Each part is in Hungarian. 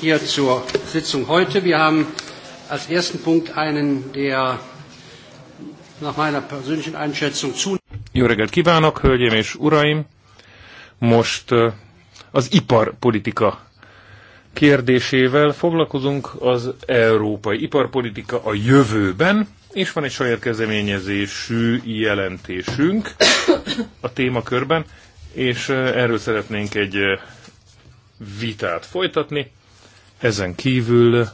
Hier zur Sitzung heute. Wir haben als ersten Punkt einen, der nach meiner persönlichen Einschätzung zu. Jó reggelt kívánok, hölgyeim és uraim! Most az iparpolitika kérdésével foglalkozunk az európai iparpolitika a jövőben, és van egy saját kezdeményezésű jelentésünk a témakörben, és erről szeretnénk egy vitát folytatni. Ezen kívül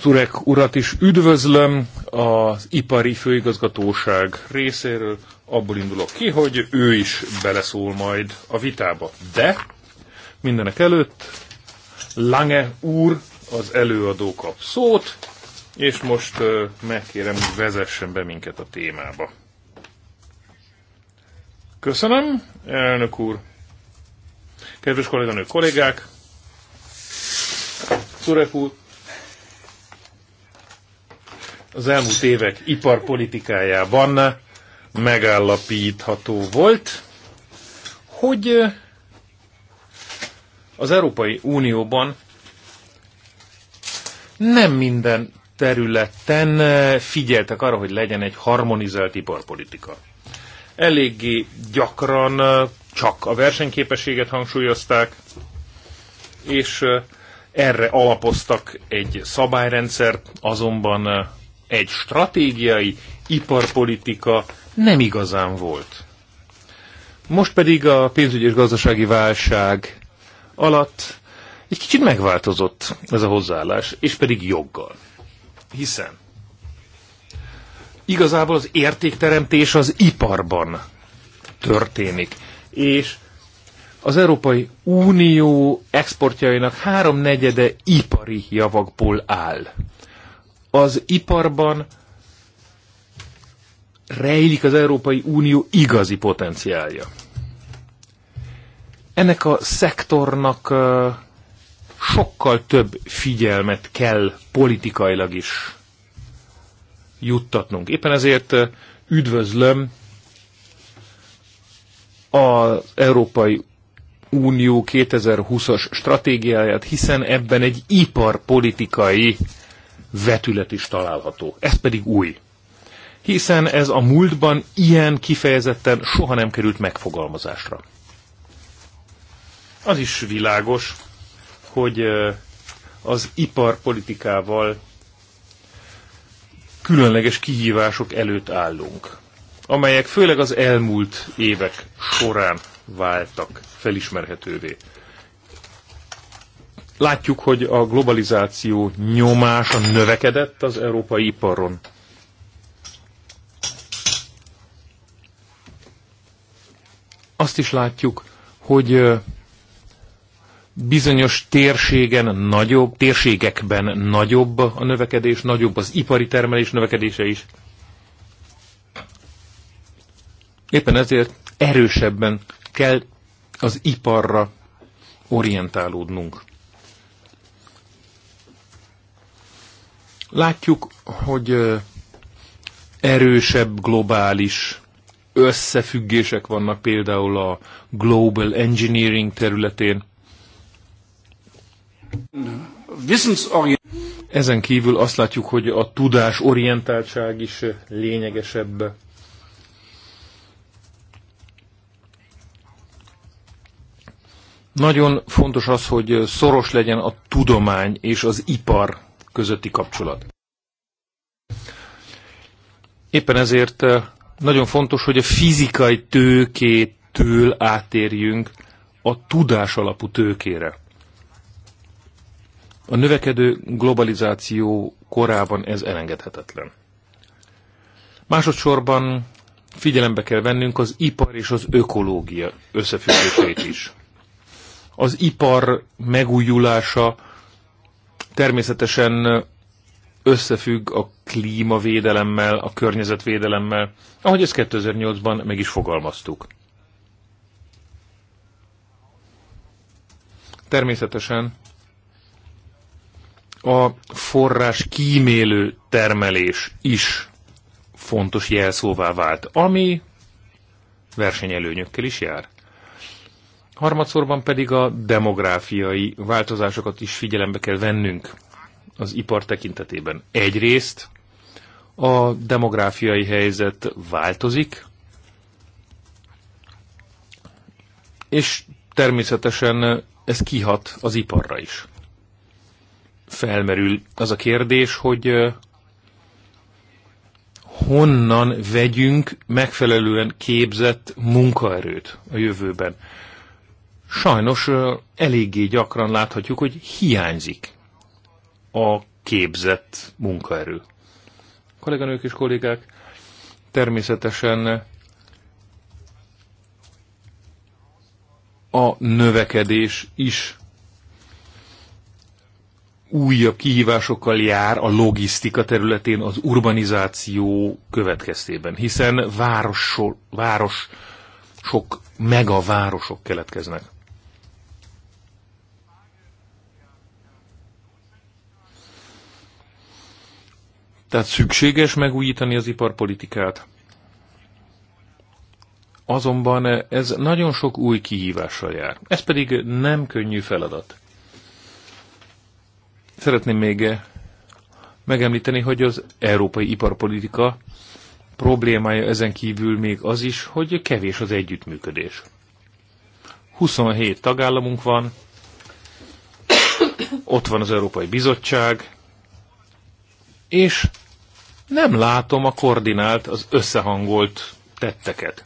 Turek urat is üdvözlöm az ipari főigazgatóság részéről. Abból indulok ki, hogy ő is beleszól majd a vitába. De mindenek előtt Lange úr az előadó kap szót, és most megkérem, hogy vezessen be minket a témába. Köszönöm, elnök úr. Kedves kolléganők, kollégák! Szurek úr, az elmúlt évek iparpolitikájában megállapítható volt, hogy az Európai Unióban nem minden területen figyeltek arra, hogy legyen egy harmonizált iparpolitika. Eléggé gyakran csak a versenyképességet hangsúlyozták, és erre alapoztak egy szabályrendszert, azonban egy stratégiai iparpolitika nem igazán volt. Most pedig a pénzügyi és gazdasági válság alatt egy kicsit megváltozott ez a hozzáállás, és pedig joggal. Hiszen igazából az értékteremtés az iparban történik és az Európai Unió exportjainak háromnegyede ipari javakból áll. Az iparban rejlik az Európai Unió igazi potenciálja. Ennek a szektornak sokkal több figyelmet kell politikailag is juttatnunk. Éppen ezért üdvözlöm az Európai Unió 2020-as stratégiáját, hiszen ebben egy iparpolitikai vetület is található. Ez pedig új. Hiszen ez a múltban ilyen kifejezetten soha nem került megfogalmazásra. Az is világos, hogy az iparpolitikával különleges kihívások előtt állunk amelyek főleg az elmúlt évek során váltak felismerhetővé. Látjuk, hogy a globalizáció nyomása növekedett az európai iparon. Azt is látjuk, hogy bizonyos térségen nagyobb, térségekben nagyobb a növekedés, nagyobb az ipari termelés növekedése is, Éppen ezért erősebben kell az iparra orientálódnunk. Látjuk, hogy erősebb globális összefüggések vannak például a global engineering területén. Ezen kívül azt látjuk, hogy a tudás orientáltság is lényegesebb. Nagyon fontos az, hogy szoros legyen a tudomány és az ipar közötti kapcsolat. Éppen ezért eh, nagyon fontos, hogy a fizikai tőkétől átérjünk a tudás alapú tőkére. A növekedő globalizáció korában ez elengedhetetlen. Másodszorban figyelembe kell vennünk az ipar és az ökológia összefüggését is. Az ipar megújulása természetesen összefügg a klímavédelemmel, a környezetvédelemmel, ahogy ezt 2008-ban meg is fogalmaztuk. Természetesen a forrás kímélő termelés is fontos jelszóvá vált, ami versenyelőnyökkel is jár. Harmadszorban pedig a demográfiai változásokat is figyelembe kell vennünk az ipar tekintetében. Egyrészt a demográfiai helyzet változik, és természetesen ez kihat az iparra is. Felmerül az a kérdés, hogy honnan vegyünk megfelelően képzett munkaerőt a jövőben sajnos eléggé gyakran láthatjuk, hogy hiányzik a képzett munkaerő. Kolléganők és kollégák, természetesen a növekedés is újabb kihívásokkal jár a logisztika területén az urbanizáció következtében, hiszen város, város sok megavárosok keletkeznek. Tehát szükséges megújítani az iparpolitikát. Azonban ez nagyon sok új kihívással jár. Ez pedig nem könnyű feladat. Szeretném még megemlíteni, hogy az európai iparpolitika problémája ezen kívül még az is, hogy kevés az együttműködés. 27 tagállamunk van, ott van az Európai Bizottság, és nem látom a koordinált, az összehangolt tetteket.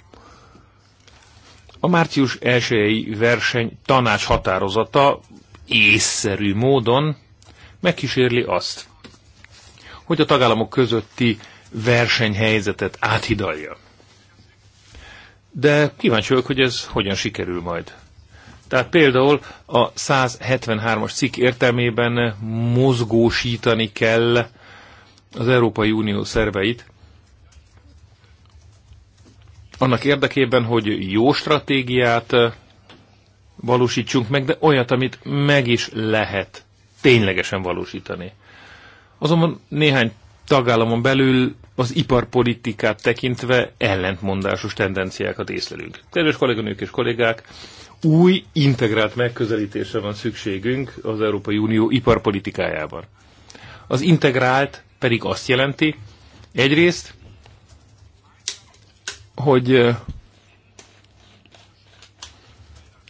A március 1 verseny tanács határozata észszerű módon megkísérli azt, hogy a tagállamok közötti versenyhelyzetet áthidalja. De kíváncsi vagyok, hogy ez hogyan sikerül majd. Tehát például a 173-as cikk értelmében mozgósítani kell az Európai Unió szerveit, annak érdekében, hogy jó stratégiát eh, valósítsunk meg, de olyat, amit meg is lehet ténylegesen valósítani. Azonban néhány tagállamon belül az iparpolitikát tekintve ellentmondásos tendenciákat észlelünk. Kedves kolléganők és kollégák, új integrált megközelítésre van szükségünk az Európai Unió iparpolitikájában. Az integrált pedig azt jelenti, egyrészt, hogy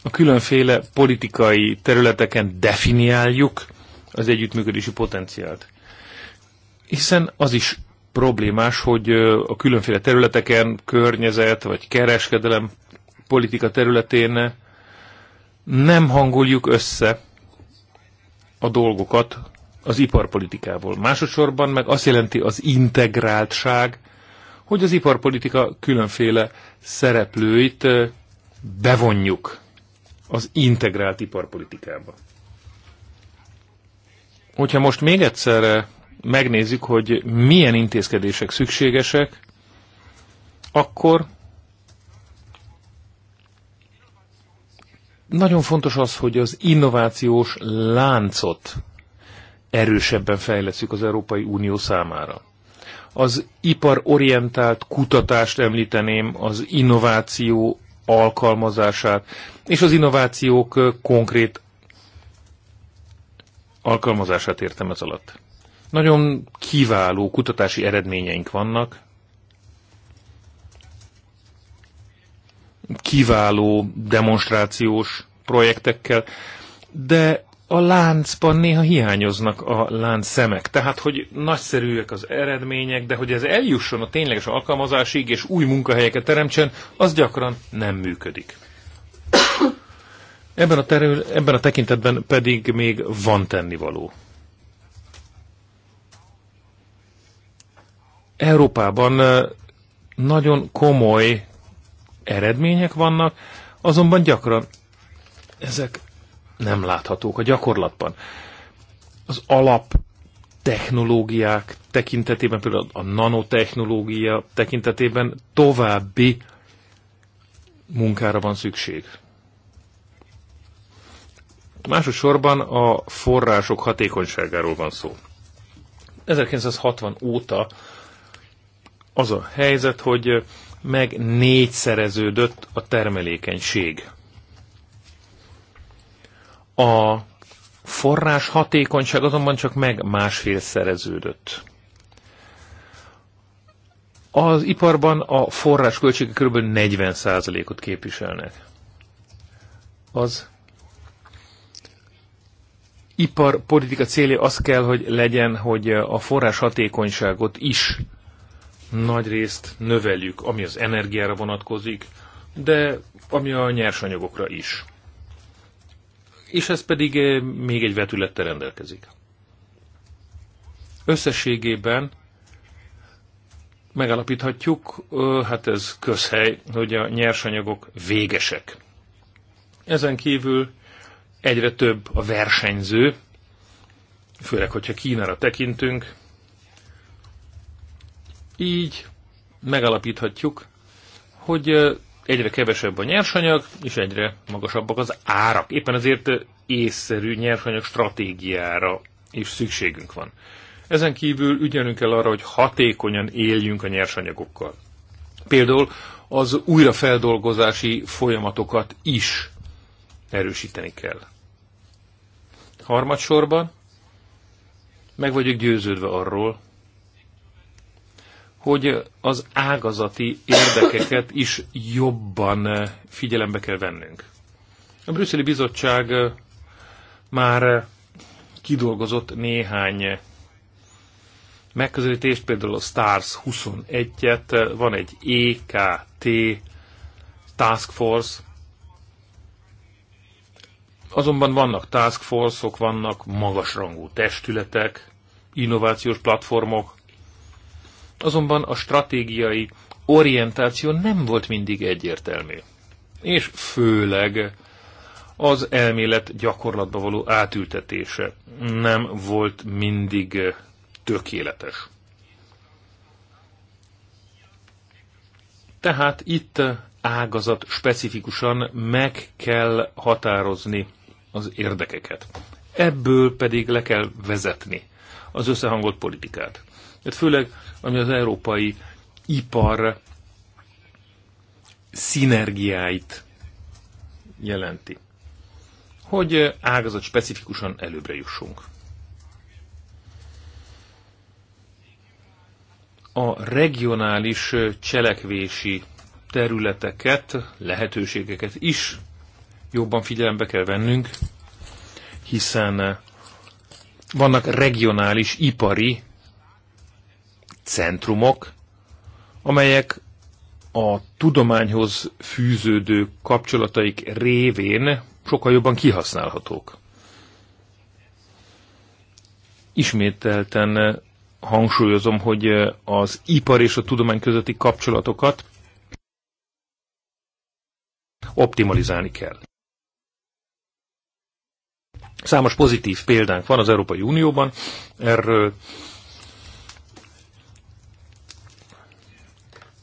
a különféle politikai területeken definiáljuk az együttműködési potenciált. Hiszen az is problémás, hogy a különféle területeken, környezet vagy kereskedelem politika területén nem hangoljuk össze a dolgokat az iparpolitikából. Másodszorban meg azt jelenti az integráltság, hogy az iparpolitika különféle szereplőit bevonjuk az integrált iparpolitikába. Hogyha most még egyszer megnézzük, hogy milyen intézkedések szükségesek, akkor nagyon fontos az, hogy az innovációs láncot erősebben fejleszik az Európai Unió számára. Az iparorientált kutatást említeném, az innováció alkalmazását, és az innovációk konkrét alkalmazását értem ez alatt. Nagyon kiváló kutatási eredményeink vannak, kiváló demonstrációs projektekkel, de a láncban néha hiányoznak a lánc szemek. Tehát, hogy nagyszerűek az eredmények, de hogy ez eljusson a tényleges alkalmazásig és új munkahelyeket teremtsen, az gyakran nem működik. Ebben a, terül, ebben a tekintetben pedig még van tennivaló. Európában nagyon komoly eredmények vannak, azonban gyakran ezek nem láthatók a gyakorlatban. Az alap technológiák tekintetében, például a nanotechnológia tekintetében további munkára van szükség. Másosorban a források hatékonyságáról van szó. 1960 óta az a helyzet, hogy meg négyszereződött a termelékenység. A forrás hatékonyság azonban csak meg másfél szereződött. Az iparban a forrás költsége kb. 40%-ot képviselnek. Az ipar politika célja az kell, hogy legyen, hogy a forrás hatékonyságot is nagy részt növeljük, ami az energiára vonatkozik, de ami a nyersanyagokra is és ez pedig eh, még egy vetülettel rendelkezik. Összességében megalapíthatjuk, eh, hát ez közhely, hogy a nyersanyagok végesek. Ezen kívül egyre több a versenyző, főleg, hogyha Kínára tekintünk. Így megalapíthatjuk, hogy eh, egyre kevesebb a nyersanyag, és egyre magasabbak az árak. Éppen ezért észszerű nyersanyag stratégiára is szükségünk van. Ezen kívül ügyelünk kell arra, hogy hatékonyan éljünk a nyersanyagokkal. Például az újrafeldolgozási folyamatokat is erősíteni kell. Harmadsorban meg vagyok győződve arról, hogy az ágazati érdekeket is jobban figyelembe kell vennünk. A brüsszeli bizottság már kidolgozott néhány megközelítést, például a STARS 21-et, van egy EKT Task Force, azonban vannak task force -ok, vannak magasrangú testületek, innovációs platformok, Azonban a stratégiai orientáció nem volt mindig egyértelmű. És főleg az elmélet gyakorlatba való átültetése nem volt mindig tökéletes. Tehát itt ágazat specifikusan meg kell határozni az érdekeket. Ebből pedig le kell vezetni az összehangolt politikát. Tehát főleg ami az európai ipar szinergiáit jelenti. Hogy ágazat specifikusan előbbre jussunk. A regionális cselekvési területeket, lehetőségeket is jobban figyelembe kell vennünk, hiszen vannak regionális ipari centrumok, amelyek a tudományhoz fűződő kapcsolataik révén sokkal jobban kihasználhatók. Ismételten hangsúlyozom, hogy az ipar és a tudomány közötti kapcsolatokat optimalizálni kell. Számos pozitív példánk van az Európai Unióban, erről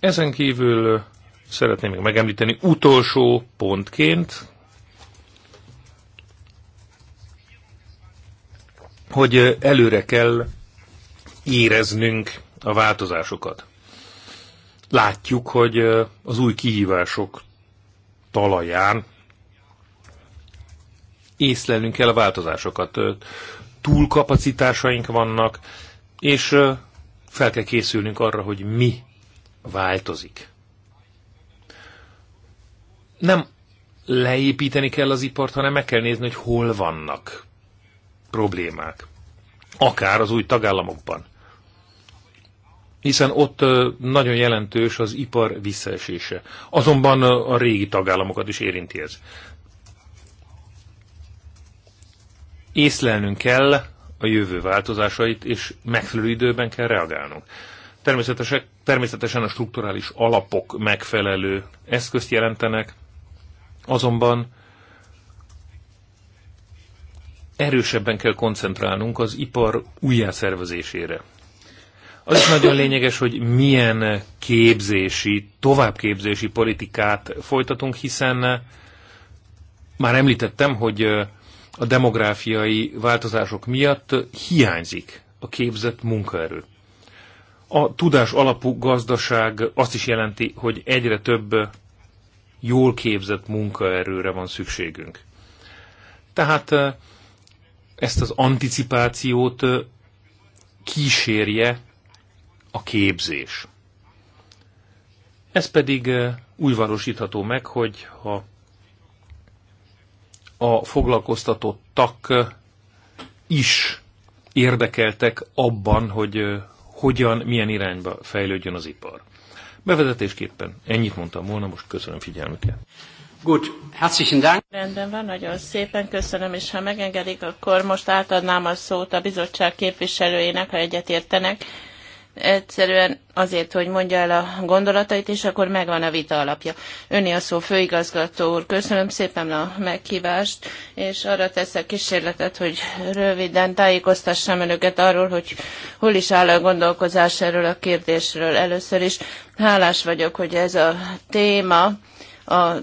Ezen kívül szeretném még megemlíteni utolsó pontként, hogy előre kell éreznünk a változásokat. Látjuk, hogy az új kihívások talaján észlelnünk kell a változásokat. Túlkapacitásaink vannak, és fel kell készülnünk arra, hogy mi változik. Nem leépíteni kell az ipart, hanem meg kell nézni, hogy hol vannak problémák. Akár az új tagállamokban. Hiszen ott nagyon jelentős az ipar visszaesése. Azonban a régi tagállamokat is érinti ez. Észlelnünk kell a jövő változásait, és megfelelő időben kell reagálnunk. Természetesen, természetesen a strukturális alapok megfelelő eszközt jelentenek, azonban erősebben kell koncentrálnunk az ipar újjászervezésére. Az is nagyon lényeges, hogy milyen képzési, továbbképzési politikát folytatunk, hiszen eh, már említettem, hogy eh, a demográfiai változások miatt hiányzik a képzett munkaerő. A tudás alapú gazdaság azt is jelenti, hogy egyre több jól képzett munkaerőre van szükségünk. Tehát ezt az anticipációt kísérje a képzés. Ez pedig úgy valósítható meg, hogy ha a foglalkoztatottak is érdekeltek abban, hogy hogyan, milyen irányba fejlődjön az ipar. Bevezetésképpen ennyit mondtam volna, most köszönöm figyelmüket. Gut, herzlichen Dank. Rendben van, nagyon szépen köszönöm, és ha megengedik, akkor most átadnám a szót a bizottság képviselőjének, ha egyetértenek egyszerűen azért, hogy mondja el a gondolatait, és akkor megvan a vita alapja. Öné a szó, főigazgató úr, köszönöm szépen a meghívást, és arra teszek kísérletet, hogy röviden tájékoztassam önöket arról, hogy hol is áll a gondolkozás erről a kérdésről. Először is hálás vagyok, hogy ez a téma a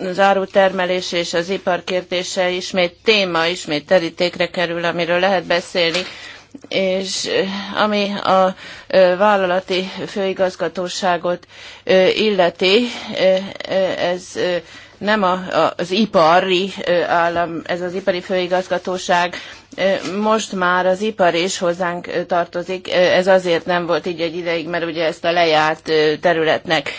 az árutermelés és az ipar kérdése ismét téma, ismét terítékre kerül, amiről lehet beszélni és eh, ami a eh, vállalati főigazgatóságot eh, illeti, ez nem a, az ipari állam, ez az ipari főigazgatóság most már az ipar is hozzánk tartozik, ez azért nem volt így egy ideig, mert ugye ezt a lejárt területnek,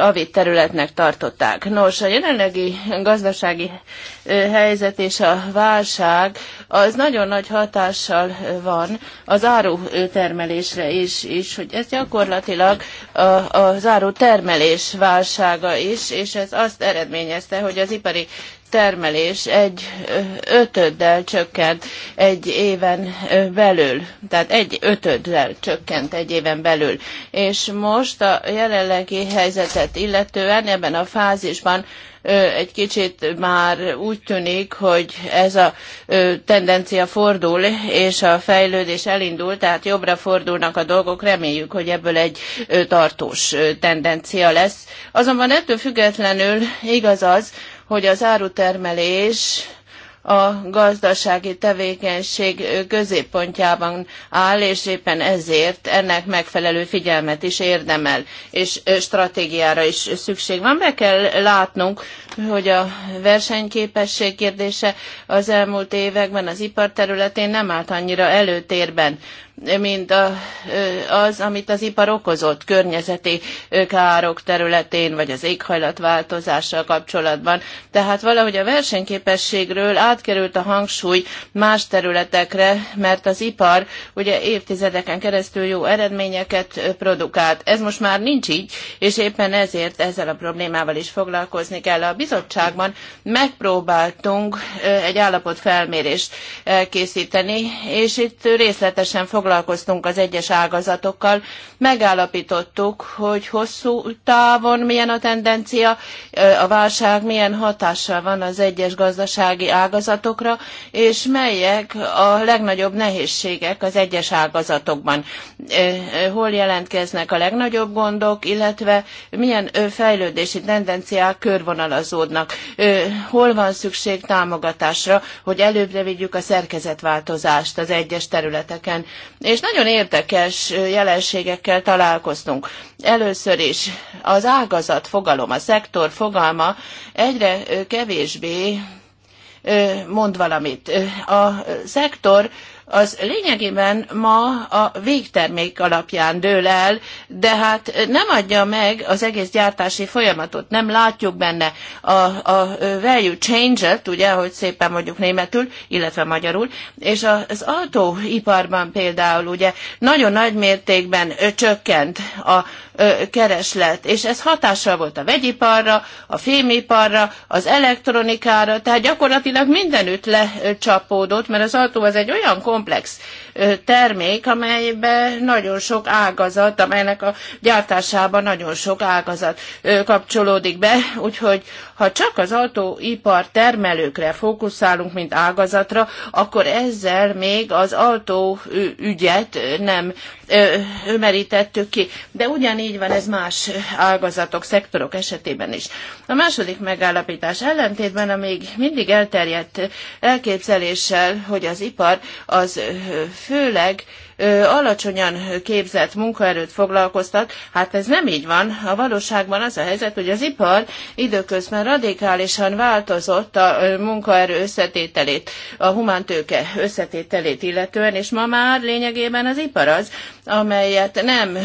avit területnek tartották. Nos, a jelenlegi gazdasági helyzet és a válság az nagyon nagy hatással van az árutermelésre is, is hogy ez gyakorlatilag az az árutermelés válsága is, és ez azt eredményezte, hogy az ipari termelés egy ötöddel csökkent egy éven belül, tehát egy ötöddel csökkent egy éven belül. És most a jelenlegi helyzetet illetően ebben a fázisban egy kicsit már úgy tűnik, hogy ez a tendencia fordul, és a fejlődés elindul, tehát jobbra fordulnak a dolgok, reméljük, hogy ebből egy tartós tendencia lesz. Azonban ettől függetlenül igaz az, hogy az árutermelés a gazdasági tevékenység középpontjában áll, és éppen ezért ennek megfelelő figyelmet is érdemel, és stratégiára is szükség van. Be kell látnunk, hogy a versenyképesség kérdése az elmúlt években az ipar területén nem állt annyira előtérben mint az, amit az ipar okozott környezeti károk területén, vagy az éghajlatváltozással kapcsolatban. Tehát valahogy a versenyképességről átkerült a hangsúly más területekre, mert az ipar ugye évtizedeken keresztül jó eredményeket produkált. Ez most már nincs így, és éppen ezért ezzel a problémával is foglalkozni kell. A bizottságban megpróbáltunk egy állapotfelmérést készíteni és itt részletesen fog foglalkoztunk az egyes ágazatokkal, megállapítottuk, hogy hosszú távon milyen a tendencia, a válság milyen hatással van az egyes gazdasági ágazatokra, és melyek a legnagyobb nehézségek az egyes ágazatokban. Hol jelentkeznek a legnagyobb gondok, illetve milyen fejlődési tendenciák körvonalazódnak. Hol van szükség támogatásra, hogy előbbre vigyük a szerkezetváltozást az egyes területeken és nagyon érdekes jelenségekkel találkoztunk. Először is az ágazat fogalom, a szektor fogalma egyre kevésbé mond valamit. A szektor az lényegében ma a végtermék alapján dől el, de hát nem adja meg az egész gyártási folyamatot, nem látjuk benne a, a value change-et, ugye, hogy szépen mondjuk németül, illetve magyarul, és az autóiparban például ugye nagyon nagy mértékben csökkent a kereslet, és ez hatással volt a vegyiparra, a fémiparra, az elektronikára, tehát gyakorlatilag mindenütt lecsapódott, mert az autó az egy olyan komplex termék, amelyben nagyon sok ágazat, amelynek a gyártásában nagyon sok ágazat kapcsolódik be, úgyhogy ha csak az autóipar termelőkre fókuszálunk, mint ágazatra, akkor ezzel még az autóügyet nem merítettük ki. De ugyanígy van ez más ágazatok, szektorok esetében is. A második megállapítás ellentétben a még mindig elterjedt elképzeléssel, hogy az ipar az főleg alacsonyan képzett munkaerőt foglalkoztat. Hát ez nem így van. A valóságban az a helyzet, hogy az ipar időközben radikálisan változott a munkaerő összetételét, a humántőke összetételét illetően, és ma már lényegében az ipar az, amelyet nem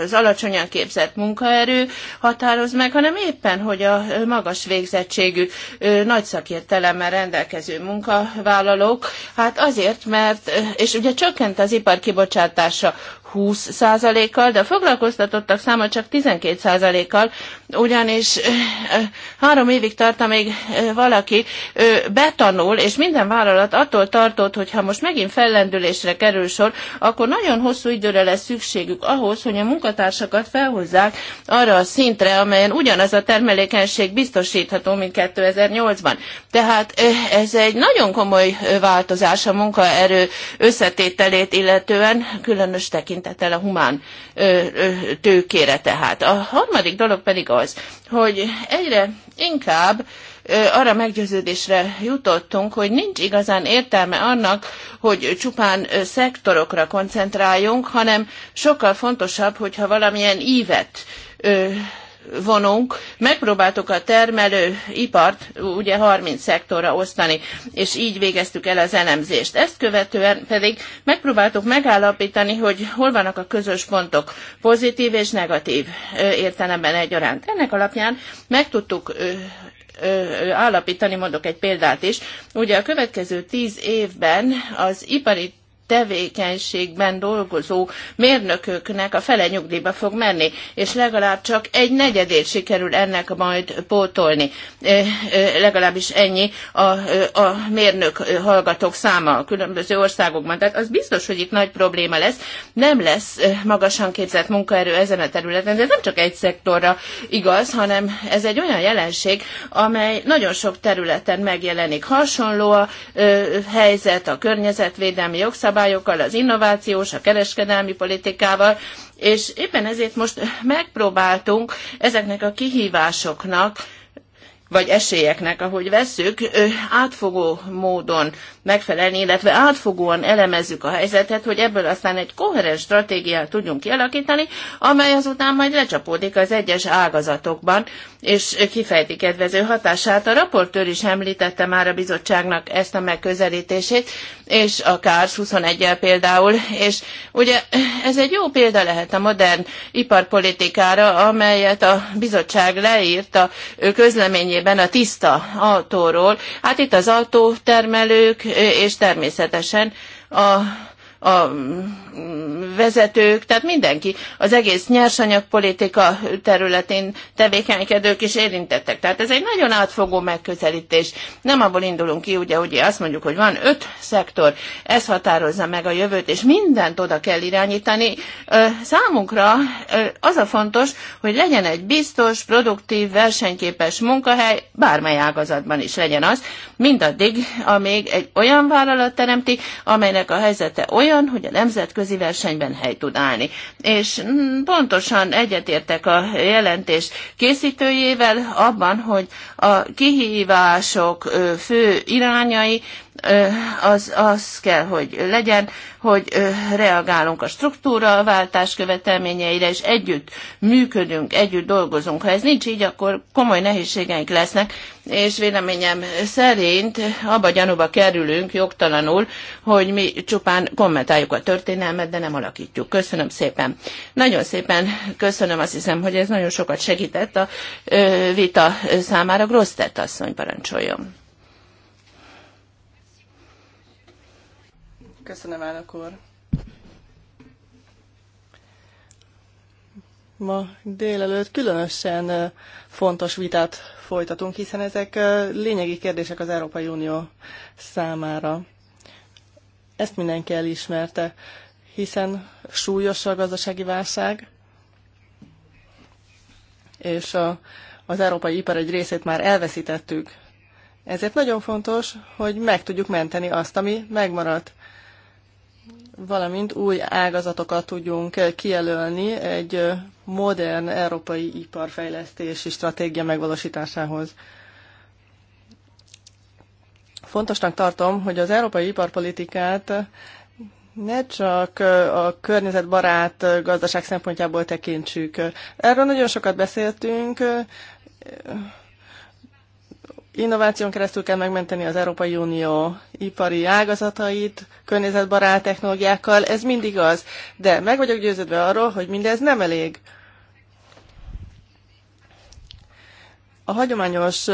az alacsonyan képzett munkaerő határoz meg, hanem éppen, hogy a magas végzettségű, nagy szakértelemmel rendelkező munkavállalók, hát azért, mert, és ugye csökkent az ipar kibocsátásra. 20%-kal, de a foglalkoztatottak száma csak 12%-kal, ugyanis három évig tart, amíg valaki betanul, és minden vállalat attól tartott, hogy ha most megint fellendülésre kerül sor, akkor nagyon hosszú időre lesz szükségük ahhoz, hogy a munkatársakat felhozzák arra a szintre, amelyen ugyanaz a termelékenység biztosítható, mint 2008-ban. Tehát ez egy nagyon komoly változás a munkaerő összetételét illetően, különös tekintet el a humán ö, ö, tőkére tehát. A harmadik dolog pedig az, hogy egyre inkább arra meggyőződésre jutottunk, hogy nincs igazán értelme annak, hogy csupán szektorokra koncentráljunk, hanem sokkal fontosabb, hogyha valamilyen ívet vonunk, megpróbáltuk a termelő ipart ugye 30 szektorra osztani, és így végeztük el az elemzést. Ezt követően pedig megpróbáltuk megállapítani, hogy hol vannak a közös pontok, pozitív és negatív értelemben egyaránt. Ennek alapján meg tudtuk állapítani, mondok egy példát is. Ugye a következő tíz évben az ipari tevékenységben dolgozó mérnököknek a fele nyugdíjba fog menni, és legalább csak egy negyedét sikerül ennek majd pótolni. Legalábbis ennyi a, a mérnök hallgatók száma a különböző országokban. Tehát az biztos, hogy itt nagy probléma lesz. Nem lesz magasan képzett munkaerő ezen a területen, de ez nem csak egy szektorra igaz, hanem ez egy olyan jelenség, amely nagyon sok területen megjelenik. Hasonló a helyzet a környezetvédelmi jogszabály, szabályokkal, az innovációs, a kereskedelmi politikával, és éppen ezért most megpróbáltunk ezeknek a kihívásoknak vagy esélyeknek, ahogy vesszük, átfogó módon megfelelni, illetve átfogóan elemezzük a helyzetet, hogy ebből aztán egy koherens stratégiát tudjunk kialakítani, amely azután majd lecsapódik az egyes ágazatokban, és kifejti kedvező hatását. A raportőr is említette már a bizottságnak ezt a megközelítését, és a KARS 21-el például, és ugye ez egy jó példa lehet a modern iparpolitikára, amelyet a bizottság leírt a közleményében, eredményében a tiszta autóról. Hát itt az autótermelők és természetesen a a vezetők, tehát mindenki, az egész nyersanyagpolitika területén tevékenykedők is érintettek. Tehát ez egy nagyon átfogó megközelítés. Nem abból indulunk ki, ugye, ugye azt mondjuk, hogy van öt szektor, ez határozza meg a jövőt, és mindent oda kell irányítani. Számunkra az a fontos, hogy legyen egy biztos, produktív, versenyképes munkahely, bármely ágazatban is legyen az, mindaddig, amíg egy olyan vállalat teremti, amelynek a helyzete olyan, olyan, hogy a nemzetközi versenyben hely tud állni. És mm, pontosan egyetértek a jelentés készítőjével abban, hogy a kihívások fő irányai az, az kell, hogy legyen, hogy reagálunk a struktúra a váltás követelményeire, és együtt működünk, együtt dolgozunk. Ha ez nincs így, akkor komoly nehézségeink lesznek, és véleményem szerint abba gyanúba kerülünk jogtalanul, hogy mi csupán kommentáljuk a történelmet, de nem alakítjuk. Köszönöm szépen. Nagyon szépen köszönöm, azt hiszem, hogy ez nagyon sokat segített a vita számára. Grosztett asszony parancsoljon. Köszönöm, elnök úr. Ma délelőtt különösen fontos vitát folytatunk, hiszen ezek lényegi kérdések az Európai Unió számára. Ezt mindenki elismerte, hiszen súlyos a gazdasági válság, és a, az európai ipar egy részét már elveszítettük. Ezért nagyon fontos, hogy meg tudjuk menteni azt, ami megmaradt valamint új ágazatokat tudjunk kijelölni egy modern európai iparfejlesztési stratégia megvalósításához. Fontosnak tartom, hogy az európai iparpolitikát ne csak a környezetbarát gazdaság szempontjából tekintsük. Erről nagyon sokat beszéltünk, Innováción keresztül kell megmenteni az Európai Unió ipari ágazatait, környezetbarát technológiákkal, ez mindig az. De meg vagyok győződve arról, hogy mindez nem elég. A hagyományos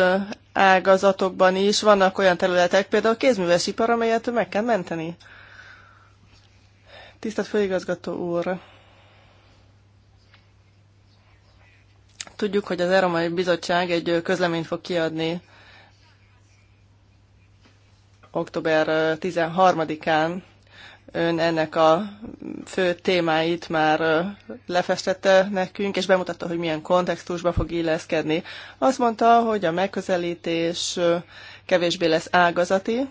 ágazatokban is vannak olyan területek, például a kézműves ipar, amelyet meg kell menteni. Tisztelt Főigazgató úr! Tudjuk, hogy az Európai Bizottság egy közleményt fog kiadni október 13-án ön ennek a fő témáit már lefestette nekünk, és bemutatta, hogy milyen kontextusba fog illeszkedni. Azt mondta, hogy a megközelítés kevésbé lesz ágazati,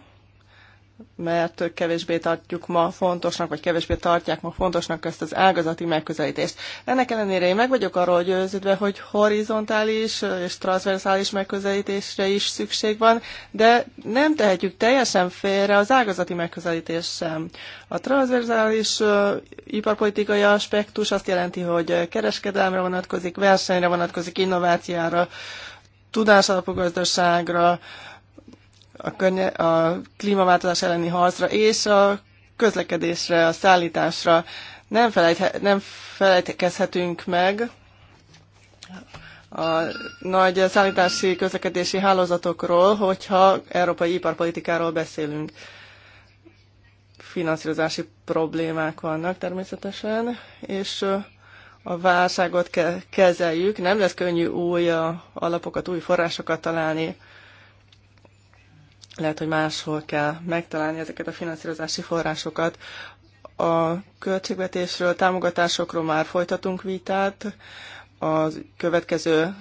mert kevésbé tartjuk ma fontosnak, vagy kevésbé tartják ma fontosnak ezt az ágazati megközelítést. Ennek ellenére én meg vagyok arról győződve, hogy horizontális és transversális megközelítésre is szükség van, de nem tehetjük teljesen félre az ágazati megközelítés sem. A transversális iparpolitikai aspektus azt jelenti, hogy kereskedelmre vonatkozik, versenyre vonatkozik, innovációra, tudásalapú gazdaságra, a, környe, a klímaváltozás elleni harcra és a közlekedésre, a szállításra nem, felejthe, nem felejtkezhetünk meg a nagy szállítási közlekedési hálózatokról, hogyha európai iparpolitikáról beszélünk. Finanszírozási problémák vannak természetesen, és a válságot kezeljük. Nem lesz könnyű új alapokat, új forrásokat találni. Lehet, hogy máshol kell megtalálni ezeket a finanszírozási forrásokat. A költségvetésről, támogatásokról már folytatunk vitát. A következő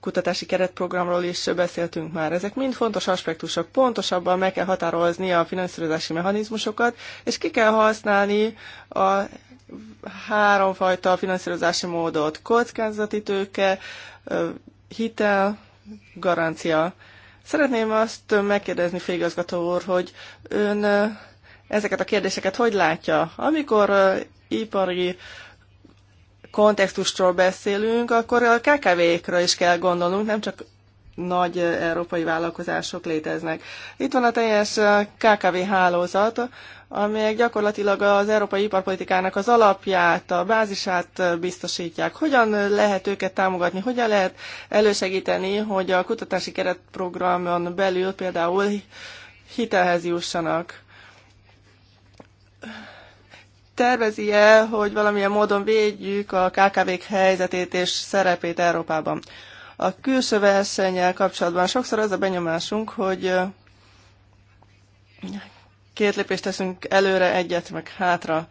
kutatási keretprogramról is beszéltünk már. Ezek mind fontos aspektusok. Pontosabban meg kell határozni a finanszírozási mechanizmusokat, és ki kell használni a háromfajta finanszírozási módot. Kockázati tőke, hitel, garancia. Szeretném azt megkérdezni, főigazgató úr, hogy ön ezeket a kérdéseket hogy látja? Amikor ipari kontextusról beszélünk, akkor a KKV-kra is kell gondolnunk, nem csak nagy európai vállalkozások léteznek. Itt van a teljes KKV hálózat, amelyek gyakorlatilag az európai iparpolitikának az alapját, a bázisát biztosítják. Hogyan lehet őket támogatni, hogyan lehet elősegíteni, hogy a kutatási keretprogramon belül például hitelhez jussanak? Tervezi-e, hogy valamilyen módon védjük a KKV-k helyzetét és szerepét Európában? A külső versennyel kapcsolatban sokszor az a benyomásunk, hogy két lépést teszünk előre, egyet meg hátra.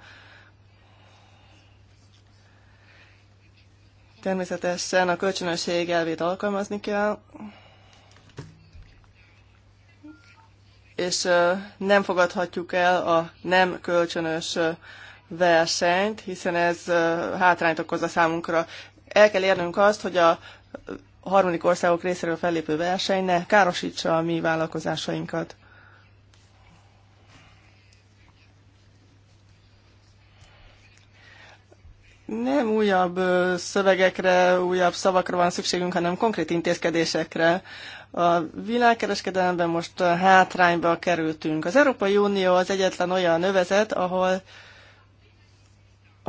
Természetesen a kölcsönösség elvét alkalmazni kell, és nem fogadhatjuk el a nem kölcsönös versenyt, hiszen ez hátrányt okoz a számunkra. El kell érnünk azt, hogy a a harmadik országok részéről fellépő verseny ne károsítsa a mi vállalkozásainkat. Nem újabb szövegekre, újabb szavakra van szükségünk, hanem konkrét intézkedésekre. A világkereskedelemben most hátrányba kerültünk. Az Európai Unió az egyetlen olyan övezet, ahol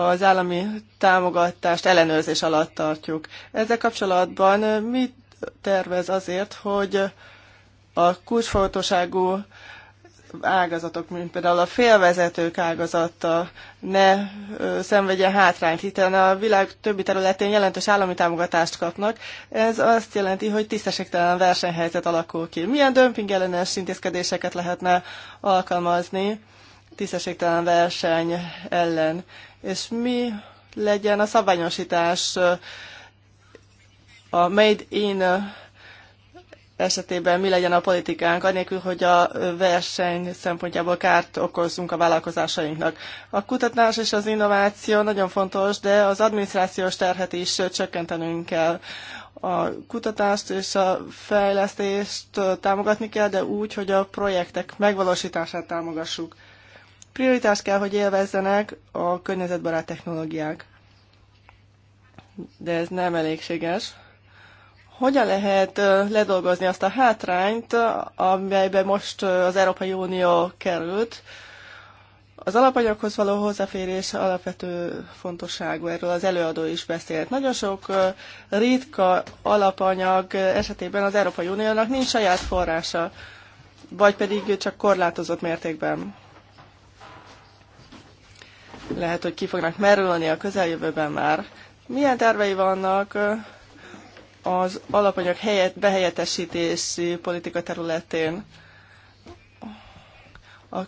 az állami támogatást ellenőrzés alatt tartjuk. Ezzel kapcsolatban mit tervez azért, hogy a kulcsfontosságú ágazatok, mint például a félvezetők ágazata ne szenvedjen hátrányt, hiszen a világ többi területén jelentős állami támogatást kapnak. Ez azt jelenti, hogy tisztességtelen versenyhelyzet alakul ki. Milyen dömping ellenes intézkedéseket lehetne alkalmazni tisztességtelen verseny ellen? és mi legyen a szabványosítás a Made in esetében mi legyen a politikánk, anélkül, hogy a verseny szempontjából kárt okozzunk a vállalkozásainknak. A kutatás és az innováció nagyon fontos, de az adminisztrációs terhet is csökkentenünk kell. A kutatást és a fejlesztést támogatni kell, de úgy, hogy a projektek megvalósítását támogassuk. Prioritás kell, hogy élvezzenek a környezetbarát technológiák. De ez nem elégséges. Hogyan lehet ledolgozni azt a hátrányt, amelybe most az Európai Unió került? Az alapanyaghoz való hozzáférés alapvető fontosságú, erről az előadó is beszélt. Nagyon sok ritka alapanyag esetében az Európai Uniónak nincs saját forrása, vagy pedig csak korlátozott mértékben lehet, hogy ki fognak merülni a közeljövőben már. Milyen tervei vannak az alapanyag helyett behelyettesítési politika területén? A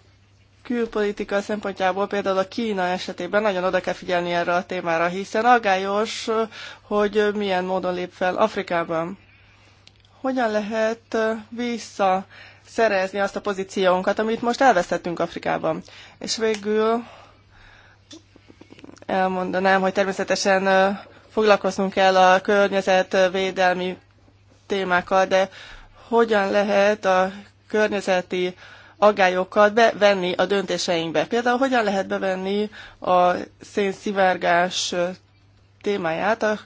külpolitika szempontjából például a Kína esetében nagyon oda kell figyelni erre a témára, hiszen aggályos, hogy milyen módon lép fel Afrikában. Hogyan lehet vissza szerezni azt a pozíciónkat, amit most elvesztettünk Afrikában. És végül elmondanám, hogy természetesen foglalkoznunk kell a környezetvédelmi témákkal, de hogyan lehet a környezeti aggályokat bevenni a döntéseinkbe. Például hogyan lehet bevenni a szénszivárgás témáját a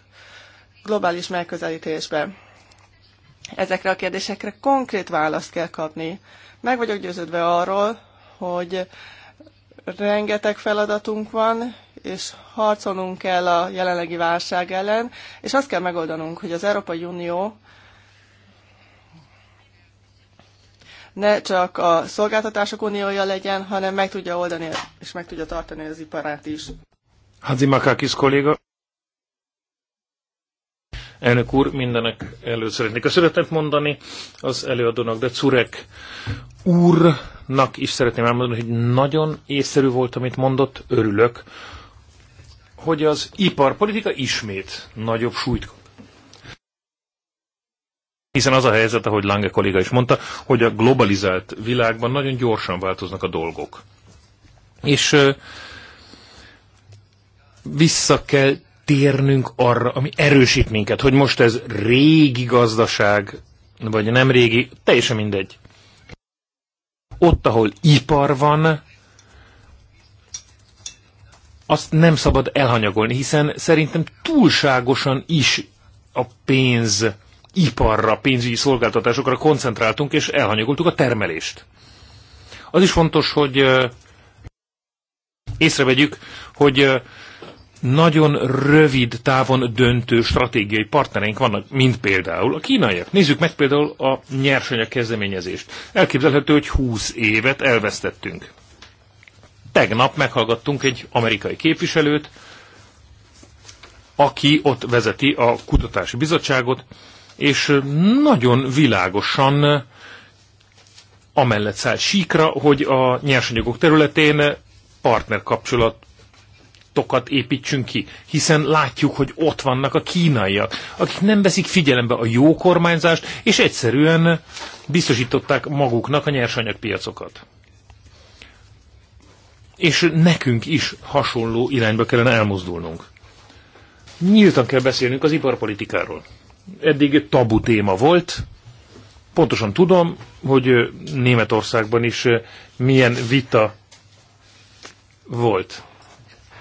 globális megközelítésbe. Ezekre a kérdésekre konkrét választ kell kapni. Meg vagyok győződve arról, hogy rengeteg feladatunk van, és harcolnunk kell a jelenlegi válság ellen, és azt kell megoldanunk, hogy az Európai Unió ne csak a szolgáltatások uniója legyen, hanem meg tudja oldani és meg tudja tartani az iparát is. Makakis kolléga. Elnök úr, mindenek előtt szeretnék köszönetet mondani az előadónak, de Curek úrnak is szeretném elmondani, hogy nagyon észszerű volt, amit mondott, örülök, hogy az iparpolitika ismét nagyobb súlyt kap. Hiszen az a helyzet, ahogy Lange kolléga is mondta, hogy a globalizált világban nagyon gyorsan változnak a dolgok. És vissza kell térnünk arra, ami erősít minket, hogy most ez régi gazdaság, vagy nem régi, teljesen mindegy. Ott, ahol ipar van, azt nem szabad elhanyagolni, hiszen szerintem túlságosan is a pénz iparra, pénzügyi szolgáltatásokra koncentráltunk, és elhanyagoltuk a termelést. Az is fontos, hogy észrevegyük, hogy nagyon rövid távon döntő stratégiai partnereink vannak, mint például a kínaiak. Nézzük meg például a nyersanyag kezdeményezést. Elképzelhető, hogy 20 évet elvesztettünk tegnap meghallgattunk egy amerikai képviselőt, aki ott vezeti a kutatási bizottságot, és nagyon világosan amellett száll síkra, hogy a nyersanyagok területén partnerkapcsolatokat építsünk ki, hiszen látjuk, hogy ott vannak a kínaiak, akik nem veszik figyelembe a jó kormányzást, és egyszerűen biztosították maguknak a nyersanyagpiacokat és nekünk is hasonló irányba kellene elmozdulnunk. Nyíltan kell beszélnünk az iparpolitikáról. Eddig tabu téma volt, pontosan tudom, hogy Németországban is milyen vita volt.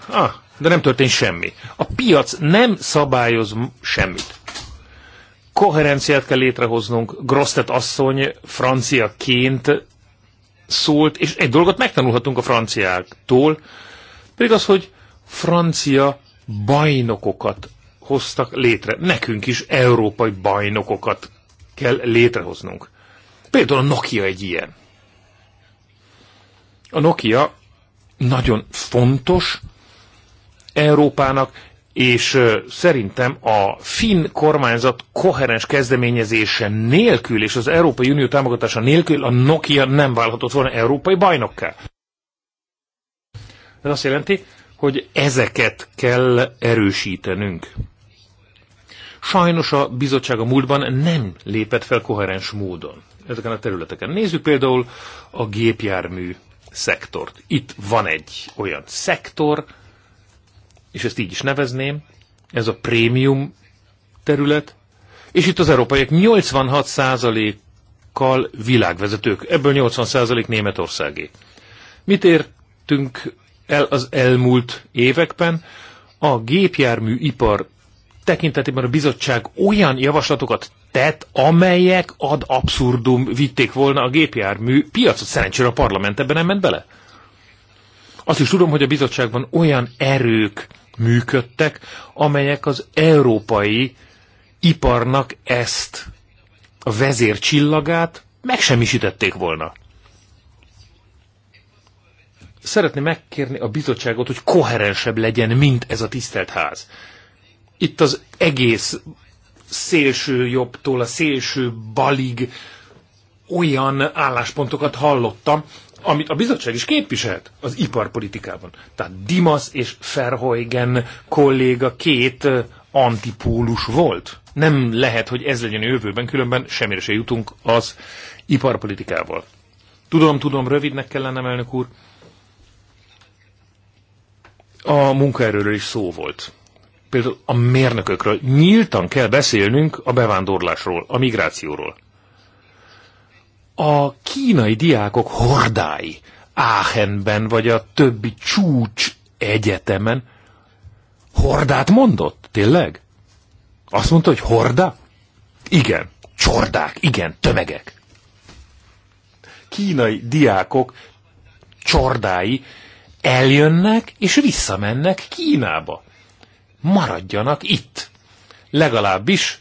Ah, de nem történt semmi. A piac nem szabályoz semmit. Koherenciát kell létrehoznunk. Grosztet asszony franciaként szólt, és egy dolgot megtanulhatunk a franciáktól, pedig az, hogy francia bajnokokat hoztak létre. Nekünk is európai bajnokokat kell létrehoznunk. Például a Nokia egy ilyen. A Nokia nagyon fontos Európának, és szerintem a finn kormányzat koherens kezdeményezése nélkül és az Európai Unió támogatása nélkül a Nokia nem válhatott volna európai bajnokká. Ez azt jelenti, hogy ezeket kell erősítenünk. Sajnos a bizottság a múltban nem lépett fel koherens módon ezeken a területeken. Nézzük például a gépjármű szektort. Itt van egy olyan szektor, és ezt így is nevezném, ez a prémium terület, és itt az európaiak 86%-kal világvezetők, ebből 80% Németországé. Mit értünk el az elmúlt években? A gépjárműipar tekintetében a bizottság olyan javaslatokat tett, amelyek ad abszurdum vitték volna a gépjármű piacot. Szerencsére a parlament ebben nem ment bele. Azt is tudom, hogy a bizottságban olyan erők működtek, amelyek az európai iparnak ezt a vezércsillagát megsemmisítették volna. Szeretném megkérni a bizottságot, hogy koherensebb legyen, mint ez a tisztelt ház. Itt az egész szélső jobbtól a szélső balig olyan álláspontokat hallottam, amit a bizottság is képviselt az iparpolitikában. Tehát Dimas és Ferhoigen kolléga két antipólus volt. Nem lehet, hogy ez legyen a jövőben, különben semmire se jutunk az iparpolitikával. Tudom, tudom, rövidnek kell lennem, elnök úr. A munkaerőről is szó volt. Például a mérnökökről. Nyíltan kell beszélnünk a bevándorlásról, a migrációról a kínai diákok hordái Áchenben, vagy a többi csúcs egyetemen hordát mondott, tényleg? Azt mondta, hogy horda? Igen, csordák, igen, tömegek. Kínai diákok csordái eljönnek és visszamennek Kínába. Maradjanak itt. Legalábbis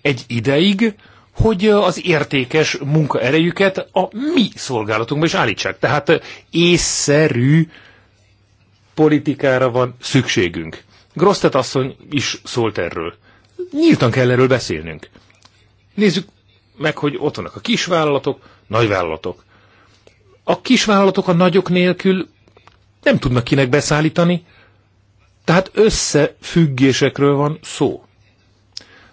egy ideig, hogy az értékes munkaerejüket a mi szolgálatunkba is állítsák. Tehát észszerű politikára van szükségünk. Grosztet asszony is szólt erről. Nyíltan kell erről beszélnünk. Nézzük meg, hogy ott vannak a kisvállalatok, nagyvállalatok. A kisvállalatok a nagyok nélkül nem tudnak kinek beszállítani, tehát összefüggésekről van szó.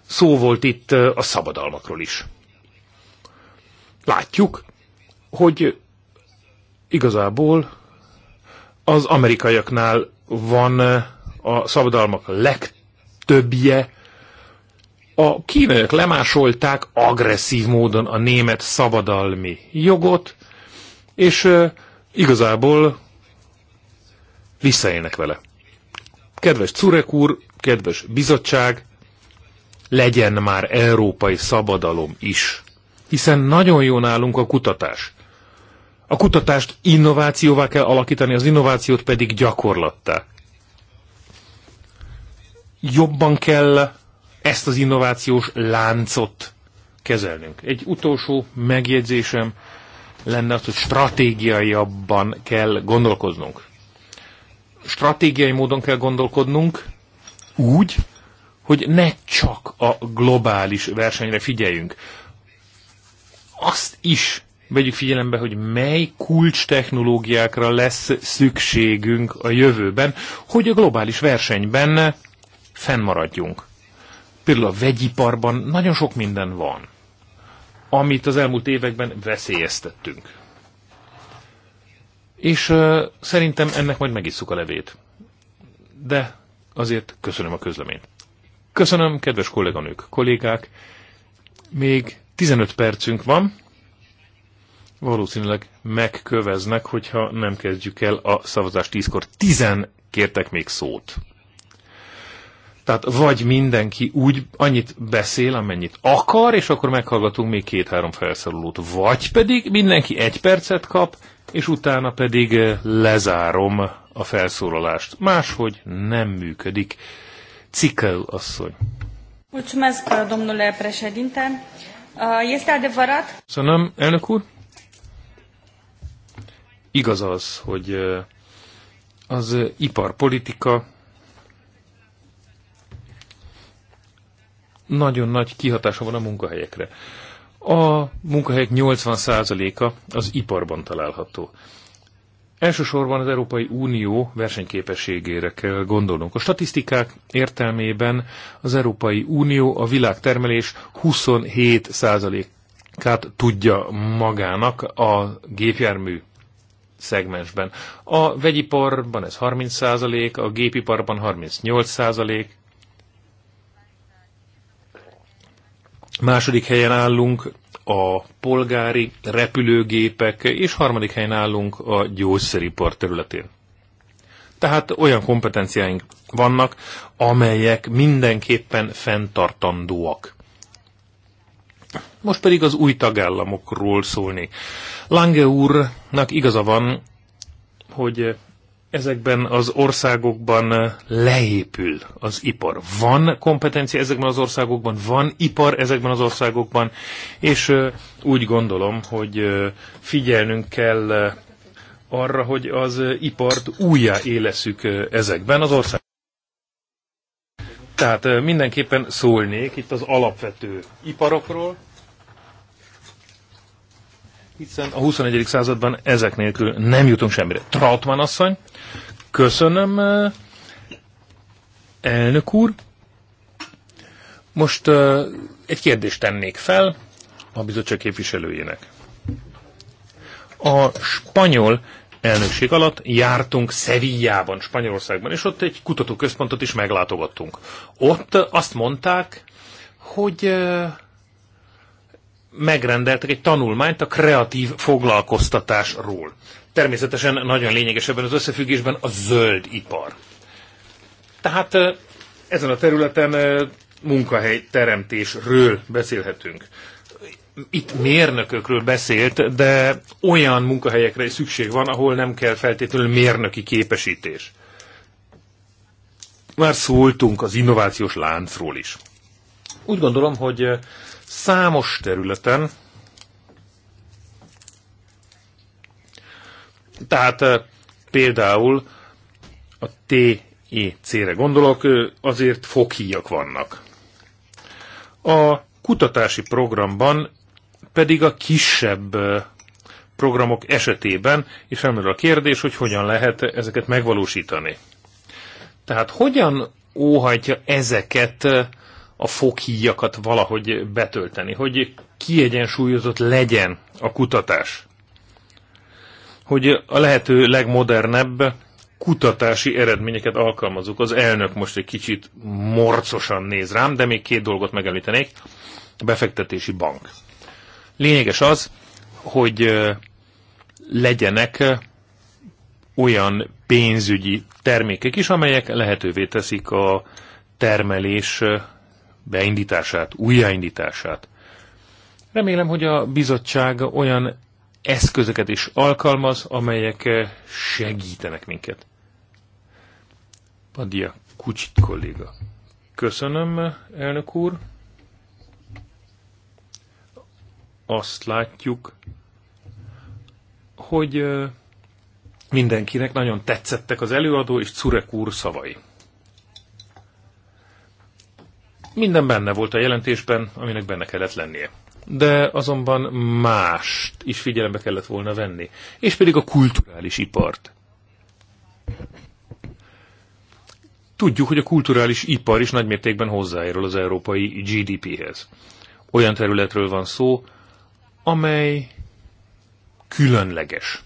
Szó volt itt a szabadalmakról is. Látjuk, hogy igazából az amerikaiaknál van a szabadalmak legtöbbje, a kínaiak lemásolták agresszív módon a német szabadalmi jogot, és igazából visszaélnek vele. Kedves Curek úr, kedves bizottság, legyen már európai szabadalom is. Hiszen nagyon jó nálunk a kutatás. A kutatást innovációvá kell alakítani, az innovációt pedig gyakorlattá. Jobban kell ezt az innovációs láncot kezelnünk. Egy utolsó megjegyzésem lenne az, hogy stratégiaiabban kell gondolkoznunk. Stratégiai módon kell gondolkodnunk úgy, hogy ne csak a globális versenyre figyeljünk. Azt is vegyük figyelembe, hogy mely kulcs technológiákra lesz szükségünk a jövőben, hogy a globális versenyben fennmaradjunk. Például a vegyiparban nagyon sok minden van, amit az elmúlt években veszélyeztettünk. És uh, szerintem ennek majd megisszuk a levét. De azért köszönöm a közleményt. Köszönöm, kedves kolléganők, kollégák. Még 15 percünk van. Valószínűleg megköveznek, hogyha nem kezdjük el a szavazást 10-kor. 10 kértek még szót. Tehát vagy mindenki úgy annyit beszél, amennyit akar, és akkor meghallgatunk még két-három felszólalót. Vagy pedig mindenki egy percet kap, és utána pedig eh, lezárom a felszólalást. Máshogy nem működik Cikeu asszony. Mulțumesc, uh, domnule președinte. Uh, este adevărat? Köszönöm, elnök úr. Igaz az, hogy uh, az iparpolitika nagyon nagy kihatása van a munkahelyekre. A munkahelyek 80%-a az iparban található. Elsősorban az Európai Unió versenyképességére kell gondolnunk. A statisztikák értelmében az Európai Unió a világtermelés 27%-át tudja magának a gépjármű szegmensben. A vegyiparban ez 30%, a gépiparban 38%, Második helyen állunk a polgári repülőgépek, és harmadik helyen állunk a gyógyszeripar területén. Tehát olyan kompetenciáink vannak, amelyek mindenképpen fenntartandóak. Most pedig az új tagállamokról szólni. Lange úrnak igaza van, hogy ezekben az országokban eh, leépül az ipar. Van kompetencia ezekben az országokban, van ipar ezekben az országokban, és eh, úgy gondolom, hogy eh, figyelnünk kell arra, hogy az ipart éleszük ezekben az országokban. Tehát mindenképpen szólnék itt az alapvető iparokról, hiszen a 21. században ezek nélkül nem jutunk semmire. Trautmann asszony, Köszönöm, elnök úr. Most egy kérdést tennék fel a bizottság képviselőjének. A spanyol elnökség alatt jártunk Szevijában, Spanyolországban, és ott egy kutatóközpontot is meglátogattunk. Ott azt mondták, hogy megrendeltek egy tanulmányt a kreatív foglalkoztatásról. Természetesen nagyon lényeges ebben az összefüggésben a zöld ipar. Tehát ezen a területen munkahely teremtésről beszélhetünk. Itt mérnökökről beszélt, de olyan munkahelyekre is szükség van, ahol nem kell feltétlenül mérnöki képesítés. Már szóltunk az innovációs láncról is. Úgy gondolom, hogy számos területen Tehát eh, például a TEC-re gondolok, eh, azért fokhíjak vannak. A kutatási programban pedig a kisebb eh, programok esetében, is felmerül a kérdés, hogy hogyan lehet ezeket megvalósítani. Tehát hogyan óhajtja ezeket a fokhíjakat valahogy betölteni, hogy kiegyensúlyozott legyen a kutatás hogy a lehető legmodernebb kutatási eredményeket alkalmazunk. Az elnök most egy kicsit morcosan néz rám, de még két dolgot megemlítenék. A befektetési bank. Lényeges az, hogy legyenek olyan pénzügyi termékek is, amelyek lehetővé teszik a termelés beindítását, újjáindítását. Remélem, hogy a bizottság olyan eszközöket is alkalmaz, amelyek eh, segítenek minket. Padia Kucsit kolléga. Köszönöm, elnök úr. Azt látjuk, hogy eh, mindenkinek nagyon tetszettek az előadó és Curek úr szavai. Minden benne volt a jelentésben, aminek benne kellett lennie de azonban mást is figyelembe kellett volna venni, és pedig a kulturális ipart. Tudjuk, hogy a kulturális ipar is nagymértékben hozzájárul az európai GDP-hez. Olyan területről van szó, amely különleges.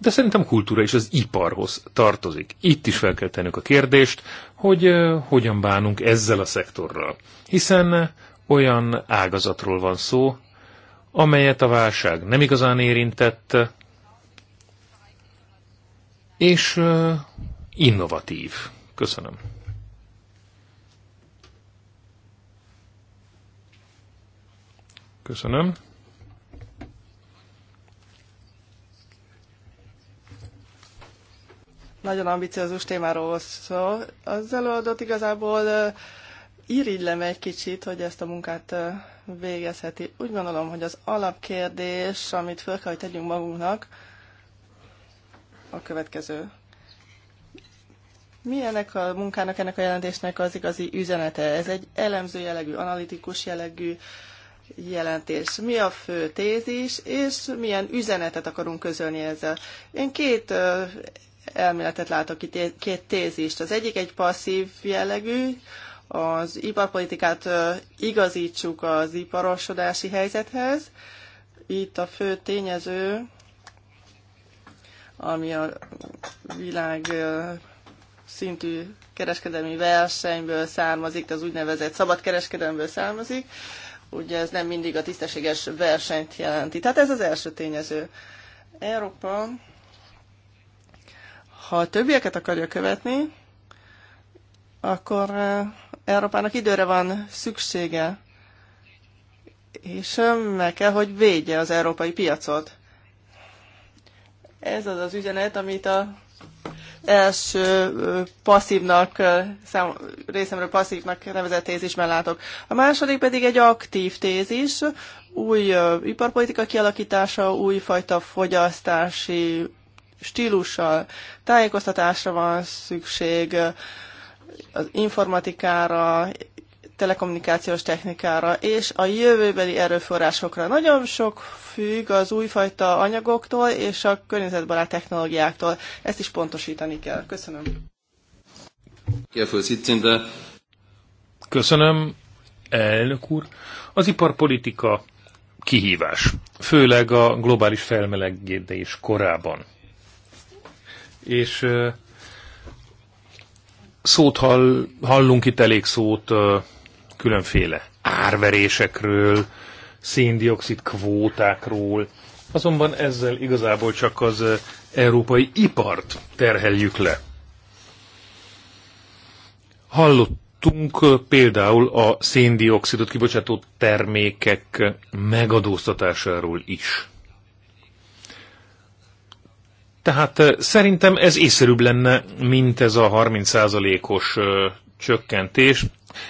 De szerintem kultúra is az iparhoz tartozik. Itt is fel kell tennünk a kérdést, hogy eh, hogyan bánunk ezzel a szektorral. Hiszen olyan ágazatról van szó, amelyet a válság nem igazán érintett, és innovatív. Köszönöm. Köszönöm. Nagyon ambiciózus témáról szó, Az előadott igazából irigylem egy kicsit, hogy ezt a munkát végezheti. Úgy gondolom, hogy az alapkérdés, amit föl kell, hogy tegyünk magunknak, a következő. Mi ennek a munkának, ennek a jelentésnek az igazi üzenete? Ez egy elemző jellegű, analitikus jellegű jelentés. Mi a fő tézis, és milyen üzenetet akarunk közölni ezzel? Én két elméletet látok itt, két tézist. Az egyik egy passzív jellegű, az iparpolitikát igazítsuk az iparosodási helyzethez. Itt a fő tényező, ami a világ szintű kereskedelmi versenyből származik, az úgynevezett szabad kereskedelmből származik. Ugye ez nem mindig a tisztességes versenyt jelenti. Tehát ez az első tényező. Európa, ha a többieket akarja követni, akkor Európának időre van szüksége, és meg kell, hogy védje az európai piacot. Ez az az üzenet, amit a első passzívnak, szám, részemről passzívnak nevezett tézisben látok. A második pedig egy aktív tézis, új iparpolitika kialakítása, újfajta fogyasztási stílussal, tájékoztatásra van szükség, az informatikára, telekommunikációs technikára és a jövőbeli erőforrásokra. Nagyon sok függ az újfajta anyagoktól és a környezetbarát technológiáktól. Ezt is pontosítani kell. Köszönöm. Köszönöm, elnök úr. Az iparpolitika kihívás, főleg a globális felmelegedés korában. És szót hall, hallunk itt elég szót különféle árverésekről, széndiokszid kvótákról, azonban ezzel igazából csak az európai ipart terheljük le. Hallottunk például a széndiokszidot kibocsátó termékek megadóztatásáról is. Tehát szerintem ez észszerűbb lenne, mint ez a 30%-os csökkentés.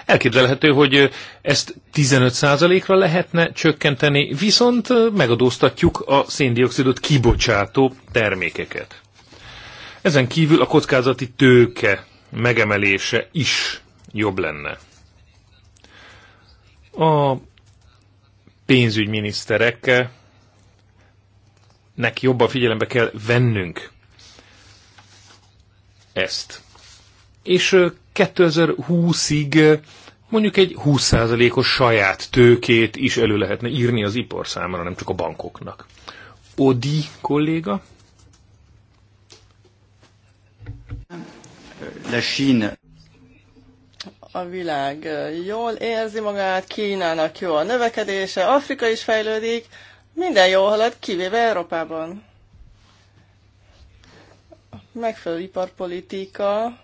Elképzelhető, hogy ezt 15%-ra lehetne csökkenteni, viszont megadóztatjuk a széndiokszidot kibocsátó termékeket. Ezen kívül a kockázati tőke megemelése is jobb lenne. A pénzügyminiszterekkel nek jobban figyelembe kell vennünk ezt. És 2020-ig mondjuk egy 20%-os saját tőkét is elő lehetne írni az ipar számára, nem csak a bankoknak. Odi kolléga? La Chine. A világ jól érzi magát, Kínának jó a növekedése, Afrika is fejlődik, minden jól halad, kivéve Európában. Megfelelő iparpolitika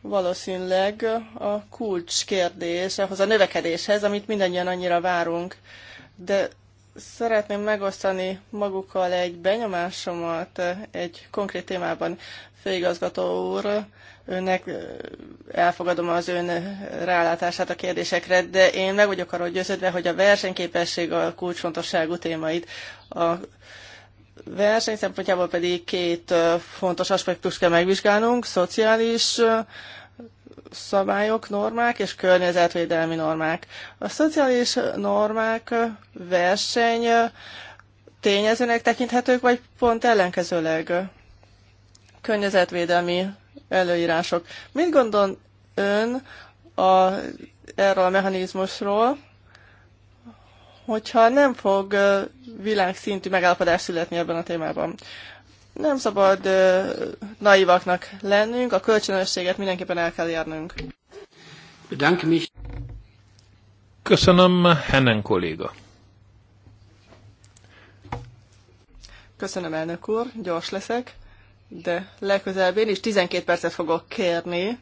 valószínűleg a kulcs kérdés ahhoz a növekedéshez, amit mindannyian annyira várunk. De szeretném megosztani magukkal egy benyomásomat egy konkrét témában. Főigazgató úr önnek elfogadom az ön rálátását a kérdésekre, de én meg vagyok arról győződve, hogy a versenyképesség a kulcsfontosságú témait. A verseny szempontjából pedig két fontos aspektust kell megvizsgálnunk, szociális szabályok, normák és környezetvédelmi normák. A szociális normák verseny tényezőnek tekinthetők, vagy pont ellenkezőleg környezetvédelmi előírások. Mit gondol ön a, erről a mechanizmusról, hogyha nem fog világszintű megállapodás születni ebben a témában? Nem szabad naivaknak lennünk, a kölcsönösséget mindenképpen el kell járnunk. Köszönöm, Hennen kolléga. Köszönöm, elnök úr, gyors leszek de legközelebb én is 12 percet fogok kérni,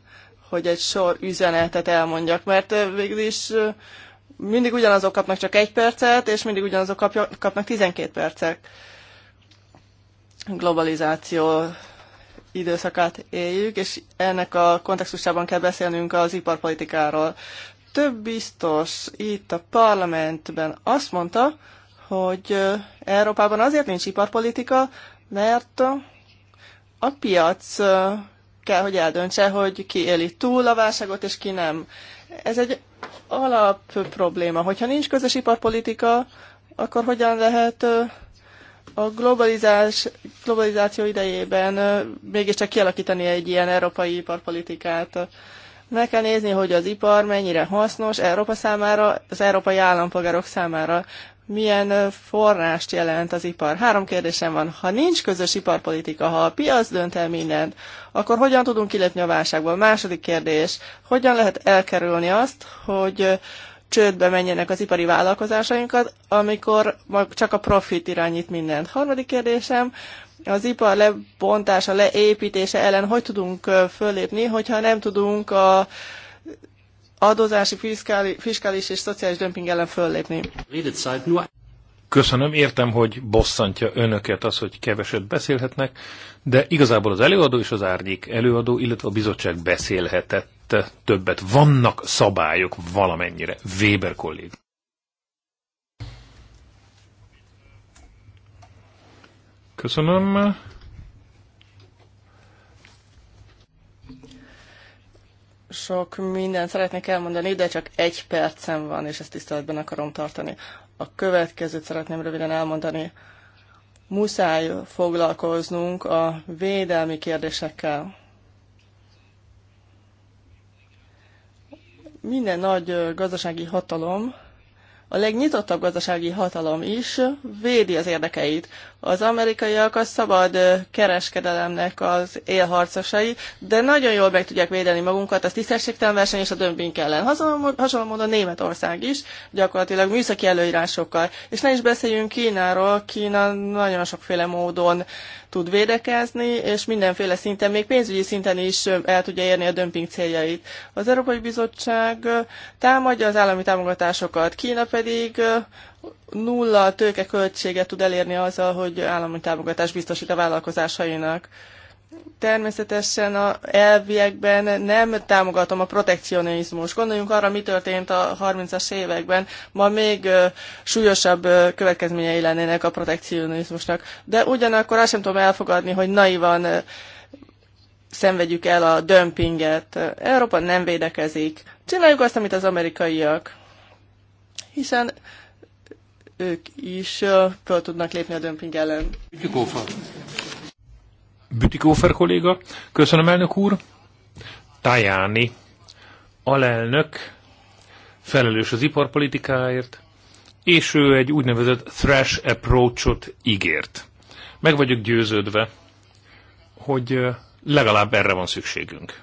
hogy egy sor üzenetet elmondjak, mert végül is mindig ugyanazok kapnak csak egy percet, és mindig ugyanazok kapja, kapnak 12 percet. Globalizáció időszakát éljük, és ennek a kontextusában kell beszélnünk az iparpolitikáról. Több biztos itt a parlamentben azt mondta, hogy Európában azért nincs iparpolitika, mert a piac kell, hogy eldöntse, hogy ki éli túl a válságot, és ki nem. Ez egy alap probléma. Hogyha nincs közös iparpolitika, akkor hogyan lehet a globalizás, globalizáció idejében mégiscsak kialakítani egy ilyen európai iparpolitikát? Meg kell nézni, hogy az ipar mennyire hasznos Európa számára, az európai állampolgárok számára milyen forrást jelent az ipar. Három kérdésem van. Ha nincs közös iparpolitika, ha a piac dönt el mindent, akkor hogyan tudunk kilépni a válságból? Második kérdés. Hogyan lehet elkerülni azt, hogy csődbe menjenek az ipari vállalkozásainkat, amikor csak a profit irányít mindent. Harmadik kérdésem, az ipar lebontása, leépítése ellen hogy tudunk fölépni, hogyha nem tudunk a adózási, fiskális, és szociális dömping ellen föllépni. Köszönöm, értem, hogy bosszantja önöket az, hogy keveset beszélhetnek, de igazából az előadó és az árnyék előadó, illetve a bizottság beszélhetett többet. Vannak szabályok valamennyire. Weber kollég. Köszönöm. sok mindent szeretnék elmondani, de csak egy percem van, és ezt tiszteletben akarom tartani. A következőt szeretném röviden elmondani. Muszáj foglalkoznunk a védelmi kérdésekkel. Minden nagy gazdasági hatalom, a legnyitottabb gazdasági hatalom is védi az érdekeit. Az amerikaiak a szabad kereskedelemnek az élharcosai, de nagyon jól meg tudják védeni magunkat a tisztességtelen verseny és a dömping ellen. Hasonló módon Németország is, gyakorlatilag műszaki előírásokkal. És ne is beszéljünk Kínáról, Kína nagyon sokféle módon tud védekezni, és mindenféle szinten, még pénzügyi szinten is el tudja érni a dömping céljait. Az Európai Bizottság támadja az állami támogatásokat, Kína pedig nulla költséget tud elérni azzal, hogy állami támogatást biztosít a vállalkozásainak. Természetesen a elviekben nem támogatom a protekcionizmus. Gondoljunk arra, mi történt a 30-as években. Ma még súlyosabb következményei lennének a protekcionizmusnak. De ugyanakkor azt sem tudom elfogadni, hogy naivan szenvedjük el a dömpinget. Európa nem védekezik. Csináljuk azt, amit az amerikaiak. Hiszen ők is fel tudnak lépni a dömping ellen. Bütikófer. Bütikófer kolléga. Köszönöm, elnök úr. Tajáni, alelnök, felelős az iparpolitikáért, és ő egy úgynevezett thrash approachot ígért. Meg vagyok győződve, hogy legalább erre van szükségünk.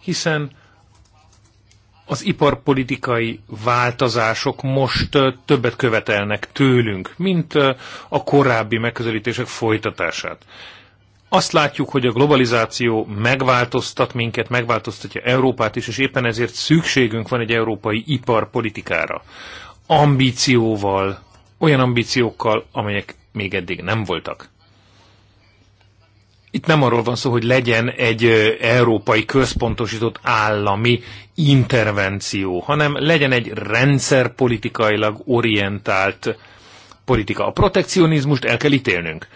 Hiszen az iparpolitikai változások most többet követelnek tőlünk, mint a korábbi megközelítések folytatását. Azt látjuk, hogy a globalizáció megváltoztat minket, megváltoztatja Európát is, és éppen ezért szükségünk van egy európai iparpolitikára. Ambícióval, olyan ambíciókkal, amelyek még eddig nem voltak. Itt nem arról van szó, hogy legyen egy európai központosított állami intervenció, hanem legyen egy rendszerpolitikailag orientált politika. A protekcionizmust el kell ítélnünk.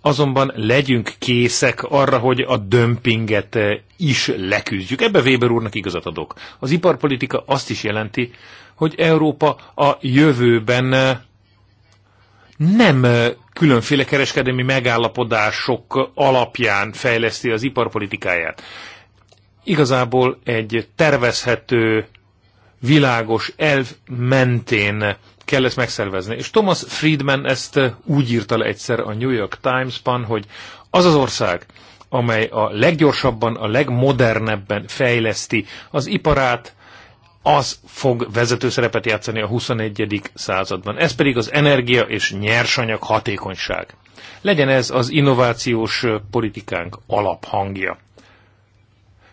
Azonban legyünk készek arra, hogy a dömpinget is leküzdjük. Ebbe Weber úrnak igazat adok. Az iparpolitika azt is jelenti, hogy Európa a jövőben nem különféle kereskedelmi megállapodások alapján fejleszti az iparpolitikáját. Igazából egy tervezhető, világos elv mentén kell ezt megszervezni. És Thomas Friedman ezt úgy írta le egyszer a New York Times-ban, hogy az az ország, amely a leggyorsabban, a legmodernebben fejleszti az iparát, az fog vezető szerepet játszani a 21. században. Ez pedig az energia és nyersanyag hatékonyság. Legyen ez az innovációs politikánk alaphangja.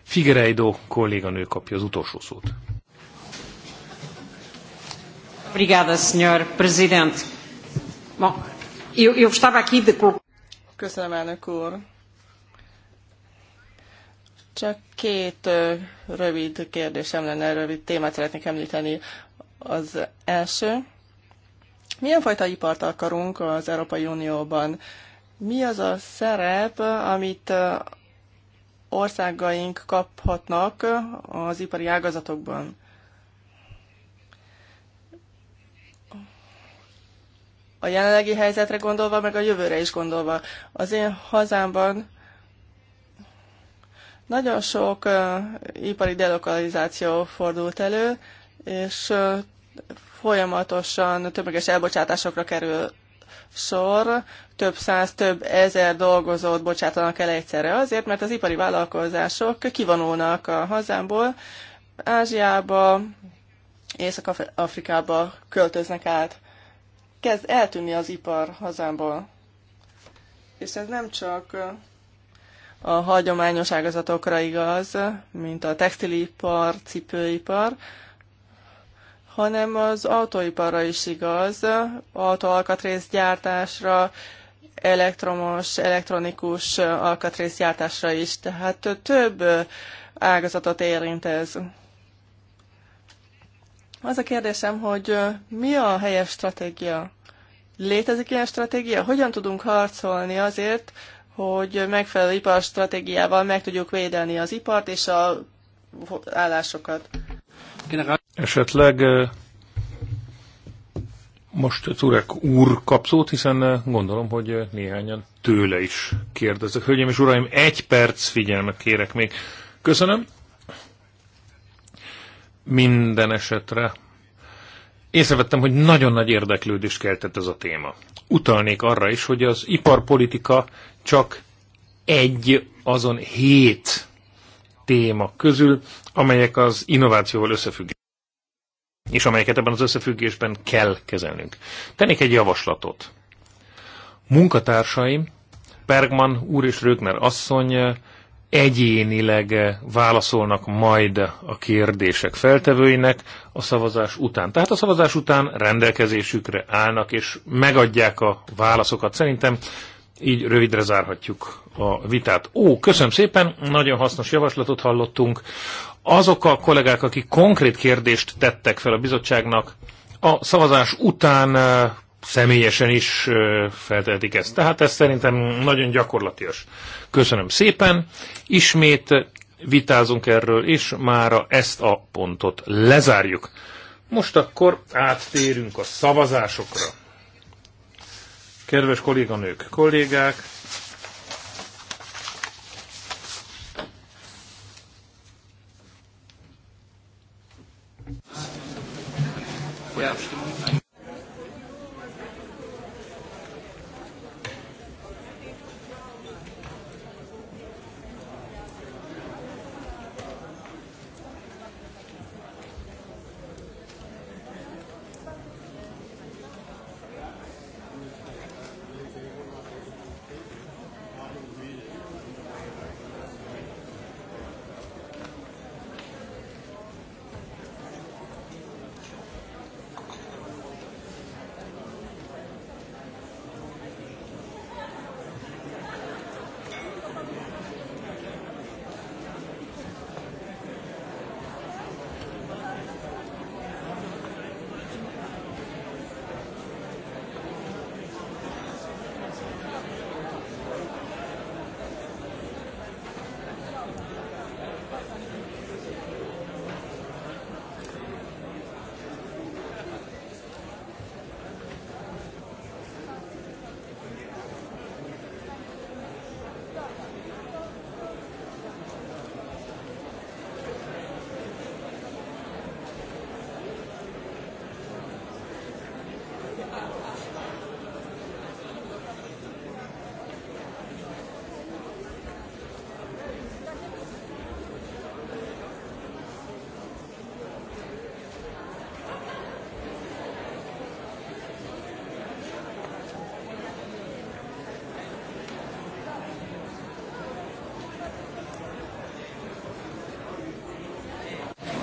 Figereidó kolléganő kapja az utolsó szót. Obrigada, presidente. eu, eu aqui de... Köszönöm, elnök úr. Csak két rövid kérdésem lenne, rövid témát szeretnék említeni. Az első, milyen fajta ipart akarunk az Európai Unióban? Mi az a szerep, amit országaink kaphatnak az ipari ágazatokban? A jelenlegi helyzetre gondolva, meg a jövőre is gondolva. Az én hazámban nagyon sok uh, ipari delokalizáció fordult elő, és uh, folyamatosan tömeges elbocsátásokra kerül sor, több száz, több ezer dolgozót bocsátanak el egyszerre azért, mert az ipari vállalkozások kivonulnak a hazámból, Ázsiába, Észak-Afrikába költöznek át. Kezd eltűnni az ipar hazámból. És ez nem csak a hagyományos ágazatokra igaz, mint a textilipar, cipőipar, hanem az autóiparra is igaz, autóalkatrészgyártásra, elektromos, elektronikus alkatrészgyártásra is. Tehát több ágazatot érint ez. Az a kérdésem, hogy mi a helyes stratégia? Létezik ilyen stratégia? Hogyan tudunk harcolni azért, hogy megfelelő stratégiával meg tudjuk védelni az ipart és a állásokat. Esetleg most Turek úr kap szót, hiszen gondolom, hogy néhányan tőle is kérdezek. Hölgyeim és uraim, egy perc figyelmet kérek még. Köszönöm. Minden esetre észrevettem, hogy nagyon nagy érdeklődést keltett ez a téma. Utalnék arra is, hogy az iparpolitika csak egy azon hét téma közül, amelyek az innovációval összefüggnek, és amelyeket ebben az összefüggésben kell kezelnünk. Tennék egy javaslatot. Munkatársaim, Bergman úr és Rögner asszony eh, egyénileg eh, válaszolnak majd a kérdések feltevőinek a szavazás után. Tehát a szavazás után rendelkezésükre állnak, és megadják a válaszokat. Szerintem így rövidre zárhatjuk a vitát. Ó, köszönöm szépen, nagyon hasznos javaslatot hallottunk. Azok a kollégák, akik konkrét kérdést tettek fel a bizottságnak, a szavazás után személyesen is feltehetik ezt. Tehát ez szerintem nagyon gyakorlatias. Köszönöm szépen. Ismét vitázunk erről, és mára ezt a pontot lezárjuk. Most akkor áttérünk a szavazásokra. Kedves kolléganők, kollégák, Yeah.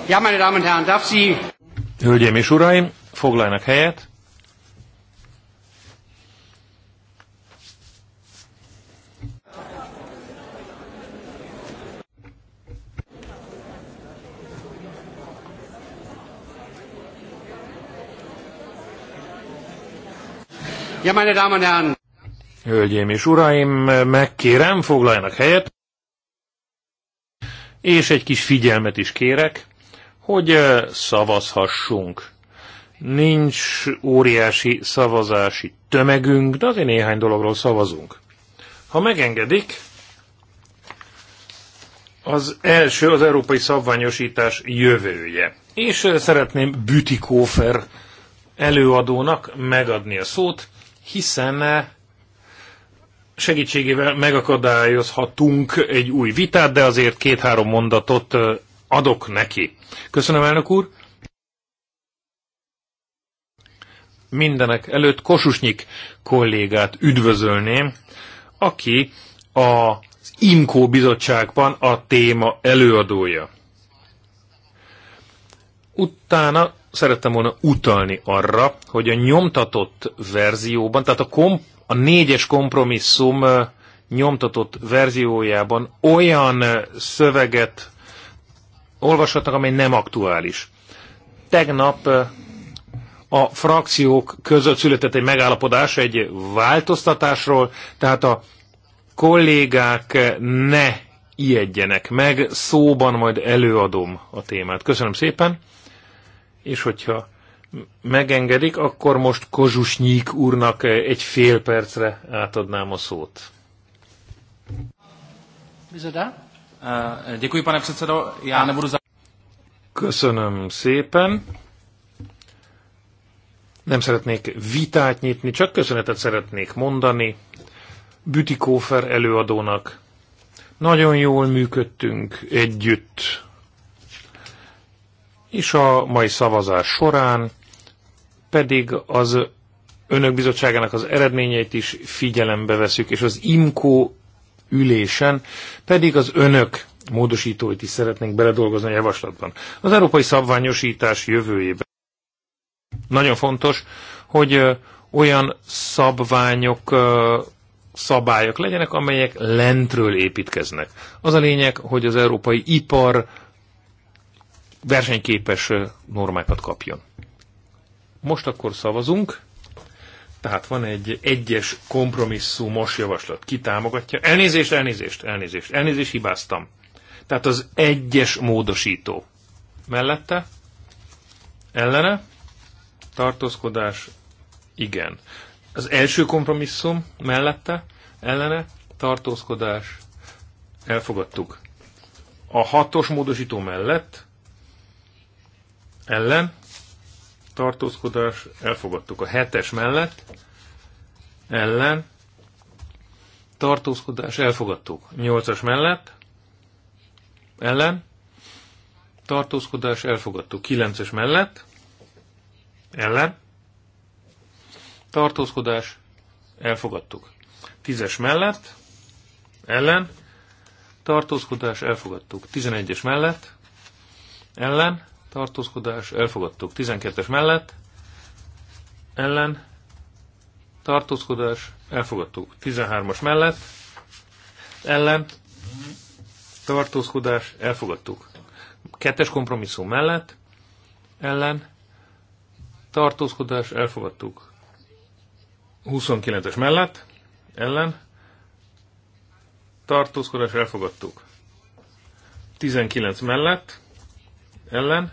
Ja, meine Damen und Herren, darf Sie... Hölgyeim és uraim, foglalnak helyet. Ja, meine Damen und Herren. Hölgyeim és uraim, megkérem, foglaljanak helyet. És egy kis figyelmet is kérek hogy szavazhassunk. Nincs óriási szavazási tömegünk, de azért néhány dologról szavazunk. Ha megengedik, az első az európai szabványosítás jövője. És szeretném Bütikófer előadónak megadni a szót, hiszen segítségével megakadályozhatunk egy új vitát, de azért két-három mondatot adok neki. Köszönöm, elnök úr! Mindenek előtt Kosusnyik kollégát üdvözölném, aki a IMKO bizottságban a téma előadója. Utána szerettem volna utalni arra, hogy a nyomtatott verzióban, tehát a, kom, a négyes kompromisszum nyomtatott verziójában olyan szöveget olvashatnak, amely nem aktuális. Tegnap a frakciók között született egy megállapodás egy változtatásról, tehát a kollégák ne ijedjenek meg, szóban majd előadom a témát. Köszönöm szépen, és hogyha megengedik, akkor most Kozsusnyík úrnak egy fél percre átadnám a szót. Bizodá? Eh, děkuji, pane předsedo. Já nebudu za... Köszönöm szépen. Nem szeretnék vitát nyitni, csak köszönetet szeretnék mondani Bütikófer előadónak. Nagyon jól működtünk együtt, és a mai szavazás során pedig az önök bizottságának az eredményeit is figyelembe veszük, és az IMCO ülésen, pedig az önök módosítóit is szeretnénk beledolgozni a javaslatban. Az európai szabványosítás jövőjében nagyon fontos, hogy olyan szabványok, szabályok legyenek, amelyek lentről építkeznek. Az a lényeg, hogy az európai ipar versenyképes normákat kapjon. Most akkor szavazunk. Tehát van egy egyes kompromisszumos javaslat. Ki támogatja? Elnézést, elnézést, elnézést, elnézést, hibáztam. Tehát az egyes módosító. Mellette? Ellene? Tartózkodás? Igen. Az első kompromisszum mellette? Ellene? Tartózkodás? Elfogadtuk. A hatos módosító mellett? Ellen? tartózkodás, elfogadtuk a hetes mellett, ellen, tartózkodás, elfogadtuk. Nyolcas mellett, ellen, tartózkodás, elfogadtuk. Kilences mellett, ellen, tartózkodás, elfogadtuk. Tízes mellett, ellen, tartózkodás, elfogadtuk. Tizenegyes mellett, ellen, tartózkodás, elfogadtuk 12-es mellett, ellen, tartózkodás, elfogadtuk 13-as mellett, ellen, tartózkodás, elfogadtuk. Kettes kompromisszum mellett, ellen, tartózkodás, elfogadtuk. 29-es mellett, ellen, tartózkodás, elfogadtuk. 19 mellett, ellen,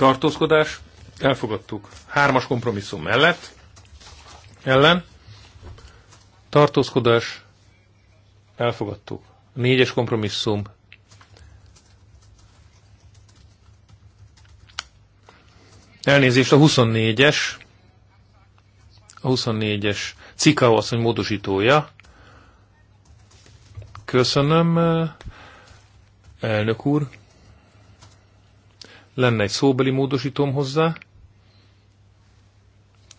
tartózkodás, elfogadtuk. Hármas kompromisszum mellett, ellen, tartózkodás, elfogadtuk. Négyes kompromisszum, elnézést a 24-es, a 24-es Cikau asszony módosítója. Köszönöm, eh, elnök úr. Lenne egy szóbeli módosítom hozzá,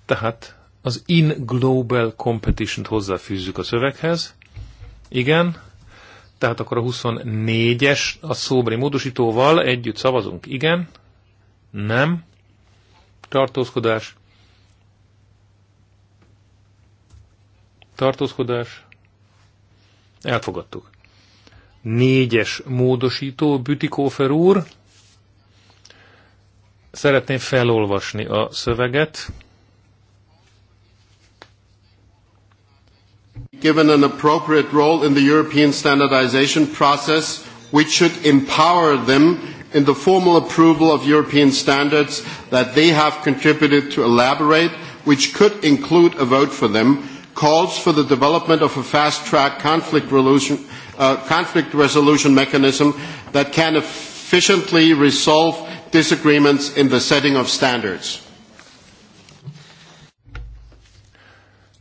tehát az in global competition-t hozzáfűzzük a szöveghez. Igen, tehát akkor a 24-es a szóbeli módosítóval együtt szavazunk. Igen, nem, tartózkodás, tartózkodás, elfogadtuk. Négyes módosító, Bütikófer úr, Szeretném felolvasni a szöveget. Given an appropriate role in the European standardization process, which should empower them in the formal approval of European standards that they have contributed to elaborate, which could include a vote for them, calls for the development of a fast-track conflict, uh, conflict resolution mechanism that can efficiently resolve disagreements in the setting of standards.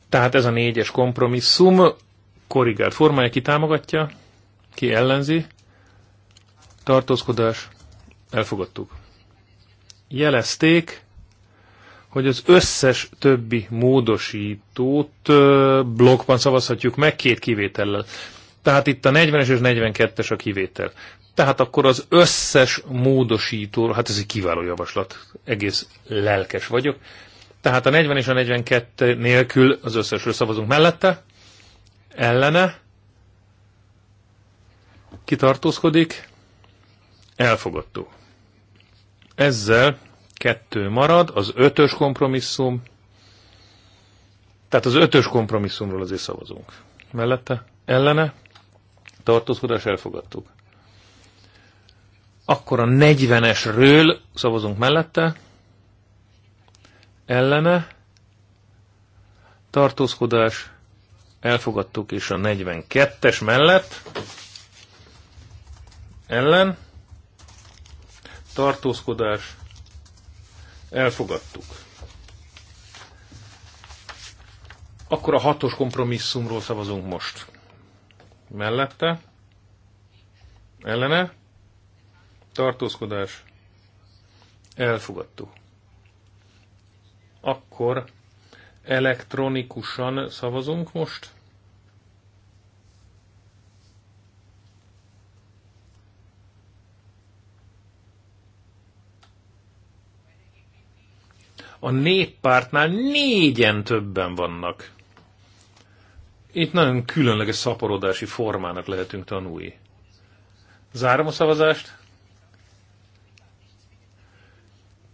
Tehát ez a négyes kompromisszum korrigált formája ki támogatja, ki ellenzi, tartózkodás, elfogadtuk. Jelezték, hogy az összes többi módosítót blokkban szavazhatjuk meg két kivétellel. Tehát itt a 40-es és 42-es a kivétel. Tehát akkor az összes módosító, hát ez egy kiváló javaslat, egész lelkes vagyok. Tehát a 40 és a 42 nélkül az összesről szavazunk mellette, ellene, kitartózkodik, elfogadtó. Ezzel kettő marad, az ötös kompromisszum, tehát az ötös kompromisszumról azért szavazunk. Mellette, ellene, tartózkodás elfogadtuk. Akkor a 40-esről szavazunk mellette, ellene, tartózkodás, elfogadtuk, és a 42-es mellett, ellen, tartózkodás, elfogadtuk. Akkor a hatos kompromisszumról szavazunk most. Mellette, ellene, tartózkodás, elfogadtuk. Akkor elektronikusan szavazunk most. A néppártnál négyen többen vannak. Itt nagyon különleges szaporodási formának lehetünk tanulni. Zárom a szavazást.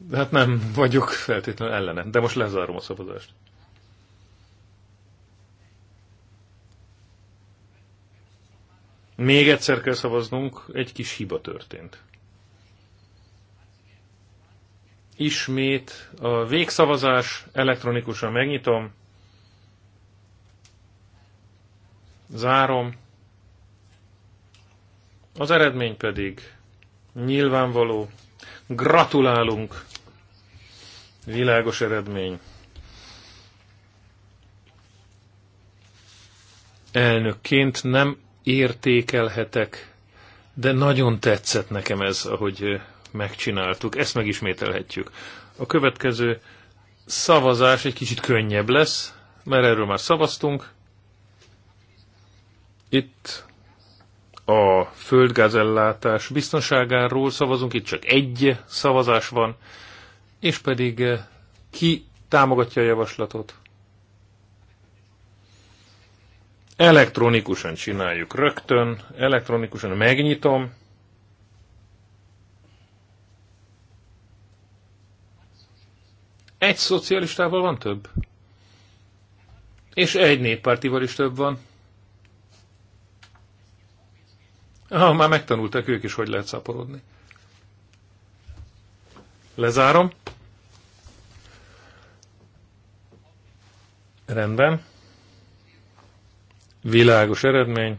De hát nem vagyok feltétlenül ellene, de most lezárom a szavazást. Még egyszer kell szavaznunk, egy kis hiba történt. Ismét a végszavazás, elektronikusan megnyitom, zárom, az eredmény pedig nyilvánvaló. Gratulálunk Világos eredmény. Elnökként nem értékelhetek, de nagyon tetszett nekem ez, ahogy eh, megcsináltuk. Ezt megismételhetjük. A következő szavazás egy kicsit könnyebb lesz, mert erről már szavaztunk. Itt a földgázellátás biztonságáról szavazunk, itt csak egy szavazás van, és pedig eh, ki támogatja a javaslatot? Elektronikusan csináljuk rögtön, elektronikusan megnyitom. Egy szocialistával van több. És egy néppártival is több van. Ah, már megtanulták ők is, hogy lehet szaporodni. Lezárom. Rendben. Világos eredmény.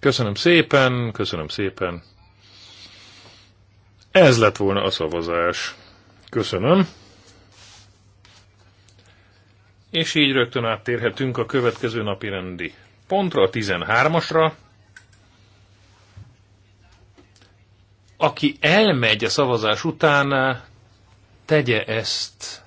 Köszönöm szépen, köszönöm szépen. Ez lett volna a szavazás. Köszönöm. És így rögtön áttérhetünk a következő napi rendi pontra, a 13-asra. Aki elmegy a szavazás után, tegye ezt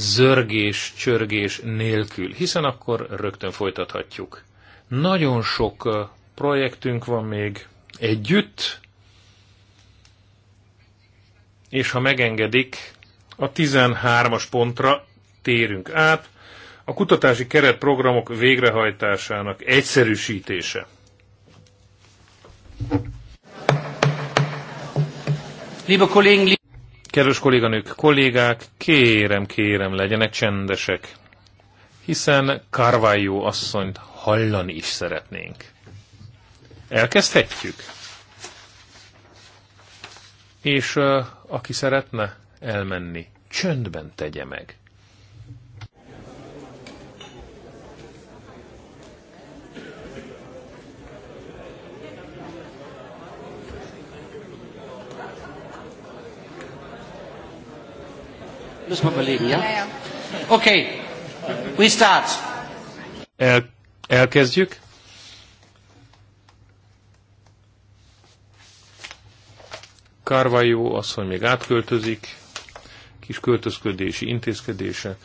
zörgés, csörgés nélkül, hiszen akkor rögtön folytathatjuk. Nagyon sok projektünk van még együtt, és ha megengedik, a 13-as pontra térünk át, a kutatási keretprogramok végrehajtásának egyszerűsítése. Liebe Kollegen, Kedves kolléganők, kollégák, kérem, kérem, legyenek csendesek, hiszen Carvalho asszonyt hallani is szeretnénk. Elkezdhetjük? És uh, aki szeretne elmenni, csöndben tegye meg. Müssen wir überlegen, ja? Okay, we start. El, elkezdjük. Kárvajó asszony még átköltözik, kis költözködési intézkedések.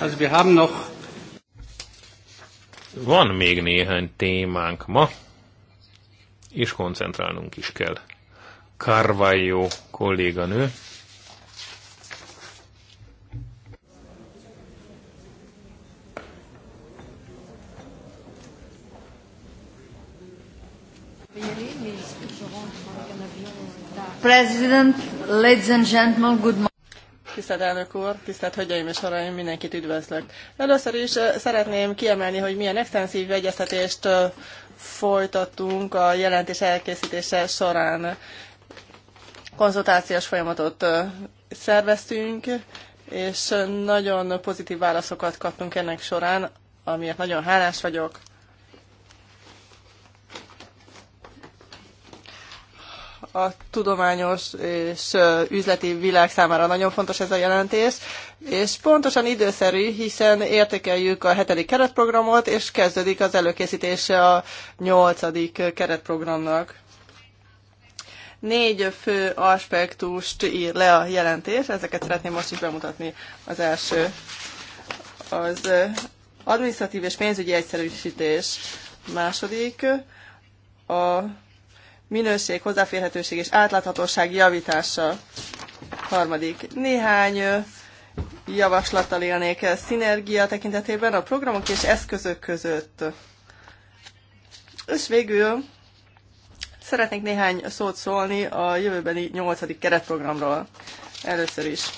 Also wir haben noch van még néhány témánk ma és koncentrálnunk is kell. Carvalho kolléganő. President, ladies and gentlemen, good morning. Tisztelt elnök úr, tisztelt hölgyeim és uraim, mindenkit üdvözlök. Először is eh, szeretném kiemelni, hogy milyen extenzív egyeztetést eh, folytatunk a jelentés elkészítése során. Konzultációs folyamatot szerveztünk, és nagyon pozitív válaszokat kaptunk ennek során, amiért nagyon hálás vagyok. a tudományos és üzleti világ számára nagyon fontos ez a jelentés, és pontosan időszerű, hiszen értékeljük a hetedik keretprogramot, és kezdődik az előkészítése a nyolcadik keretprogramnak. Négy fő aspektust ír le a jelentés, ezeket szeretném most is bemutatni. Az első az administratív és pénzügyi egyszerűsítés. Második a minőség, hozzáférhetőség és átláthatóság javítása. Harmadik, néhány javaslattal élnék e, szinergia tekintetében a programok és eszközök között. És végül szeretnék néhány szót szólni a jövőbeni 8. keretprogramról. Először is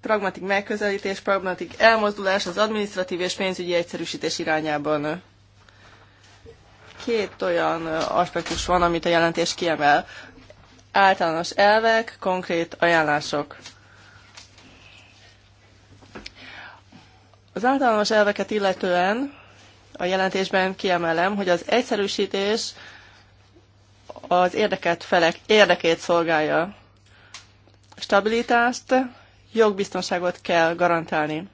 pragmatik megközelítés, pragmatik elmozdulás az administratív és pénzügyi egyszerűsítés irányában két olyan aspektus van, amit a jelentés kiemel. Általános elvek, konkrét ajánlások. Az általános elveket illetően a jelentésben kiemelem, hogy az egyszerűsítés az érdekelt felek érdekét szolgálja. Stabilitást, jogbiztonságot kell garantálni.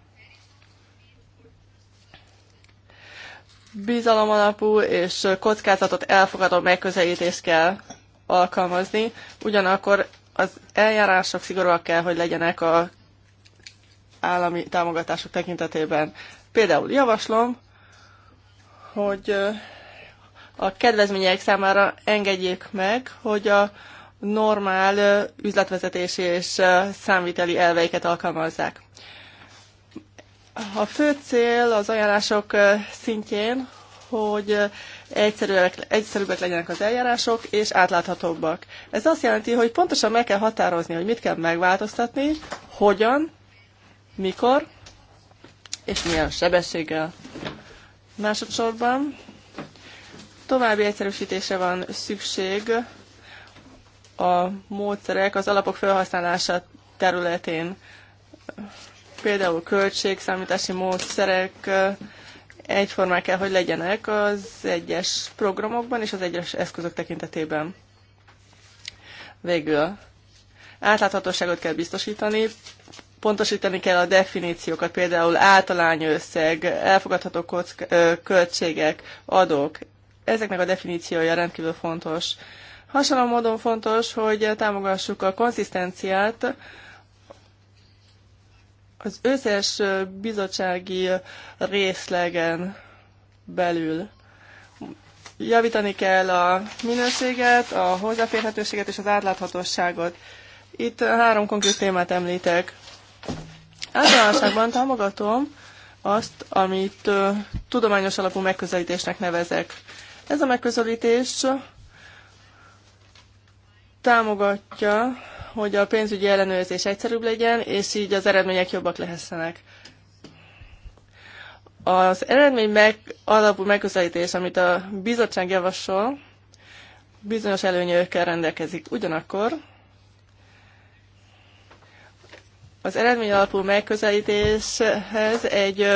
bizalom alapú és kockázatot elfogadó megközelítést kell alkalmazni, ugyanakkor az eljárások szigorúak kell, hogy legyenek a állami támogatások tekintetében. Például javaslom, hogy a kedvezmények számára engedjék meg, hogy a normál üzletvezetési és számviteli elveiket alkalmazzák. A fő cél az ajánlások szintjén, hogy egyszerűbbek, egyszerűbbek legyenek az eljárások, és átláthatóbbak. Ez azt jelenti, hogy pontosan meg kell határozni, hogy mit kell megváltoztatni, hogyan, mikor, és milyen sebességgel. Másodszorban további egyszerűsítése van szükség a módszerek az alapok felhasználása területén például költségszámítási módszerek egyformák kell, hogy legyenek az egyes programokban és az egyes eszközök tekintetében. Végül átláthatóságot kell biztosítani, pontosítani kell a definíciókat, például általány összeg, elfogadható kocka, költségek, adók. Ezeknek a definíciója rendkívül fontos. Hasonló módon fontos, hogy támogassuk a konszisztenciát, az összes bizottsági részlegen belül javítani kell a minőséget, a hozzáférhetőséget és az átláthatóságot. Itt három konkrét témát említek. Általánosságban támogatom azt, amit tudományos alapú megközelítésnek nevezek. Ez a megközelítés támogatja hogy a pénzügyi ellenőrzés egyszerűbb legyen, és így az eredmények jobbak lehessenek. Az eredmény meg, alapú megközelítés, amit a bizottság javasol, bizonyos előnyökkel rendelkezik. Ugyanakkor az eredmény alapú megközelítéshez egy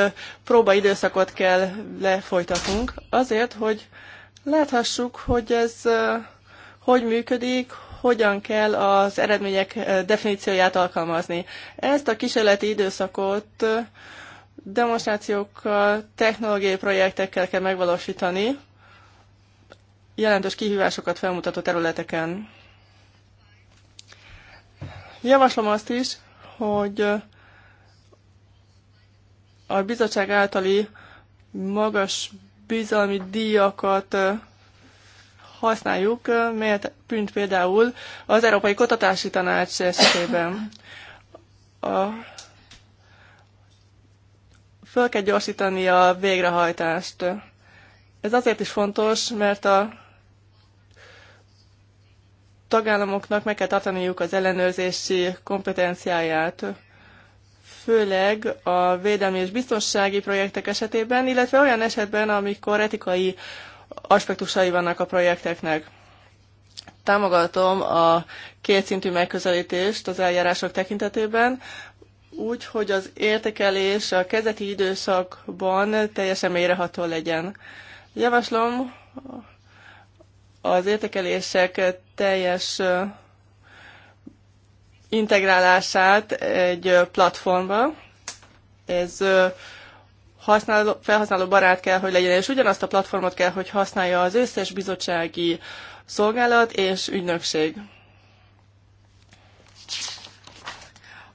próba időszakot kell lefolytatnunk, azért, hogy láthassuk, hogy ez hogy működik, hogyan kell az eredmények eh, definícióját alkalmazni. Ezt a kísérleti időszakot eh, demonstrációkkal, technológiai projektekkel kell megvalósítani, jelentős kihívásokat felmutató területeken. Javaslom azt is, hogy eh, a bizottság általi magas bizalmi díjakat használjuk, melyet pünt például az Európai Kutatási Tanács esetében. A föl kell gyorsítani a végrehajtást. Ez azért is fontos, mert a tagállamoknak meg kell tartaniuk az ellenőrzési kompetenciáját, főleg a védelmi és biztonsági projektek esetében, illetve olyan esetben, amikor etikai aspektusai vannak a projekteknek. Támogatom a kétszintű megközelítést az eljárások tekintetében, úgy, hogy az értékelés a kezdeti időszakban teljesen mélyreható legyen. Javaslom az értékelések teljes eh, integrálását egy eh, platformba. Ez eh, használó, felhasználó barát kell, hogy legyen, és ugyanazt a platformot kell, hogy használja az összes bizottsági szolgálat és ügynökség.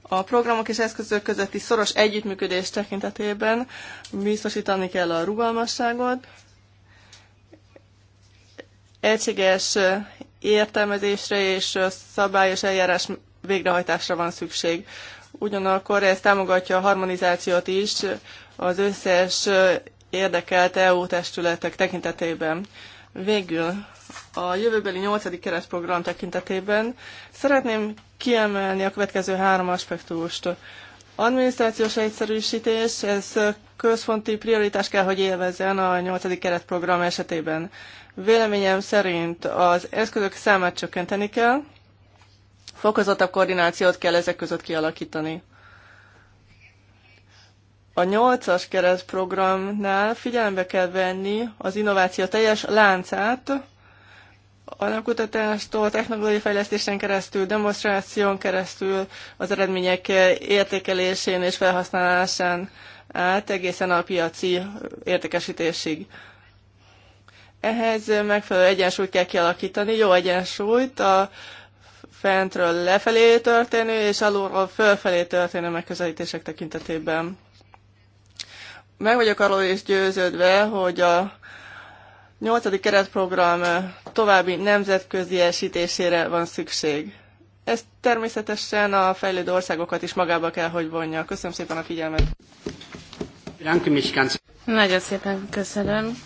A programok és eszközök közötti szoros együttműködés tekintetében biztosítani kell a rugalmasságot, egységes értelmezésre és szabályos eljárás végrehajtásra van szükség. Ugyanakkor ez támogatja a harmonizációt is az összes érdekelt EU testületek tekintetében. Végül a jövőbeli 8. keretprogram tekintetében szeretném kiemelni a következő három aspektust. Adminisztrációs egyszerűsítés, ez központi prioritás kell, hogy élvezzen a 8. keretprogram esetében. Véleményem szerint az eszközök számát csökkenteni kell, fokozottabb koordinációt kell ezek között kialakítani a nyolcas keretprogramnál figyelembe kell venni az innováció teljes láncát, alapkutatástól, technológiai fejlesztésen keresztül, demonstráción keresztül, az eredmények értékelésén és felhasználásán át egészen a piaci értékesítésig. Ehhez megfelelő egyensúlyt kell kialakítani, jó egyensúlyt a fentről lefelé történő és alulról fölfelé történő megközelítések tekintetében meg vagyok arról is győződve, hogy a nyolcadik keretprogram további nemzetközi esítésére van szükség. Ez természetesen a fejlődő országokat is magába kell, hogy vonja. Köszönöm szépen a figyelmet. Nagyon szépen köszönöm.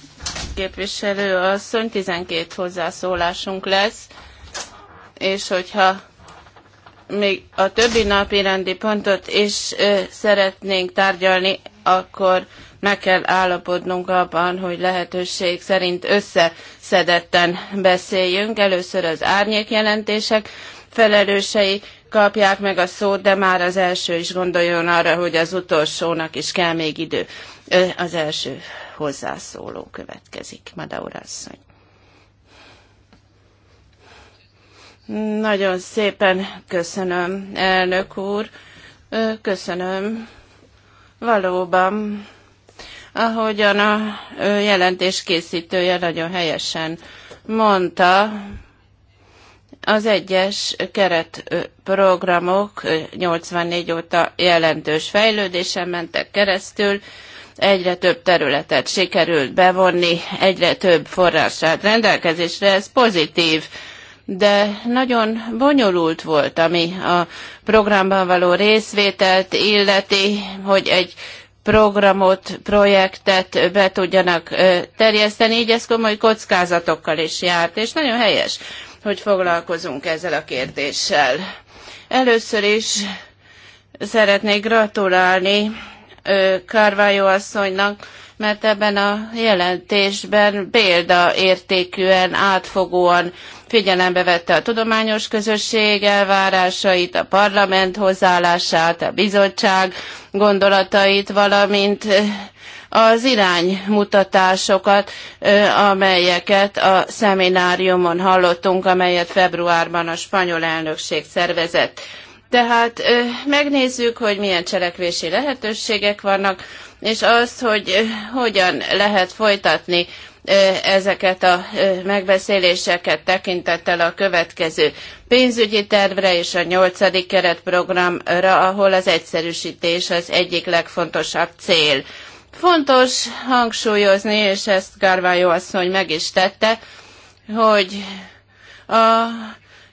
Képviselő a 12 hozzászólásunk lesz, és hogyha még a többi napi rendi pontot is ö, szeretnénk tárgyalni, akkor meg kell állapodnunk abban, hogy lehetőség szerint összeszedetten beszéljünk. Először az árnyék jelentések felelősei kapják meg a szót, de már az első is gondoljon arra, hogy az utolsónak is kell még idő. Az első hozzászóló következik, Madaura asszony. Nagyon szépen köszönöm, elnök úr. Köszönöm Valóban, ahogyan a jelentés készítője nagyon helyesen mondta, az egyes keretprogramok 84 óta jelentős fejlődésen mentek keresztül, egyre több területet sikerült bevonni, egyre több forrását rendelkezésre, ez pozitív de nagyon bonyolult volt, ami a programban való részvételt illeti, hogy egy programot, projektet be tudjanak terjeszteni, így ez komoly kockázatokkal is járt, és nagyon helyes, hogy foglalkozunk ezzel a kérdéssel. Először is szeretnék gratulálni Carvalho asszonynak, mert ebben a jelentésben példaértékűen, átfogóan figyelembe vette a tudományos közösség elvárásait, a parlament hozzáállását, a bizottság gondolatait, valamint eh, az iránymutatásokat, eh, amelyeket a szemináriumon hallottunk, amelyet februárban a spanyol elnökség szervezett. Tehát eh, megnézzük, hogy milyen cselekvési lehetőségek vannak, és azt, hogy eh, hogyan lehet folytatni eh, ezeket a eh, megbeszéléseket tekintettel a következő pénzügyi tervre és a nyolcadik keretprogramra, ahol az egyszerűsítés az egyik legfontosabb cél. Fontos hangsúlyozni, és ezt Gárvájó asszony meg is tette, hogy a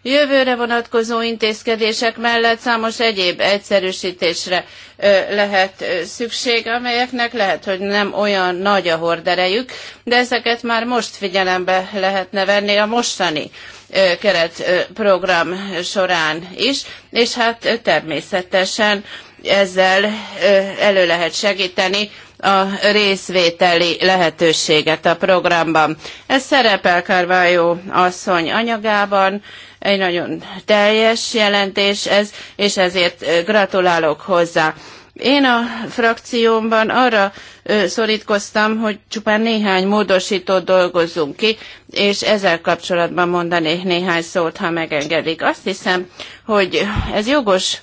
Jövőre vonatkozó intézkedések mellett számos egyéb egyszerűsítésre lehet szükség, amelyeknek lehet, hogy nem olyan nagy a horderejük, de ezeket már most figyelembe lehetne venni a mostani keretprogram során is, és hát természetesen ezzel elő lehet segíteni a részvételi lehetőséget a programban. Ez szerepel Carvalho asszony anyagában, egy nagyon teljes jelentés ez, és ezért gratulálok hozzá. Én a frakciómban arra szorítkoztam, hogy csupán néhány módosítót dolgozzunk ki, és ezzel kapcsolatban mondanék néhány szót, ha megengedik. Azt hiszem, hogy ez jogos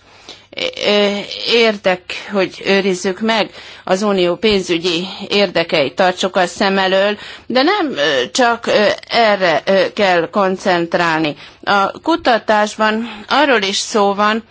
érdek, hogy őrizzük meg az unió pénzügyi érdekeit, tartsuk a szem elől, de nem csak erre kell koncentrálni. A kutatásban arról is szó van,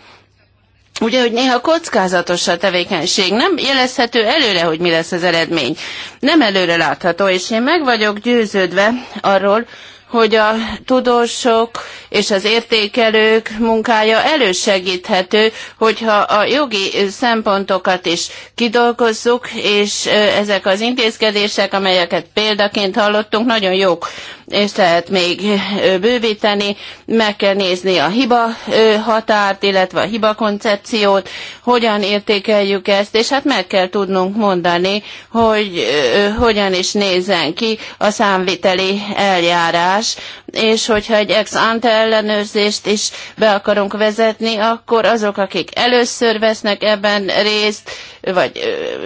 Ugye, hogy néha kockázatos a tevékenység, nem jelezhető előre, hogy mi lesz az eredmény. Nem előre látható, és én meg vagyok győződve arról, hogy a tudósok és az értékelők munkája elősegíthető, hogyha a jogi szempontokat is kidolgozzuk, és ezek az intézkedések, amelyeket példaként hallottunk, nagyon jók és lehet még bővíteni, meg kell nézni a hiba határt, illetve a hiba koncepciót, hogyan értékeljük ezt, és hát meg kell tudnunk mondani, hogy hogyan is nézen ki a számviteli eljárás, és hogyha egy ex ante ellenőrzést is be akarunk vezetni, akkor azok, akik először vesznek ebben részt, vagy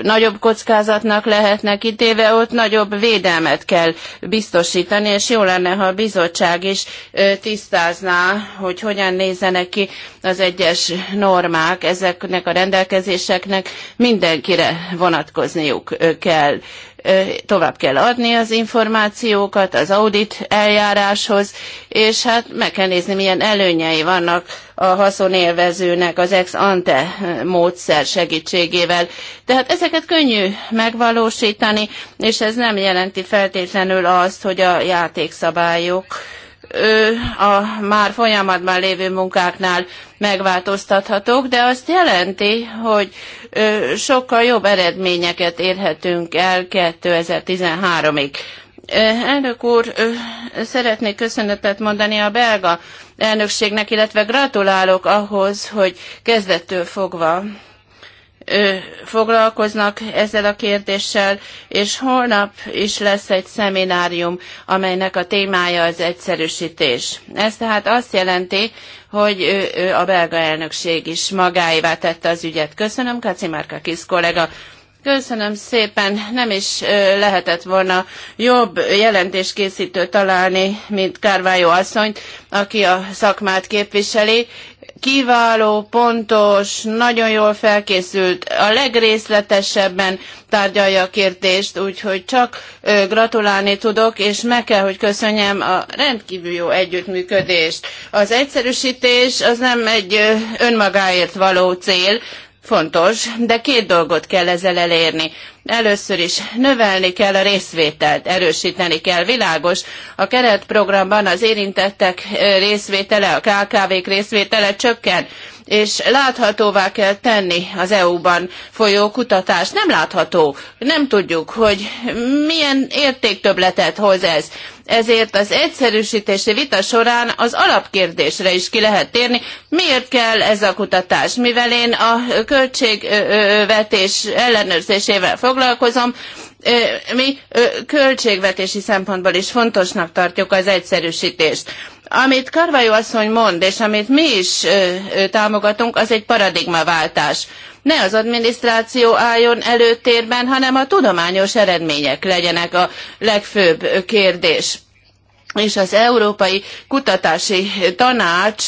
nagyobb kockázatnak lehetnek ítéve, ott nagyobb védelmet kell biztosítani, és jó lenne, ha a bizottság is tisztázná, hogy hogyan nézzenek ki az egyes normák, ezeknek a rendelkezéseknek mindenkire vonatkozniuk kell tovább kell adni az információkat az audit eljáráshoz, és hát meg kell nézni, milyen előnyei vannak a haszonélvezőnek az ex ante módszer segítségével. Tehát ezeket könnyű megvalósítani, és ez nem jelenti feltétlenül azt, hogy a játékszabályok a már folyamatban lévő munkáknál megváltoztathatók, de azt jelenti, hogy sokkal jobb eredményeket érhetünk el 2013-ig. Elnök úr, szeretnék köszönetet mondani a belga elnökségnek, illetve gratulálok ahhoz, hogy kezdettől fogva foglalkoznak ezzel a kérdéssel, és holnap is lesz egy szeminárium, amelynek a témája az egyszerűsítés. Ez tehát azt jelenti, hogy a belga elnökség is magáévá tette az ügyet. Köszönöm, Márka Kisz kollega. Köszönöm szépen. Nem is lehetett volna jobb jelentéskészítő találni, mint Kárvájó asszonyt, aki a szakmát képviseli, kiváló, pontos, nagyon jól felkészült, a legrészletesebben tárgyalja a kérdést, úgyhogy csak gratulálni tudok, és meg kell, hogy köszönjem a rendkívül jó együttműködést. Az egyszerűsítés az nem egy önmagáért való cél, fontos, de két dolgot kell ezzel elérni. Először is növelni kell a részvételt, erősíteni kell. Világos, a keretprogramban az érintettek részvétele, a KKV-k részvétele csökken és láthatóvá kell tenni az EU-ban folyó kutatást. Nem látható, nem tudjuk, hogy milyen értéktöbletet hoz ez ezért az egyszerűsítési vita során az alapkérdésre is ki lehet térni, miért kell ez a kutatás, mivel én a költségvetés ellenőrzésével foglalkozom, mi költségvetési szempontból is fontosnak tartjuk az egyszerűsítést. Amit Karvajó asszony mond, és amit mi is támogatunk, az egy paradigmaváltás ne az adminisztráció álljon előtérben, hanem a tudományos eredmények legyenek a legfőbb kérdés és az Európai Kutatási Tanács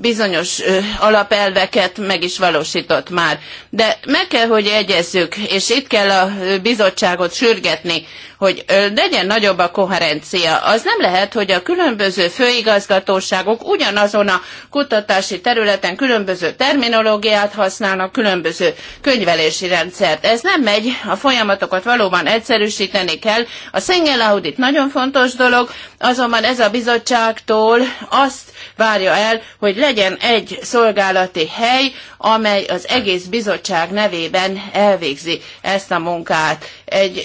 bizonyos alapelveket meg is valósított már. De meg kell, hogy egyezzük, és itt kell a bizottságot sürgetni, hogy legyen nagyobb a koherencia. Az nem lehet, hogy a különböző főigazgatóságok ugyanazon a kutatási területen különböző terminológiát használnak, különböző könyvelési rendszert. Ez nem megy, a folyamatokat valóban egyszerűsíteni kell. A single audit nagyon fontos dolog, azonban ez a bizottságtól azt várja el, hogy legyen egy szolgálati hely, amely az egész bizottság nevében elvégzi ezt a munkát. Egy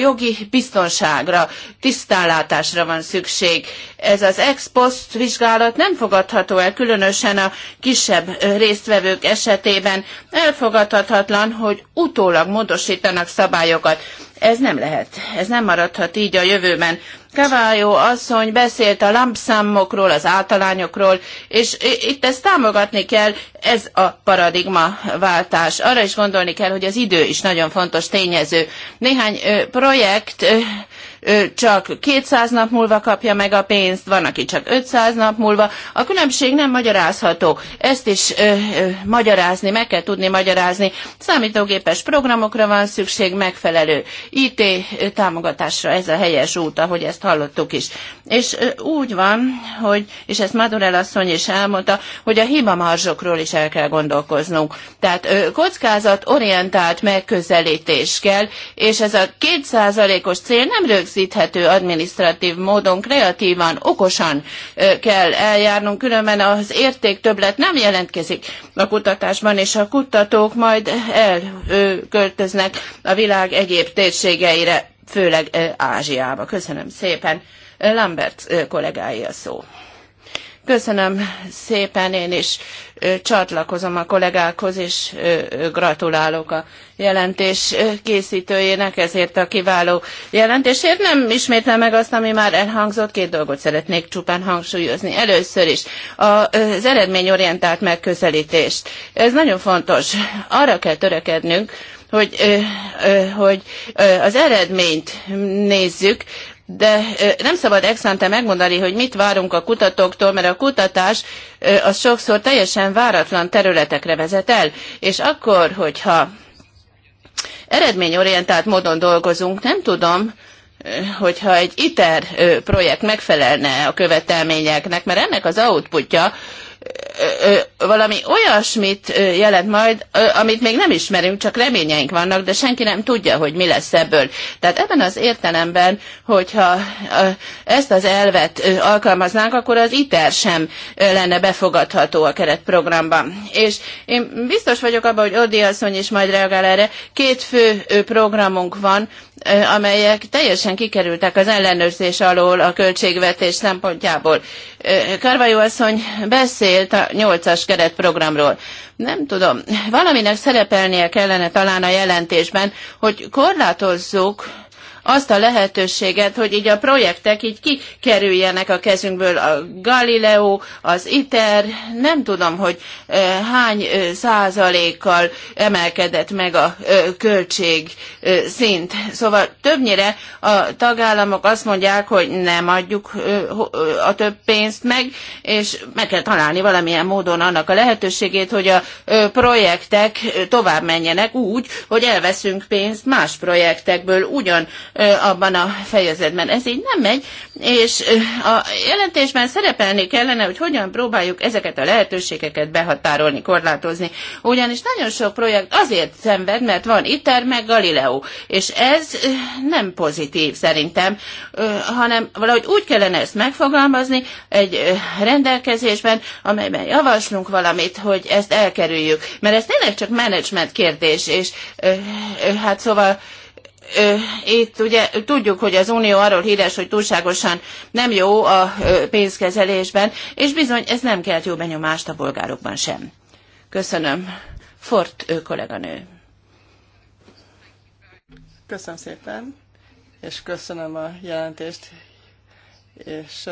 jogi biztonságra, tisztánlátásra van szükség. Ez az ex post vizsgálat nem fogadható el, különösen a kisebb résztvevők esetében. Elfogadhatatlan, hogy utólag módosítanak szabályokat. Ez nem lehet, ez nem maradhat így a jövőben. Kevályó asszony beszélt a lámpszámokról, az általányokról, és itt ezt támogatni kell, ez a paradigmaváltás. Arra is gondolni kell, hogy az idő is nagyon fontos tényező. Néhány projekt csak 200 nap múlva kapja meg a pénzt, van, aki csak 500 nap múlva. A különbség nem magyarázható. Ezt is ö, ö, magyarázni, meg kell tudni magyarázni. Számítógépes programokra van szükség, megfelelő IT támogatásra ez a helyes út, ahogy ezt hallottuk is. És ö, úgy van, hogy, és ezt Madurell asszony is elmondta, hogy a hibamarzsokról is el kell gondolkoznunk. Tehát ö, kockázat orientált megközelítés kell, és ez a kétszázalékos cél nem rögzíthető adminisztratív módon, kreatívan, okosan kell eljárnunk, különben az értéktöblet nem jelentkezik a kutatásban, és a kutatók majd elköltöznek a világ egyéb térségeire, főleg Ázsiába. Köszönöm szépen. Lambert kollégája szó. Köszönöm szépen, én is csatlakozom a kollégákhoz, és gratulálok a jelentés készítőjének ezért a kiváló jelentésért. Nem ismétlem meg azt, ami már elhangzott, két dolgot szeretnék csupán hangsúlyozni. Először is az eredményorientált megközelítést. Ez nagyon fontos. Arra kell törekednünk, hogy, hogy az eredményt nézzük, de nem szabad exante megmondani, hogy mit várunk a kutatóktól, mert a kutatás az sokszor teljesen váratlan területekre vezet el, és akkor, hogyha eredményorientált módon dolgozunk, nem tudom, hogyha egy ITER projekt megfelelne a követelményeknek, mert ennek az outputja valami olyasmit jelent majd, amit még nem ismerünk, csak reményeink vannak, de senki nem tudja, hogy mi lesz ebből. Tehát ebben az értelemben, hogyha ezt az elvet alkalmaznánk, akkor az ITER sem lenne befogadható a keretprogramban. És én biztos vagyok abban, hogy Odi asszony is majd reagál erre. Két fő programunk van, amelyek teljesen kikerültek az ellenőrzés alól a költségvetés szempontjából. Karvajó asszony beszélt a nyolcas keretprogramról. Nem tudom, valaminek szerepelnie kellene talán a jelentésben, hogy korlátozzuk azt a lehetőséget, hogy így a projektek így kikerüljenek a kezünkből a Galileo, az ITER, nem tudom, hogy hány százalékkal emelkedett meg a költség szint. Szóval többnyire a tagállamok azt mondják, hogy nem adjuk a több pénzt meg, és meg kell találni valamilyen módon annak a lehetőségét, hogy a projektek tovább menjenek úgy, hogy elveszünk pénzt más projektekből ugyan abban a fejezetben. Ez így nem megy, és a jelentésben szerepelni kellene, hogy hogyan próbáljuk ezeket a lehetőségeket behatárolni, korlátozni. Ugyanis nagyon sok projekt azért szenved, mert van ITER meg Galileo, és ez nem pozitív szerintem, hanem valahogy úgy kellene ezt megfogalmazni egy rendelkezésben, amelyben javaslunk valamit, hogy ezt elkerüljük. Mert ez tényleg csak menedzsment kérdés, és hát szóval itt ugye tudjuk, hogy az Unió arról híres, hogy túlságosan nem jó a pénzkezelésben, és bizony ez nem kelt jó benyomást a bolgárokban sem. Köszönöm. Fort kolléganő. Köszönöm szépen, és köszönöm a jelentést, és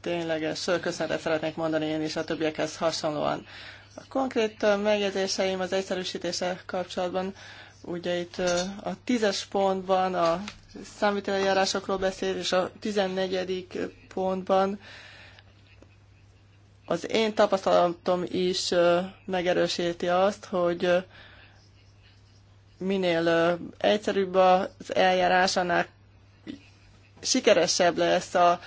tényleges köszönetet szeretnék mondani én is a többiekhez hasonlóan. A konkrét megjegyzéseim az egyszerűsítése kapcsolatban Ugye itt a tízes pontban a számíteljárásokról beszél, és a tizennegyedik pontban az én tapasztalatom is megerősíti azt, hogy minél egyszerűbb az eljárás, annál sikeresebb lesz a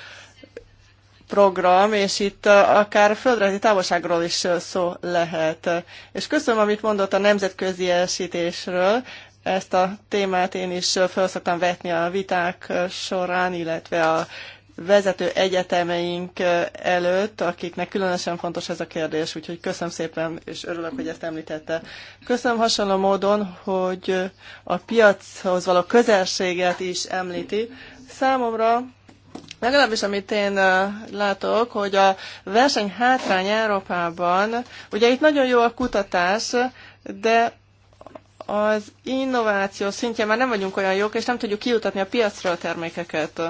program, és itt akár földrajzi távolságról is szó lehet. És köszönöm, amit mondott a nemzetközi esítésről. Ezt a témát én is fel szoktam vetni a viták során, illetve a vezető egyetemeink előtt, akiknek különösen fontos ez a kérdés, úgyhogy köszönöm szépen, és örülök, hogy ezt említette. Köszönöm hasonló módon, hogy a piachoz való közelséget is említi. Számomra Legalábbis amit én látok, hogy a verseny hátrány Európában, ugye itt nagyon jó a kutatás, de az innováció szintje már nem vagyunk olyan jók, és nem tudjuk kijutatni a piacra a termékeket. A,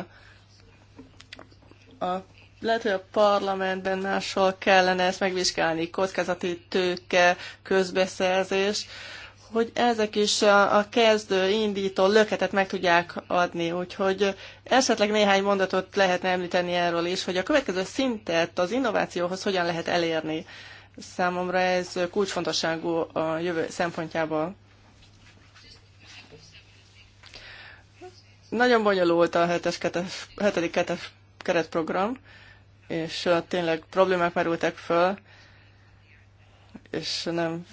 lehet, hogy a parlamentben máshol kellene ezt megvizsgálni, kockázati tőke, közbeszerzés. Uh, hogy ezek is a kezdő, indító löketet meg tudják adni. Úgyhogy esetleg néhány mondatot lehetne említeni erről is, hogy a következő szintet az innovációhoz hogyan lehet elérni. Számomra ez kulcsfontosságú a jövő szempontjából. Nagyon bonyolult a 7. keretprogram, és tényleg problémák merültek föl, és nem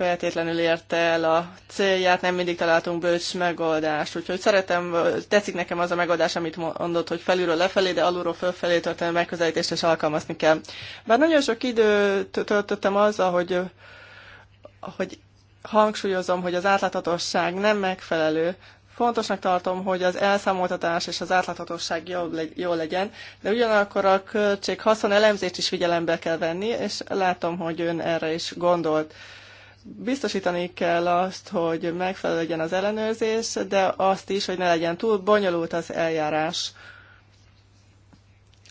feltétlenül érte el a célját, nem mindig találtunk bölcs megoldást. Úgyhogy szeretem, tetszik nekem az a megoldás, amit mondott, hogy felülről lefelé, de alulról fölfelé történő megközelítést is alkalmazni kell. Bár nagyon sok időt töltöttem azzal, hogy, hogy hangsúlyozom, hogy az átláthatóság nem megfelelő, fontosnak tartom, hogy az elszámoltatás és az átláthatóság jó legyen, de ugyanakkor a költség haszon elemzést is figyelembe kell venni, és látom, hogy ön erre is gondolt biztosítani kell azt, hogy megfelelő legyen az ellenőrzés, de azt is, hogy ne legyen túl bonyolult az eljárás.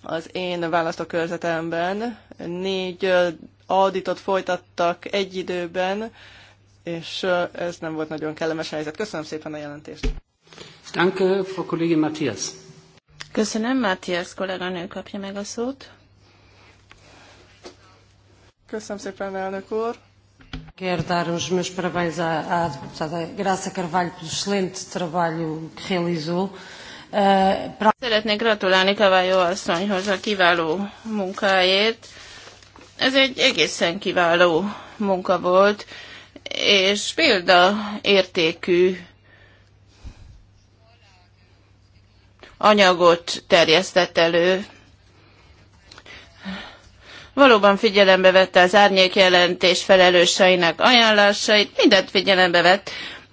Az én választókörzetemben négy auditot folytattak egy időben, és ez nem volt nagyon kellemes helyzet. Köszönöm szépen a jelentést. Danke, Frau Kollegin Matthias. Köszönöm, Matthias kolléganő kapja meg a szót. Köszönöm szépen, elnök úr. Quero dar os meus parabéns à, à deputada Graça Carvalho pelo excelente trabalho que realizou. Uh, pra... Szeretnék gratulálni Kavályó asszonyhoz a kiváló munkáért. Ez egy egészen kiváló munka volt, és példaértékű anyagot terjesztett elő valóban figyelembe vette az árnyék jelentés felelőseinek ajánlásait, mindent figyelembe vett,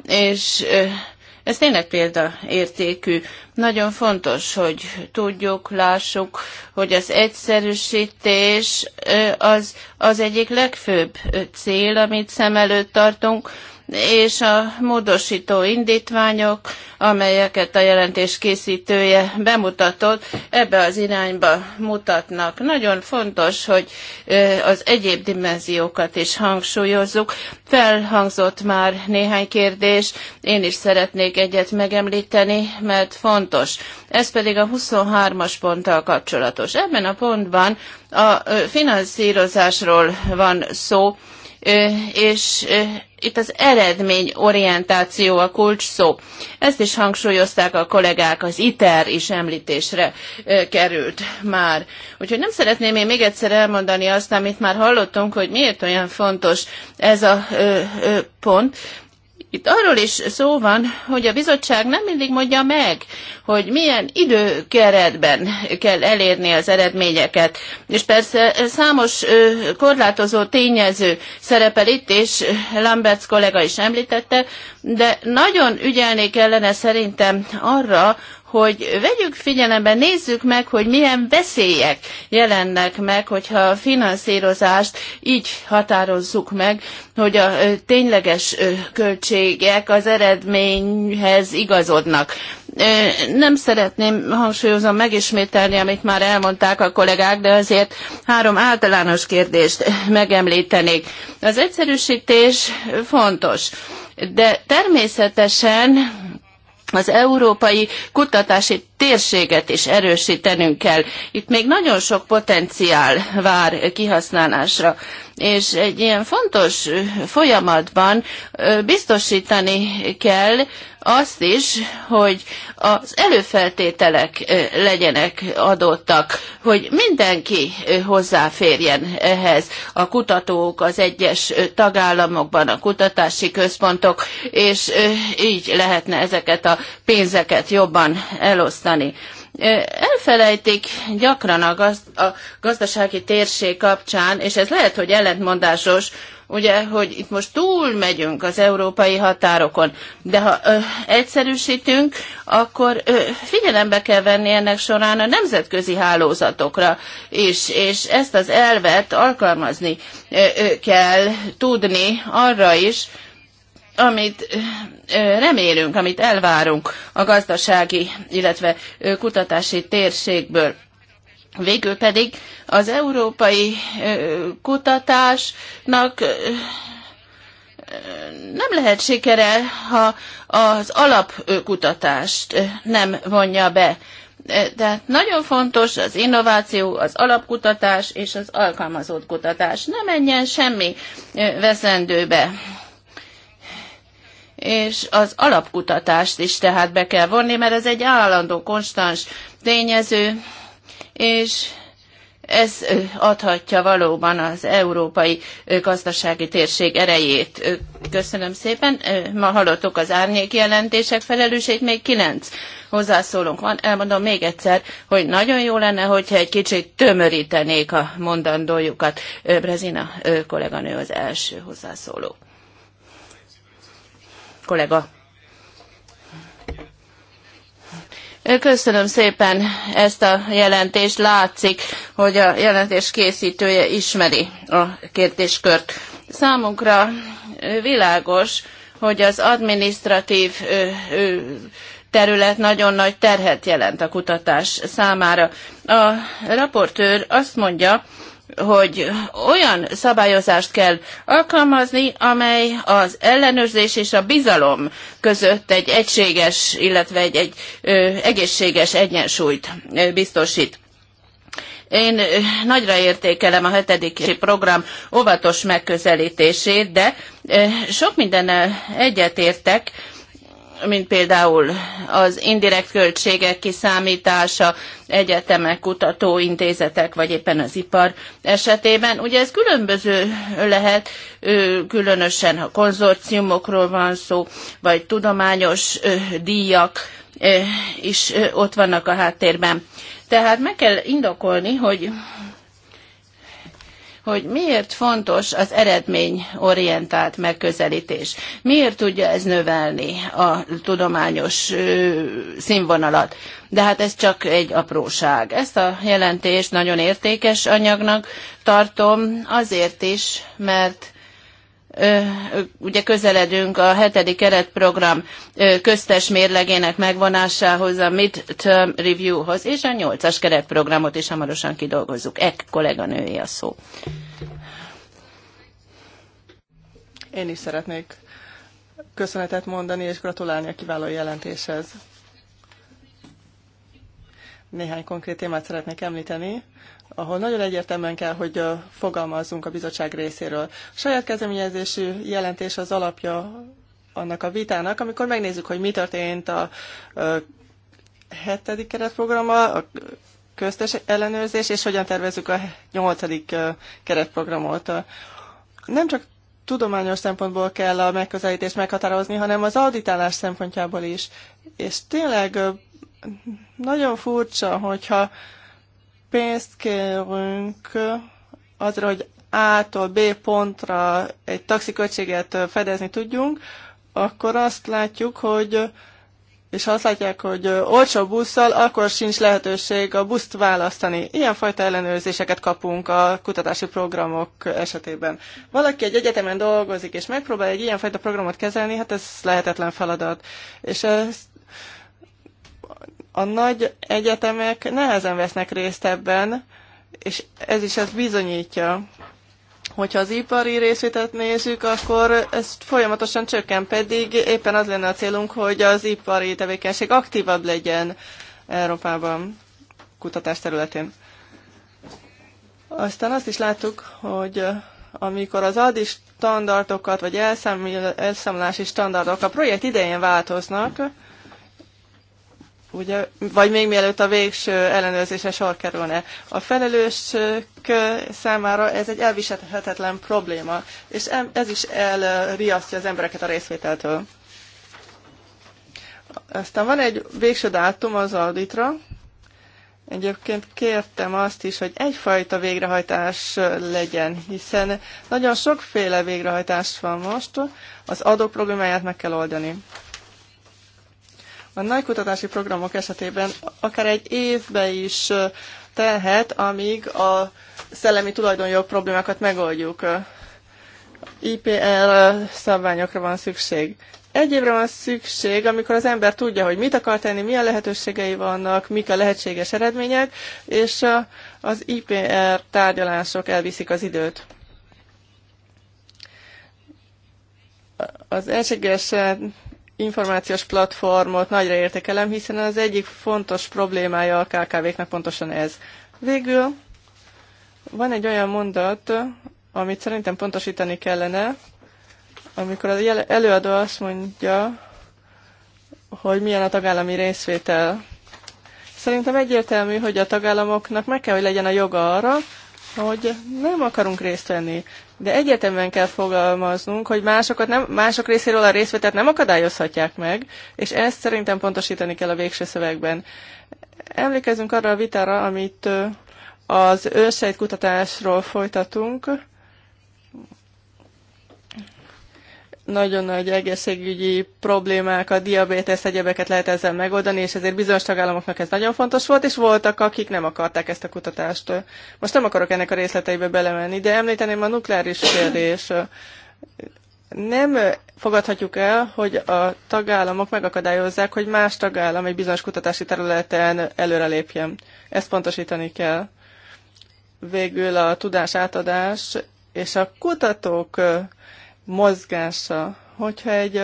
és ez tényleg példaértékű. Nagyon fontos, hogy tudjuk, lássuk, hogy az egyszerűsítés az, az egyik legfőbb cél, amit szem előtt tartunk, és a módosító indítványok, amelyeket a jelentés készítője bemutatott, ebbe az irányba mutatnak. Nagyon fontos, hogy az egyéb dimenziókat is hangsúlyozzuk. Felhangzott már néhány kérdés, én is szeretnék egyet megemlíteni, mert fontos. Ez pedig a 23-as ponttal kapcsolatos. Ebben a pontban a finanszírozásról van szó, és itt az eredmény orientáció a kulcs szó. Ezt is hangsúlyozták a kollégák, az ITER is említésre került már. Úgyhogy nem szeretném én még egyszer elmondani azt, amit már hallottunk, hogy miért olyan fontos ez a pont, itt arról is szó van, hogy a bizottság nem mindig mondja meg, hogy milyen időkeretben kell elérni az eredményeket. És persze számos korlátozó tényező szerepel itt, és Lamberts kollega is említette, de nagyon ügyelni kellene szerintem arra, hogy vegyük figyelembe, nézzük meg, hogy milyen veszélyek jelennek meg, hogyha a finanszírozást így határozzuk meg, hogy a tényleges költségek az eredményhez igazodnak. Nem szeretném, hangsúlyozom, megismételni, amit már elmondták a kollégák, de azért három általános kérdést megemlítenék. Az egyszerűsítés fontos, de természetesen az európai kutatási térséget is erősítenünk kell. Itt még nagyon sok potenciál vár kihasználásra, és egy ilyen fontos folyamatban biztosítani kell azt is, hogy az előfeltételek legyenek adottak, hogy mindenki hozzáférjen ehhez, a kutatók az egyes tagállamokban, a kutatási központok, és így lehetne ezeket a pénzeket jobban elosztani osztani. Elfelejtik gyakran a, a gazdasági térség kapcsán, és ez lehet, hogy ellentmondásos, ugye, hogy itt most túl megyünk az európai határokon, de ha ö, egyszerűsítünk, akkor ö, figyelembe kell venni ennek során a nemzetközi hálózatokra és, és ezt az elvet alkalmazni ö, ö, kell tudni arra is, amit remélünk, amit elvárunk a gazdasági, illetve kutatási térségből. Végül pedig az európai kutatásnak nem lehet sikere, ha az alapkutatást nem vonja be. Tehát nagyon fontos az innováció, az alapkutatás és az alkalmazott kutatás. Ne menjen semmi veszendőbe és az alapkutatást is tehát be kell vonni, mert ez egy állandó, konstans tényező, és ez adhatja valóban az európai gazdasági térség erejét. Köszönöm szépen. Ma hallottuk az árnyék jelentések felelősét, még kilenc hozzászólunk van. Elmondom még egyszer, hogy nagyon jó lenne, hogyha egy kicsit tömörítenék a mondandójukat. Brezina kolléganő az első hozzászóló kollega. Köszönöm szépen ezt a jelentést. Látszik, hogy a jelentés készítője ismeri a kérdéskört. Számunkra világos, hogy az administratív terület nagyon nagy terhet jelent a kutatás számára. A raportőr azt mondja, hogy olyan szabályozást kell alkalmazni, amely az ellenőrzés és a bizalom között egy egységes, illetve egy, egy ö, egészséges egyensúlyt ö, biztosít. Én nagyra értékelem a hetedik program óvatos megközelítését, de sok mindennel egyetértek, mint például az indirekt költségek kiszámítása, egyetemek, kutatóintézetek, vagy éppen az ipar esetében. Ugye ez különböző lehet, különösen ha konzorciumokról van szó, vagy tudományos díjak is ott vannak a háttérben. Tehát meg kell indokolni, hogy hogy miért fontos az eredményorientált megközelítés. Miért tudja ez növelni a tudományos színvonalat? De hát ez csak egy apróság. Ezt a jelentést nagyon értékes anyagnak tartom azért is, mert ugye közeledünk a hetedik keretprogram köztes mérlegének megvonásához, a mid-term reviewhoz, és a nyolcas keretprogramot is hamarosan kidolgozzuk. Ek kolléganője a szó. Én is szeretnék köszönetet mondani, és gratulálni a kiváló jelentéshez. Néhány konkrét témát szeretnék említeni, ahol nagyon egyértelműen kell, hogy fogalmazzunk a bizottság részéről. A saját kezdeményezésű jelentés az alapja annak a vitának, amikor megnézzük, hogy mi történt a, a hetedik keretprogrammal, a köztes ellenőrzés, és hogyan tervezzük a nyolcadik keretprogramot. Nem csak tudományos szempontból kell a megközelítést meghatározni, hanem az auditálás szempontjából is. És tényleg nagyon furcsa, hogyha pénzt kérünk azra, hogy A-tól B pontra egy taxiköltséget fedezni tudjunk, akkor azt látjuk, hogy és ha azt látják, hogy olcsó busszal, akkor sincs lehetőség a buszt választani. Ilyenfajta ellenőrzéseket kapunk a kutatási programok esetében. Valaki egy egyetemen dolgozik, és megpróbál egy ilyenfajta programot kezelni, hát ez lehetetlen feladat. És ezt a nagy egyetemek nehezen vesznek részt ebben, és ez is ezt bizonyítja. Hogyha az ipari részvételt nézzük, akkor ez folyamatosan csökken, pedig éppen az lenne a célunk, hogy az ipari tevékenység aktívabb legyen Európában kutatás területén. Aztán azt is láttuk, hogy amikor az ADI standardokat, vagy elszámolási standardok a projekt idején változnak, ugye, vagy még mielőtt a végső ellenőrzése sor kerülne. A felelősök számára ez egy elviselhetetlen probléma, és ez is elriasztja az embereket a részvételtől. Aztán van egy végső dátum az auditra. Egyébként kértem azt is, hogy egyfajta végrehajtás legyen, hiszen nagyon sokféle végrehajtás van most, az adó problémáját meg kell oldani. A nagy kutatási programok esetében akár egy évbe is telhet, amíg a szellemi tulajdonjog problémákat megoldjuk. IPR szabványokra van szükség. Egy évre van szükség, amikor az ember tudja, hogy mit akar tenni, milyen lehetőségei vannak, mik a lehetséges eredmények, és az IPR tárgyalások elviszik az időt. Az elséges információs platformot nagyra értékelem, hiszen az egyik fontos problémája a KKV-knak pontosan ez. Végül van egy olyan mondat, amit szerintem pontosítani kellene, amikor az előadó azt mondja, hogy milyen a tagállami részvétel. Szerintem egyértelmű, hogy a tagállamoknak meg kell, hogy legyen a joga arra, hogy nem akarunk részt venni. De egyetemben kell fogalmaznunk, hogy másokat nem, mások részéről a részvételt nem akadályozhatják meg, és ezt szerintem pontosítani kell a végső szövegben. Emlékezzünk arra a vitára, amit az kutatásról folytatunk, nagyon nagy egészségügyi problémákat, diabétesz, egyebeket lehet ezzel megoldani, és ezért bizonyos tagállamoknak ez nagyon fontos volt, és voltak, akik nem akarták ezt a kutatást. Most nem akarok ennek a részleteibe belemenni, de említeném a nukleáris kérdés. Nem fogadhatjuk el, hogy a tagállamok megakadályozzák, hogy más tagállam egy bizonyos kutatási területen előrelépjen. Ezt pontosítani kell. Végül a tudás átadás és a kutatók mozgása. Hogyha egy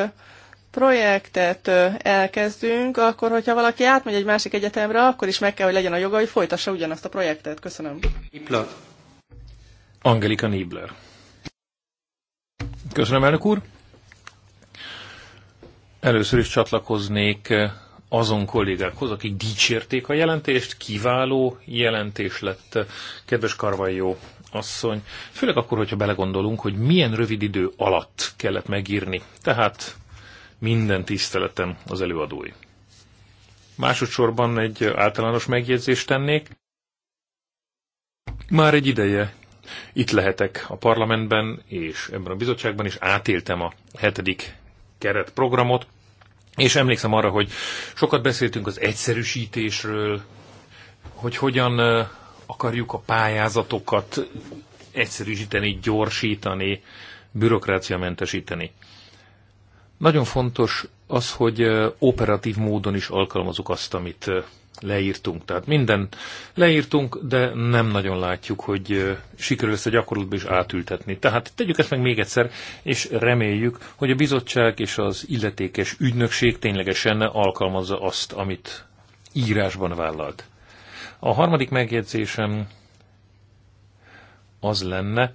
projektet elkezdünk, akkor hogyha valaki átmegy egy másik egyetemre, akkor is meg kell, hogy legyen a joga, hogy folytassa ugyanazt a projektet. Köszönöm. Nibler. Angelika Nibler. Köszönöm, elnök úr. Először is csatlakoznék azon kollégákhoz, akik dicsérték a jelentést, kiváló jelentés lett. Kedves Karvajó asszony, főleg akkor, hogyha belegondolunk, hogy milyen rövid idő alatt kellett megírni. Tehát minden tiszteletem az előadói. Másodszorban egy általános megjegyzést tennék. Már egy ideje itt lehetek a parlamentben és ebben a bizottságban, is átéltem a hetedik keretprogramot, és emlékszem arra, hogy sokat beszéltünk az egyszerűsítésről, hogy hogyan eh, akarjuk a pályázatokat egyszerűsíteni, gyorsítani, bürokráciamentesíteni. Nagyon fontos az, hogy operatív módon is alkalmazunk azt, amit leírtunk. Tehát minden leírtunk, de nem nagyon látjuk, hogy sikerül ezt a gyakorlatban is átültetni. Tehát tegyük ezt meg még egyszer, és reméljük, hogy a bizottság és az illetékes ügynökség ténylegesen alkalmazza azt, amit írásban vállalt. A harmadik megjegyzésem az lenne,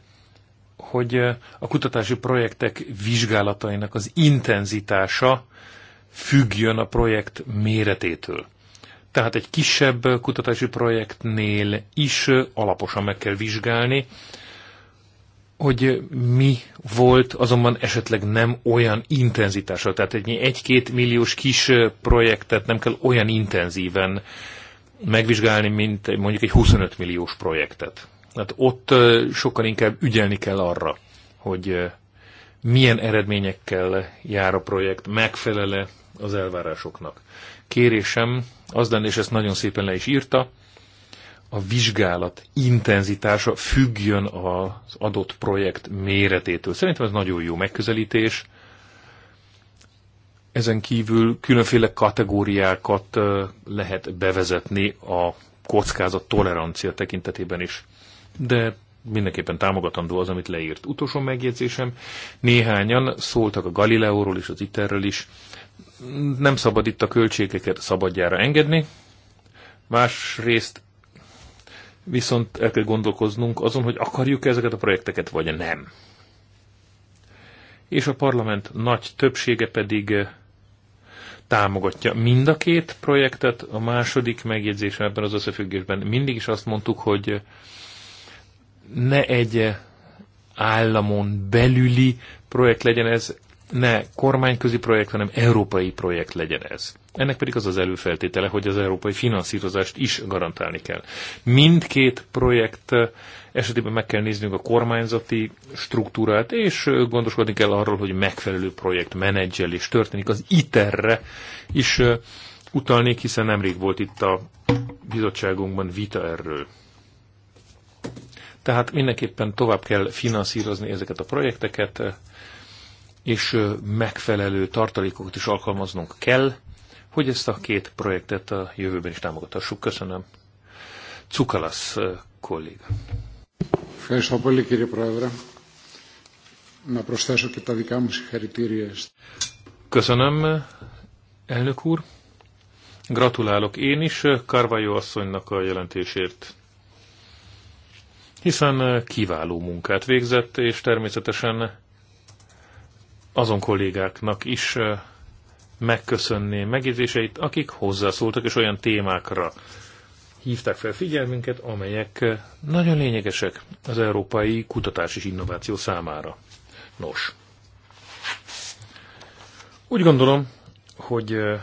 hogy a kutatási projektek vizsgálatainak az intenzitása függjön a projekt méretétől. Tehát egy kisebb kutatási projektnél is alaposan meg kell vizsgálni, hogy mi volt azonban esetleg nem olyan intenzitása. Tehát egy egy-két milliós kis projektet nem kell olyan intenzíven megvizsgálni, mint mondjuk egy 25 milliós projektet. Hát ott sokkal inkább ügyelni kell arra, hogy milyen eredményekkel jár a projekt, megfelele az elvárásoknak. Kérésem az lenne, és ezt nagyon szépen le is írta, a vizsgálat intenzitása függjön az adott projekt méretétől. Szerintem ez nagyon jó megközelítés, ezen kívül különféle kategóriákat lehet bevezetni a kockázat tolerancia tekintetében is. De mindenképpen támogatandó az, amit leírt. Utolsó megjegyzésem, néhányan szóltak a Galileóról és az Iterről is. Nem szabad itt a költségeket szabadjára engedni. Másrészt viszont el kell gondolkoznunk azon, hogy akarjuk -e ezeket a projekteket, vagy nem. És a parlament nagy többsége pedig támogatja mind a két projektet. A második megjegyzésem ebben az összefüggésben mindig is azt mondtuk, hogy ne egy államon belüli projekt legyen ez, ne kormányközi projekt, hanem európai projekt legyen ez. Ennek pedig az az előfeltétele, hogy az európai finanszírozást is garantálni kell. Mindkét projekt esetében meg kell néznünk a kormányzati struktúrát, és gondoskodni kell arról, hogy megfelelő projekt menedzselés történik. Az ITER-re is utalnék, hiszen nemrég volt itt a bizottságunkban vita erről. Tehát mindenképpen tovább kell finanszírozni ezeket a projekteket, és megfelelő tartalékokat is alkalmaznunk kell, hogy ezt a két projektet a jövőben is támogathassuk. Köszönöm. Cukalasz kolléga. Ευχαριστώ πολύ κύριε Πρόεδρε. Να προσθέσω και τα δικά μου συγχαρητήρια. Köszönöm, elnök úr. Gratulálok én is Karvajó asszonynak a jelentésért. Hiszen kiváló munkát végzett, és természetesen azon kollégáknak is megköszönném megjegyzéseit, akik hozzászóltak, és olyan témákra hívták fel figyelmünket, amelyek eh, nagyon lényegesek az európai kutatás és innováció számára. Nos, úgy gondolom, hogy eh,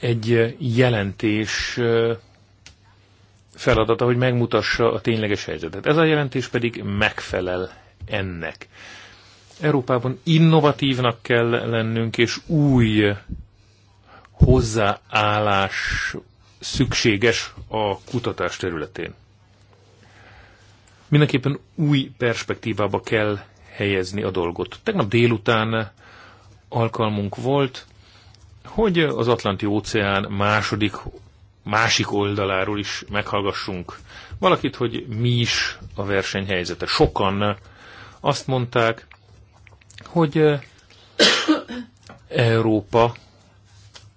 egy eh, jelentés feladata, hogy megmutassa a tényleges helyzetet. Ez a jelentés pedig megfelel ennek. Európában innovatívnak kell lennünk, és új hozzáállás szükséges a kutatás területén. Mindenképpen új perspektívába kell helyezni a dolgot. Tegnap délután alkalmunk volt, hogy az Atlanti óceán második, másik oldaláról is meghallgassunk valakit, hogy mi is a versenyhelyzete. Sokan azt mondták, hogy Európa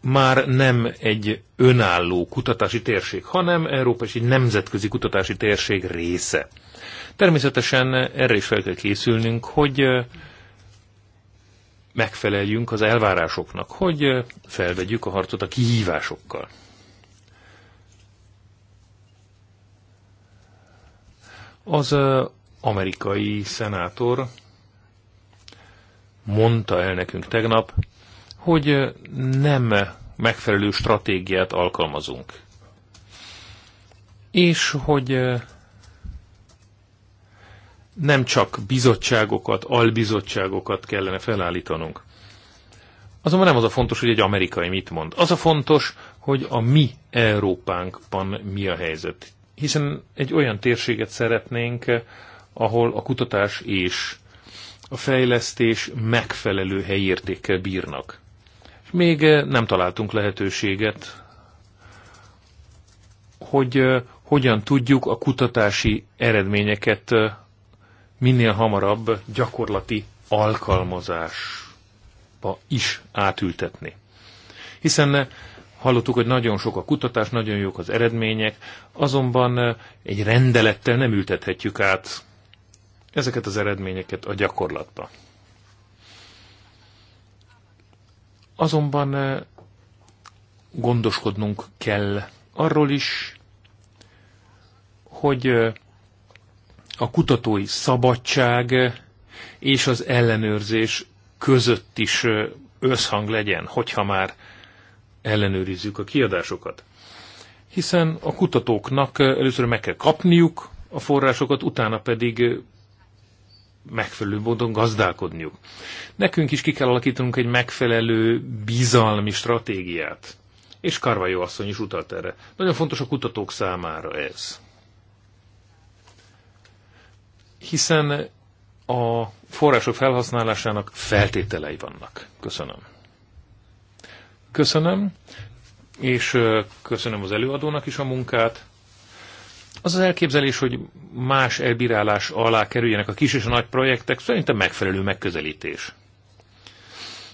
már nem egy önálló kutatási térség, hanem Európa is egy nemzetközi kutatási térség része. Természetesen erre is fel kell készülnünk, hogy megfeleljünk az elvárásoknak, hogy felvegyük a harcot a kihívásokkal. Az amerikai szenátor mondta el nekünk tegnap, hogy nem megfelelő stratégiát alkalmazunk. És hogy nem csak bizottságokat, albizottságokat kellene felállítanunk. Azonban nem az a fontos, hogy egy amerikai mit mond. Az a fontos, hogy a mi Európánkban mi a helyzet. Hiszen egy olyan térséget szeretnénk, ahol a kutatás és a fejlesztés megfelelő helyértékkel bírnak még eh, nem találtunk lehetőséget, hogy eh, hogyan tudjuk a kutatási eredményeket eh, minél hamarabb gyakorlati alkalmazásba is átültetni. Hiszen hallottuk, hogy nagyon sok a kutatás, nagyon jók az eredmények, azonban egy rendelettel nem ültethetjük át ezeket az eredményeket a gyakorlatba. Azonban eh, gondoskodnunk kell arról is, hogy eh, a kutatói szabadság eh, és az ellenőrzés között is összhang legyen, hogyha már ellenőrizzük a kiadásokat. Hiszen a kutatóknak először meg kell kapniuk a forrásokat, utána pedig megfelelő módon gazdálkodniuk. Nekünk is ki kell alakítanunk egy megfelelő bizalmi stratégiát. És Karvajó asszony is utalt erre. Nagyon fontos a kutatók számára ez. Hiszen a források felhasználásának feltételei vannak. Köszönöm. Köszönöm, és köszönöm az előadónak is a munkát. Az az elképzelés, hogy más elbírálás alá kerüljenek a kis és a nagy projektek, szerintem megfelelő megközelítés.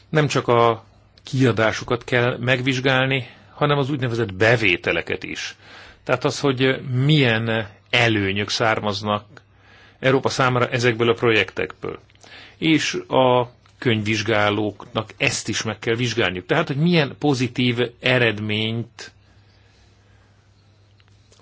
Nem csak a kiadásokat kell megvizsgálni, hanem az úgynevezett bevételeket is. Tehát az, hogy milyen előnyök származnak Európa számára ezekből a projektekből. És a könyvvizsgálóknak ezt is meg kell vizsgálniuk. Tehát, hogy milyen pozitív eredményt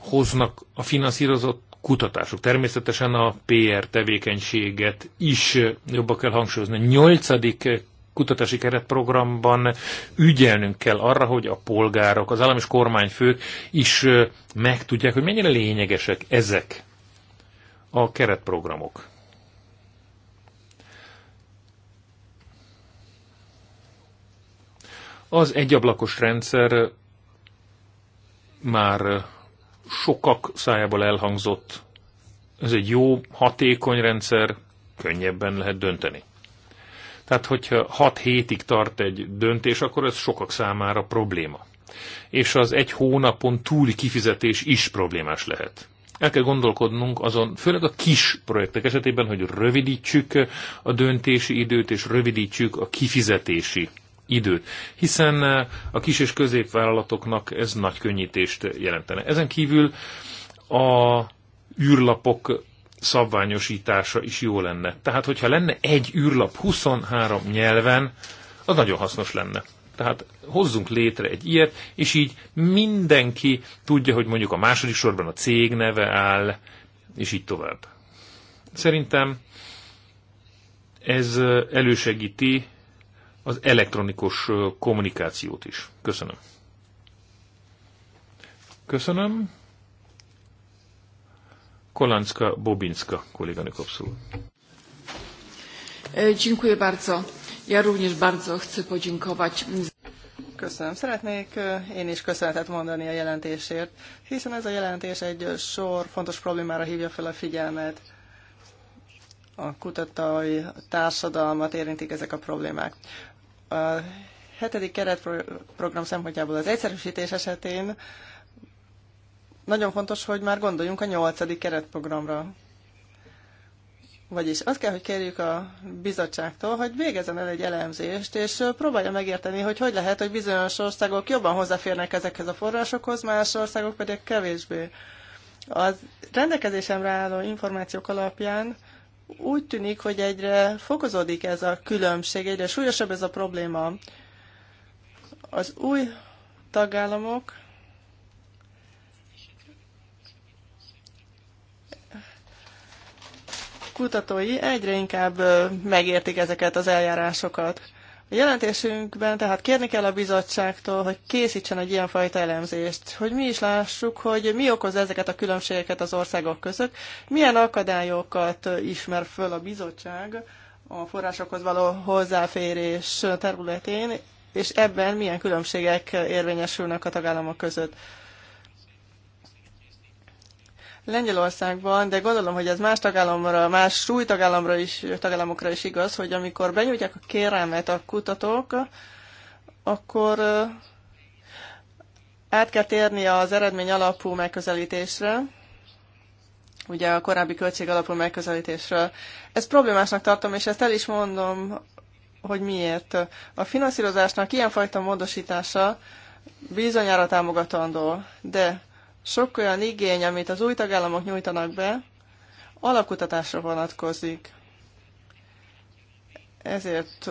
hoznak a finanszírozott kutatások. Természetesen a PR tevékenységet is eh, jobban kell hangsúlyozni. Nyolcadik eh, kutatási keretprogramban ügyelnünk kell arra, hogy a polgárok, az állam és kormányfők is eh, megtudják, hogy mennyire lényegesek ezek a keretprogramok. Az egyablakos rendszer már sokak szájából elhangzott, ez egy jó, hatékony rendszer, könnyebben lehet dönteni. Tehát, hogyha 6 hétig tart egy döntés, akkor ez sokak számára probléma. És az egy hónapon túli kifizetés is problémás lehet. El kell gondolkodnunk azon, főleg a kis projektek esetében, hogy rövidítsük a döntési időt, és rövidítsük a kifizetési időt, hiszen eh, a kis és középvállalatoknak ez nagy könnyítést jelentene. Ezen kívül a űrlapok szabványosítása is jó lenne. Tehát, hogyha lenne egy űrlap 23 nyelven, az nagyon hasznos lenne. Tehát hozzunk létre egy ilyet, és így mindenki tudja, hogy mondjuk a második sorban a cég neve áll, és így tovább. Szerintem ez eh, elősegíti az elektronikus kommunikációt is. Köszönöm. Köszönöm. Kolanska Bobinska kolléganő kapszul. E, dziękuję bardzo. Ja również bardzo chcę podziękować. Köszönöm. Szeretnék e, én is köszönetet mondani a jelentésért, hiszen ez a jelentés egy sor fontos problémára hívja fel a figyelmet. A kutatói társadalmat érintik ezek a problémák. A hetedik keretprogram szempontjából az egyszerűsítés esetén nagyon fontos, hogy már gondoljunk a nyolcadik keretprogramra. Vagyis azt kell, hogy kérjük a bizottságtól, hogy végezzen el egy elemzést, és próbálja megérteni, hogy hogy lehet, hogy bizonyos országok jobban hozzáférnek ezekhez a forrásokhoz, más országok pedig kevésbé. Az rendelkezésemre álló információk alapján úgy tűnik, hogy egyre fokozódik ez a különbség, egyre súlyosabb ez a probléma. Az új tagállamok kutatói egyre inkább megértik ezeket az eljárásokat. A jelentésünkben tehát kérni kell a bizottságtól, hogy készítsen egy ilyenfajta elemzést, hogy mi is lássuk, hogy mi okoz ezeket a különbségeket az országok között, milyen akadályokat ismer föl a bizottság a forrásokhoz való hozzáférés területén, és ebben milyen különbségek érvényesülnek a tagállamok között. Lengyelországban, de gondolom, hogy ez más tagállamra, más súly tagállamra is, tagállamokra is igaz, hogy amikor benyújtják a kérelmet a kutatók, akkor eh, át kell térni az eredmény alapú megközelítésre, ugye a korábbi költség alapú megközelítésre. Ezt problémásnak tartom, és ezt el is mondom, hogy miért. A finanszírozásnak ilyenfajta módosítása bizonyára támogatandó, de sok olyan igény, amit az új tagállamok nyújtanak be, alapkutatásra vonatkozik. Ezért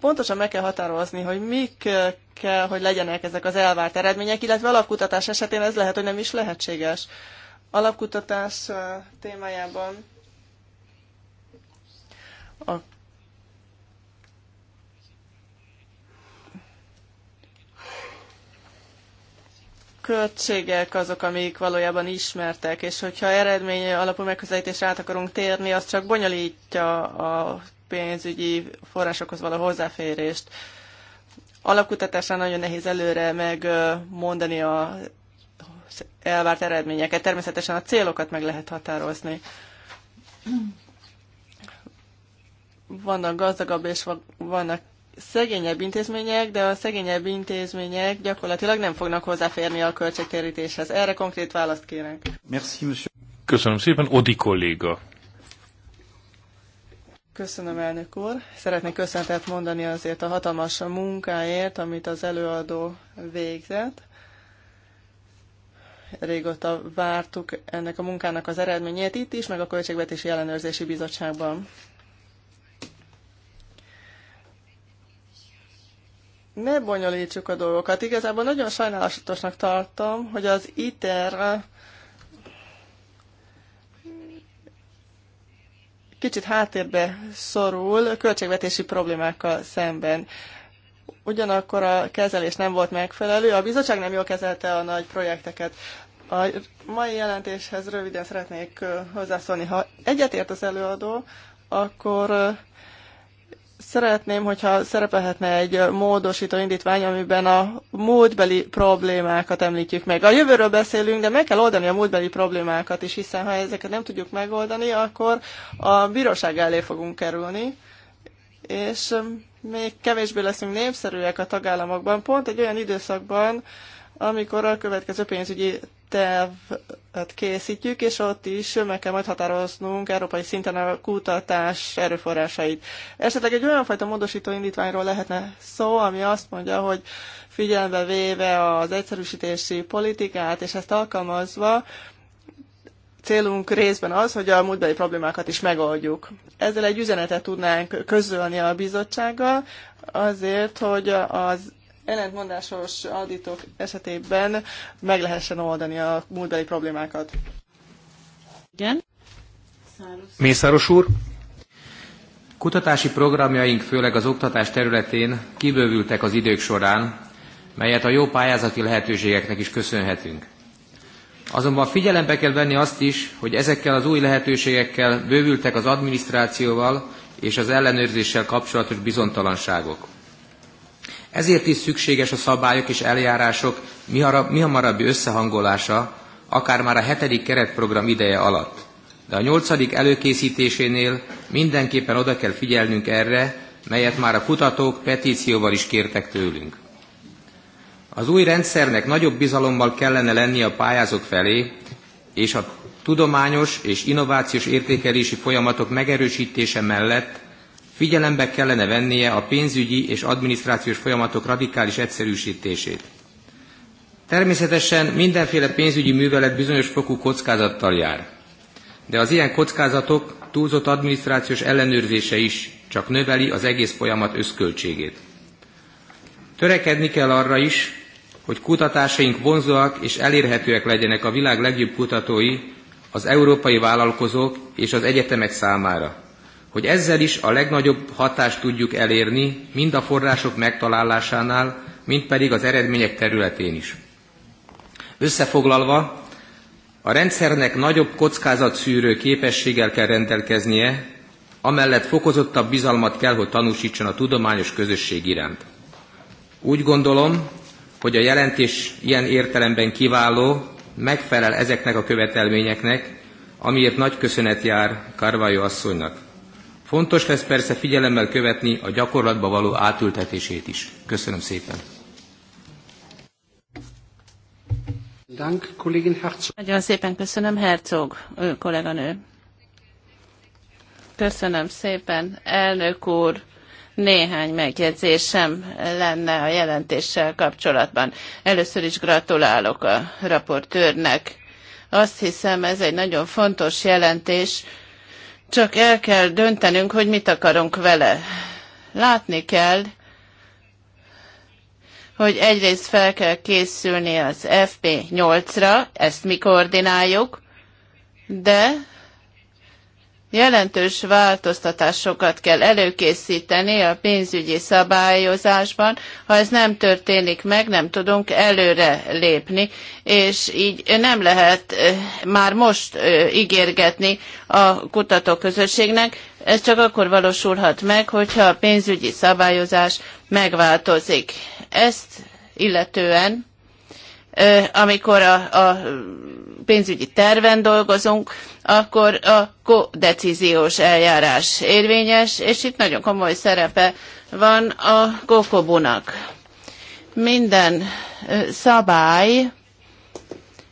pontosan meg kell határozni, hogy mik kell, hogy legyenek ezek az elvárt eredmények, illetve alapkutatás esetén ez lehet, hogy nem is lehetséges. Alapkutatás témájában a költségek azok, amik valójában ismertek, és hogyha eredmény alapú megközelítésre át akarunk térni, az csak bonyolítja a pénzügyi forrásokhoz való hozzáférést. Alapkutatásán nagyon nehéz előre megmondani a elvárt eredményeket. Természetesen a célokat meg lehet határozni. Vannak gazdagabb és vannak szegényebb intézmények, de a szegényebb intézmények gyakorlatilag nem fognak hozzáférni a költségtérítéshez. Erre konkrét választ kérek. Merci, monsieur. Köszönöm szépen, Odi kolléga. Köszönöm, elnök úr. Szeretnék köszönetet mondani azért a hatalmas munkáért, amit az előadó végzett. Régóta vártuk ennek a munkának az eredményét itt is, meg a Költségvetési Ellenőrzési Bizottságban. ne bonyolítsuk a dolgokat. Igazából nagyon sajnálatosnak tartom, hogy az ITER eh, kicsit háttérbe szorul költségvetési problémákkal szemben. Ugyanakkor a kezelés nem volt megfelelő, a bizottság nem jól kezelte a nagy projekteket. A mai jelentéshez röviden szeretnék eh, hozzászólni. Ha egyetért az előadó, akkor eh, Szeretném, hogyha szerepelhetne egy módosító indítvány, amiben a múltbeli problémákat említjük meg. A jövőről beszélünk, de meg kell oldani a múltbeli problémákat is, hiszen ha ezeket nem tudjuk megoldani, akkor a bíróság elé fogunk kerülni, és um, még kevésbé leszünk népszerűek a tagállamokban, pont egy olyan időszakban, amikor a következő pénzügyi tervet készítjük, és ott is meg kell majd határoznunk európai szinten a kutatás erőforrásait. Esetleg egy olyan fajta módosító indítványról lehetne szó, ami azt mondja, hogy figyelembe véve az egyszerűsítési politikát, és ezt alkalmazva, célunk részben az, hogy a múltbeli problémákat is megoldjuk. Ezzel egy üzenetet tudnánk közölni a bizottsággal, azért, hogy az ellentmondásos auditok esetében meg lehessen oldani a múltbeli problémákat. Igen. Mészáros úr. Kutatási programjaink főleg az oktatás területén kibővültek az idők során, melyet a jó pályázati lehetőségeknek is köszönhetünk. Azonban figyelembe kell venni azt is, hogy ezekkel az új lehetőségekkel bővültek az adminisztrációval és az ellenőrzéssel kapcsolatos bizonytalanságok. Ezért is szükséges a szabályok és eljárások mihamarabbi összehangolása, akár már a hetedik keretprogram ideje alatt. De a nyolcadik előkészítésénél mindenképpen oda kell figyelnünk erre, melyet már a kutatók petícióval is kértek tőlünk. Az új rendszernek nagyobb bizalommal kellene lenni a pályázók felé, és a tudományos és innovációs értékelési folyamatok megerősítése mellett Figyelembe kellene vennie a pénzügyi és adminisztrációs folyamatok radikális egyszerűsítését. Természetesen mindenféle pénzügyi művelet bizonyos fokú kockázattal jár, de az ilyen kockázatok túlzott adminisztrációs ellenőrzése is csak növeli az egész folyamat összköltségét. Törekedni kell arra is, hogy kutatásaink vonzóak és elérhetőek legyenek a világ legjobb kutatói, az európai vállalkozók és az egyetemek számára hogy ezzel is a legnagyobb hatást tudjuk elérni, mind a források megtalálásánál, mind pedig az eredmények területén is. Összefoglalva, a rendszernek nagyobb kockázatszűrő képességgel kell rendelkeznie, amellett fokozottabb bizalmat kell, hogy tanúsítson a tudományos közösség iránt. Úgy gondolom, hogy a jelentés ilyen értelemben kiváló, megfelel ezeknek a követelményeknek, amiért nagy köszönet jár Carvalho asszonynak. Fontos lesz persze figyelemmel követni a gyakorlatba való átültetését is. Köszönöm szépen. Dank, kollégin Herzog. Nagyon szépen köszönöm, Herzog ő, kolléganő. Köszönöm szépen, elnök úr néhány megjegyzésem lenne a jelentéssel kapcsolatban. Először is gratulálok a raportőrnek. Azt hiszem, ez egy nagyon fontos jelentés, csak el kell döntenünk, hogy mit akarunk vele. Látni kell, hogy egyrészt fel kell készülni az FP8-ra, ezt mi koordináljuk, de jelentős változtatásokat kell előkészíteni a pénzügyi szabályozásban. Ha ez nem történik meg, nem tudunk előre lépni, és így nem lehet eh, már most eh, ígérgetni a kutatóközösségnek. Ez csak akkor valósulhat meg, hogyha a pénzügyi szabályozás megváltozik. Ezt illetően amikor a, a pénzügyi terven dolgozunk, akkor a kodecíziós eljárás érvényes, és itt nagyon komoly szerepe van a kokobunak. Minden szabály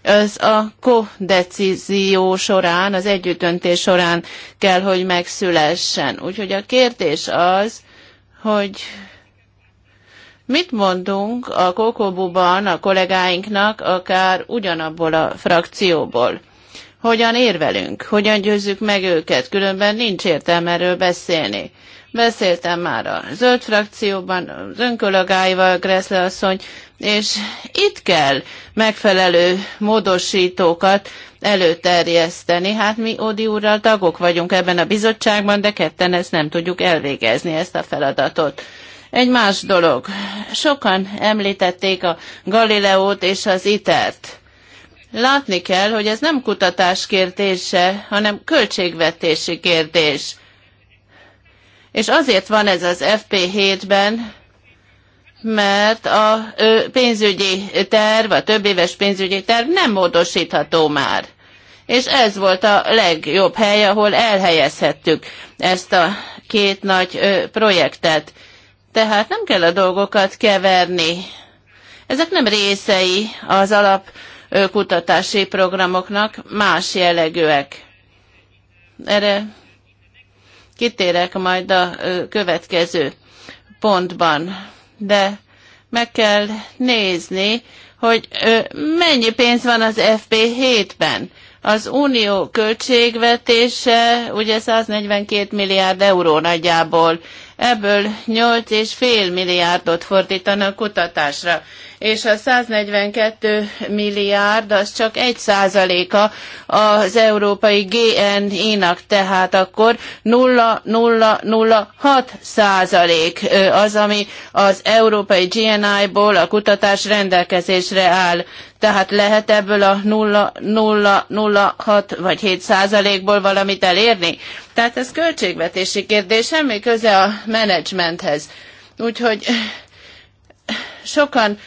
az a kodecízió során, az együttöntés során kell, hogy megszülessen. Úgyhogy a kérdés az, hogy Mit mondunk a Kokobuban a kollégáinknak, akár ugyanabból a frakcióból? Hogyan érvelünk? Hogyan győzzük meg őket? Különben nincs értelme erről beszélni. Beszéltem már a zöld frakcióban, az önkölagáival, Greszle asszony, és itt kell megfelelő módosítókat előterjeszteni. Hát mi Odi úrral tagok vagyunk ebben a bizottságban, de ketten ezt nem tudjuk elvégezni, ezt a feladatot. Egy más dolog. Sokan említették a Galileót és az itert. Látni kell, hogy ez nem kutatás kérdése, hanem költségvetési kérdés. És azért van ez az FP7-ben, mert a pénzügyi terv, a többéves pénzügyi terv nem módosítható már. És ez volt a legjobb hely, ahol elhelyezhettük ezt a két nagy projektet. Tehát nem kell a dolgokat keverni. Ezek nem részei az alapkutatási programoknak, más jellegűek. Erre kitérek majd a következő pontban. De meg kell nézni, hogy mennyi pénz van az FP7-ben. Az unió költségvetése ugye 142 milliárd euró nagyjából ebből 8,5 milliárdot fordítanak kutatásra és a 142 milliárd az csak 1 százaléka az európai GNI-nak, tehát akkor 0,006 százalék az, ami az európai GNI-ból a kutatás rendelkezésre áll. Tehát lehet ebből a 0,006 vagy 7 százalékból valamit elérni? Tehát ez költségvetési kérdés, semmi köze a menedzsmenthez. Úgyhogy sokan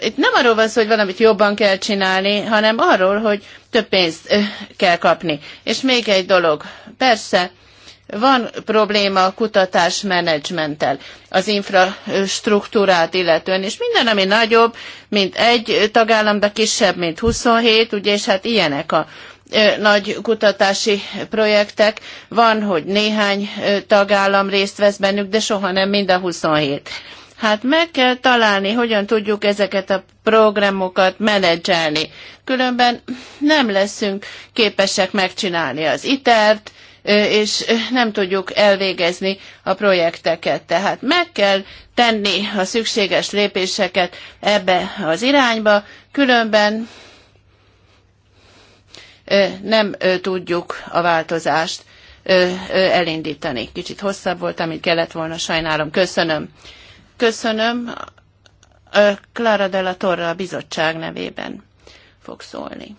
itt nem arról van szó, hogy valamit jobban kell csinálni, hanem arról, hogy több pénzt kell kapni. És még egy dolog. Persze, van probléma a kutatás menedzsmenttel, az infrastruktúrát illetően, és minden, ami nagyobb, mint egy tagállam, de kisebb, mint 27, ugye, és hát ilyenek a nagy kutatási projektek. Van, hogy néhány tagállam részt vesz bennük, de soha nem mind a 27 Hát meg kell találni, hogyan tudjuk ezeket a programokat menedzselni. Különben nem leszünk képesek megcsinálni az itert, e és nem tudjuk elvégezni a projekteket. Tehát meg kell tenni a szükséges lépéseket ebbe az irányba, különben nem tudjuk a változást elindítani. Kicsit hosszabb volt, amit kellett volna, sajnálom. Köszönöm. Köszönöm. Clara de la Torre a bizottság nevében fog szólni.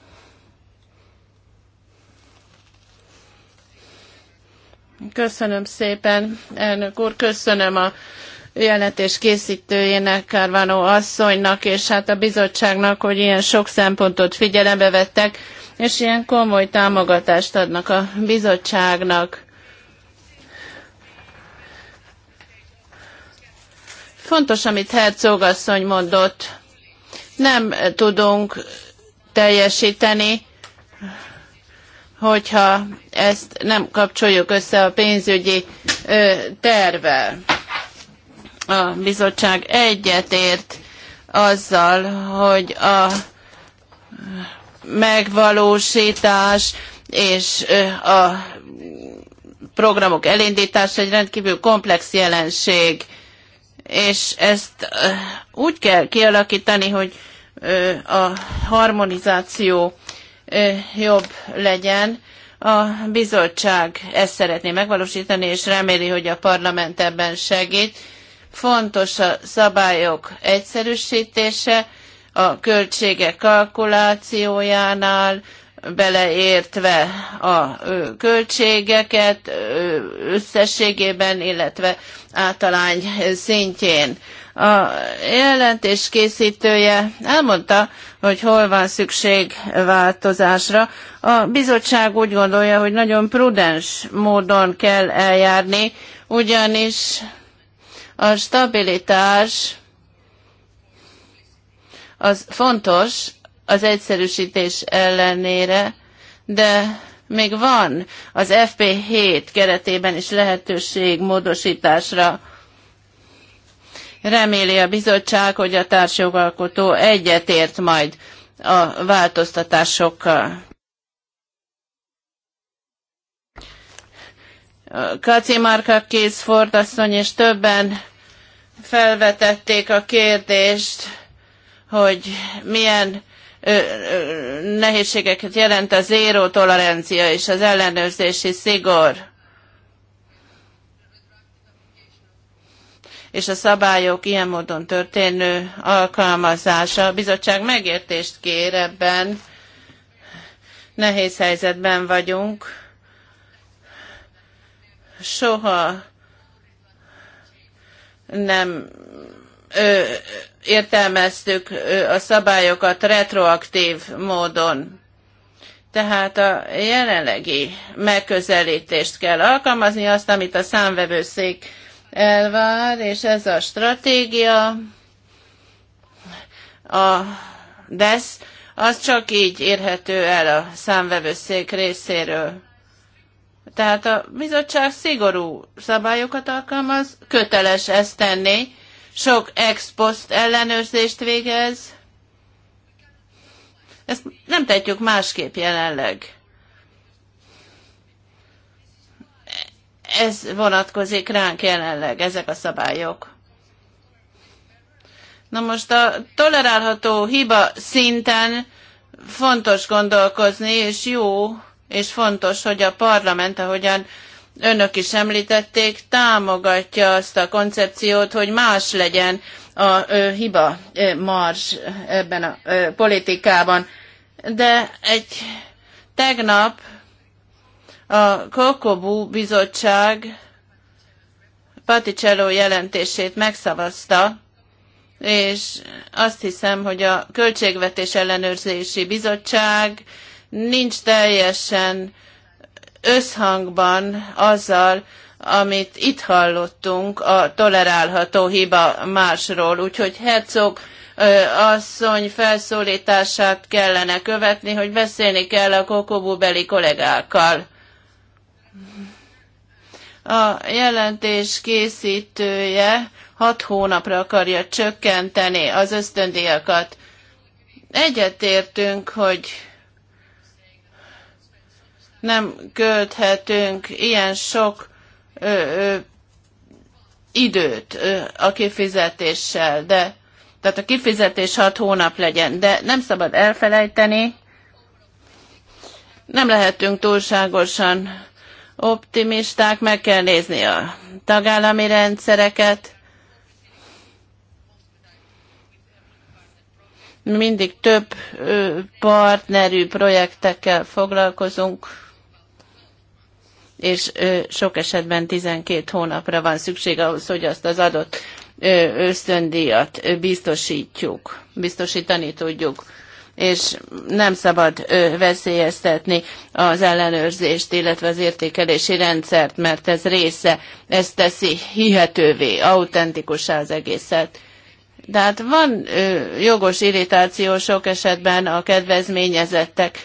Köszönöm szépen, elnök úr, köszönöm a jelentés készítőjének, Kárvánó asszonynak, és hát a bizottságnak, hogy ilyen sok szempontot figyelembe vettek, és ilyen komoly támogatást adnak a bizottságnak Fontos, amit Herzog asszony mondott. Nem tudunk teljesíteni, hogyha ezt nem kapcsoljuk össze a pénzügyi ö, tervvel. A bizottság egyetért azzal, hogy a megvalósítás és a programok elindítása egy rendkívül komplex jelenség és ezt úgy kell kialakítani, hogy a harmonizáció jobb legyen. A bizottság ezt szeretné megvalósítani, és reméli, hogy a parlament ebben segít. Fontos a szabályok egyszerűsítése, a költségek kalkulációjánál, beleértve a költségeket összességében, illetve általány szintjén. A jelentés készítője elmondta, hogy hol van szükség változásra. A bizottság úgy gondolja, hogy nagyon prudens módon kell eljárni, ugyanis a stabilitás az fontos, az egyszerűsítés ellenére, de még van az FP7 keretében is lehetőség módosításra. Reméli a bizottság, hogy a társjogalkotó egyetért majd a változtatásokkal. Kaci Márka Kézford asszony és többen felvetették a kérdést, hogy milyen nehézségeket jelent a zéró tolerancia és az ellenőrzési szigor. és a szabályok ilyen módon történő alkalmazása. A bizottság megértést kér ebben. Nehéz helyzetben vagyunk. Soha nem értelmeztük a szabályokat retroaktív módon. Tehát a jelenlegi megközelítést kell alkalmazni, azt, amit a számvevőszék elvár, és ez a stratégia, a DESZ, az csak így érhető el a számvevőszék részéről. Tehát a bizottság szigorú szabályokat alkalmaz, köteles ezt tenni, sok ex post ellenőrzést végez. Ezt nem tetjük másképp jelenleg. Ez vonatkozik ránk jelenleg, ezek a szabályok. Na most a tolerálható hiba szinten fontos gondolkozni, és jó, és fontos, hogy a parlament, ahogyan önök is említették, támogatja azt a koncepciót, hogy más legyen a hiba mars ebben a politikában. De egy tegnap a Kokobu bizottság Paticello jelentését megszavazta, és azt hiszem, hogy a Költségvetés Ellenőrzési Bizottság nincs teljesen összhangban azzal, amit itt hallottunk a tolerálható hiba másról. Úgyhogy Herzog asszony felszólítását kellene követni, hogy beszélni kell a kokobúbeli kollégákkal. A jelentés készítője hat hónapra akarja csökkenteni az ösztöndiakat. Egyetértünk, hogy nem költhetünk ilyen sok ö, ö, időt ö, a kifizetéssel, de tehát a kifizetés hat hónap legyen, de nem szabad elfelejteni, nem lehetünk túlságosan optimisták, meg kell nézni a tagállami rendszereket. Mindig több partnerű projektekkel foglalkozunk és sok esetben 12 hónapra van szükség ahhoz, hogy azt az adott ösztöndíjat biztosítjuk, biztosítani tudjuk és nem szabad veszélyeztetni az ellenőrzést, illetve az értékelési rendszert, mert ez része, ez teszi hihetővé, autentikusá az egészet. Tehát van jogos irritáció sok esetben a kedvezményezettek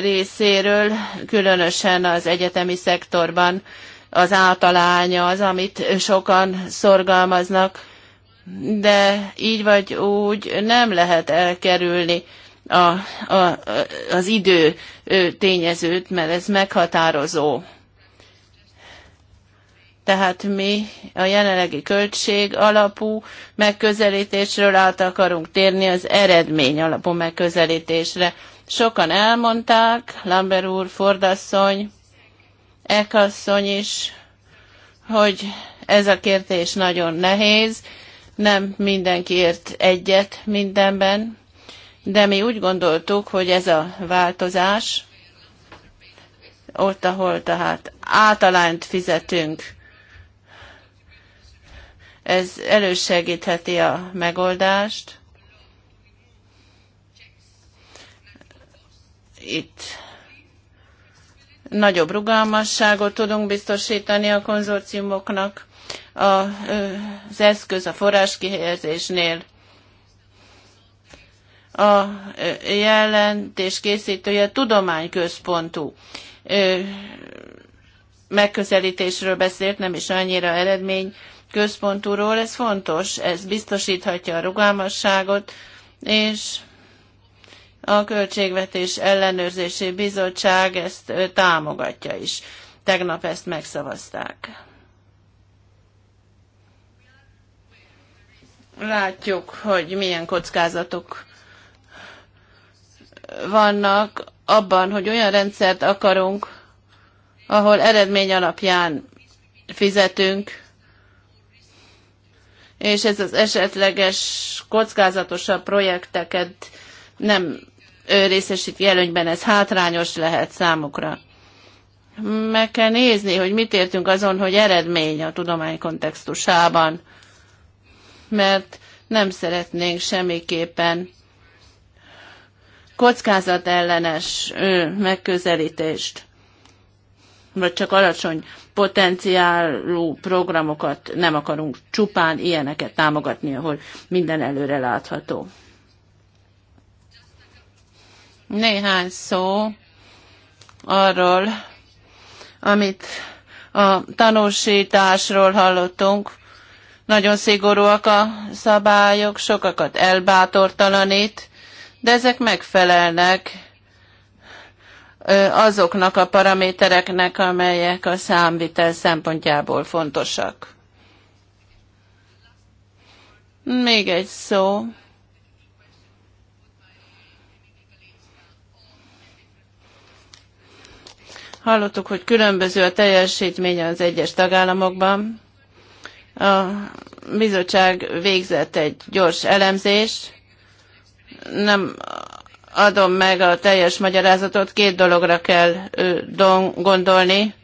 részéről, különösen az egyetemi szektorban az általánya az, amit sokan szorgalmaznak, de így vagy úgy nem lehet elkerülni a, a, az idő tényezőt, mert ez meghatározó. Tehát mi a jelenlegi költség alapú megközelítésről át akarunk térni az eredmény alapú megközelítésre Sokan elmondták, Lamber úr, Fordasszony, Ekasszony is, hogy ez a kérdés nagyon nehéz, nem mindenki ért egyet mindenben, de mi úgy gondoltuk, hogy ez a változás, ott, ahol tehát általányt fizetünk, ez elősegítheti a megoldást, itt nagyobb rugalmasságot tudunk biztosítani a konzorciumoknak az eszköz a kihelyezésnél. A jelentés készítője tudományközpontú megközelítésről beszélt, nem is annyira eredmény központúról. Ez fontos, ez biztosíthatja a rugalmasságot, és a Költségvetés Ellenőrzési Bizottság ezt támogatja is. Tegnap ezt megszavazták. Látjuk, hogy milyen kockázatok vannak abban, hogy olyan rendszert akarunk, ahol eredmény alapján fizetünk, és ez az esetleges kockázatosabb projekteket nem részesíti előnyben, ez hátrányos lehet számukra. Meg kell nézni, hogy mit értünk azon, hogy eredmény a tudomány kontextusában, mert nem szeretnénk semmiképpen kockázatellenes megközelítést, vagy csak alacsony potenciálú programokat nem akarunk csupán ilyeneket támogatni, ahol minden előre látható. Néhány szó arról, amit a tanúsításról hallottunk. Nagyon szigorúak a szabályok, sokakat elbátortalanít, de ezek megfelelnek azoknak a paramétereknek, amelyek a számvitel szempontjából fontosak. Még egy szó Hallottuk, hogy különböző a teljesítménye az egyes tagállamokban. A bizottság végzett egy gyors elemzést. Nem adom meg a teljes magyarázatot, két dologra kell gondolni.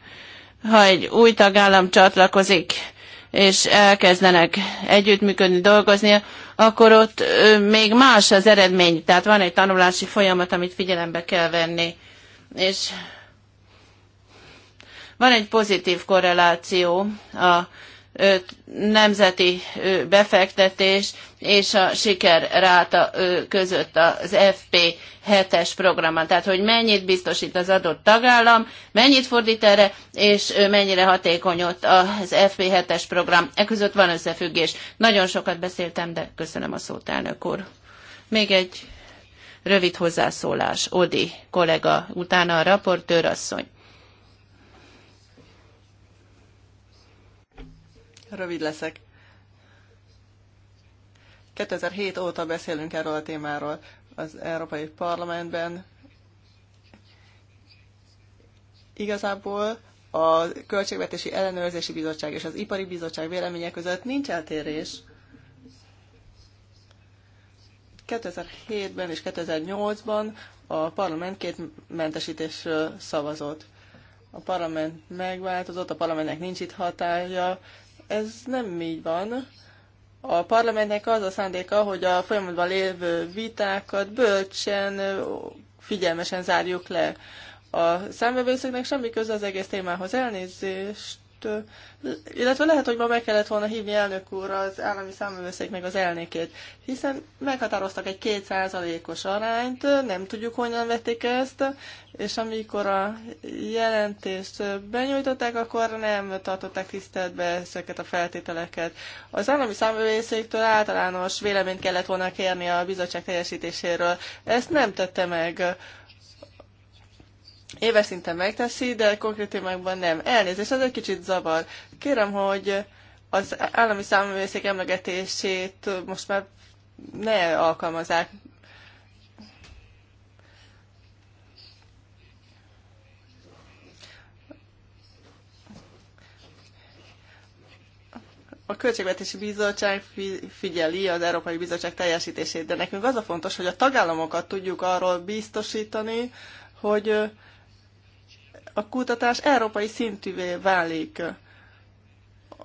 Ha egy új tagállam csatlakozik, és elkezdenek együttműködni, dolgozni, akkor ott még más az eredmény. Tehát van egy tanulási folyamat, amit figyelembe kell venni. És van egy pozitív korreláció a nemzeti befektetés és a sikerráta között az FP7-es programban. Tehát, hogy mennyit biztosít az adott tagállam, mennyit fordít erre, és mennyire hatékony ott az FP7-es program. E között van összefüggés. Nagyon sokat beszéltem, de köszönöm a szót, elnök úr. Még egy rövid hozzászólás. Odi kollega, utána a raportőr asszony. Rövid leszek. 2007 óta beszélünk erről a témáról az Európai Parlamentben. Igazából a Költségvetési Ellenőrzési Bizottság és az Ipari Bizottság véleménye között nincs eltérés. 2007-ben és 2008-ban a parlament két mentesítésről szavazott. A parlament megváltozott, a parlamentnek nincs itt hatája, ez nem így van. A parlamentnek az a szándéka, hogy a folyamatban lévő vitákat bölcsen, figyelmesen zárjuk le. A számbevőszöknek semmi köze az egész témához elnézést mert, illetve lehet, hogy ma meg kellett volna hívni elnök úr az állami számövőszék meg az elnökét, hiszen meghatároztak egy kétszázalékos arányt, nem tudjuk, honnan vették ezt, és amikor a jelentést benyújtották, akkor nem tartották tiszteletbe ezeket a feltételeket. Az állami számövőszéktől általános véleményt kellett volna kérni a bizottság teljesítéséről. Ezt nem tette meg éves szinten megteszi, de konkrét témákban nem. Elnézést, az egy kicsit zavar. Kérem, hogy az állami számomvészék emlegetését most már ne alkalmazzák. A Költségvetési Bizottság figyeli az Európai Bizottság teljesítését, de nekünk az a fontos, hogy a tagállamokat tudjuk arról biztosítani, hogy a kutatás európai szintűvé válik.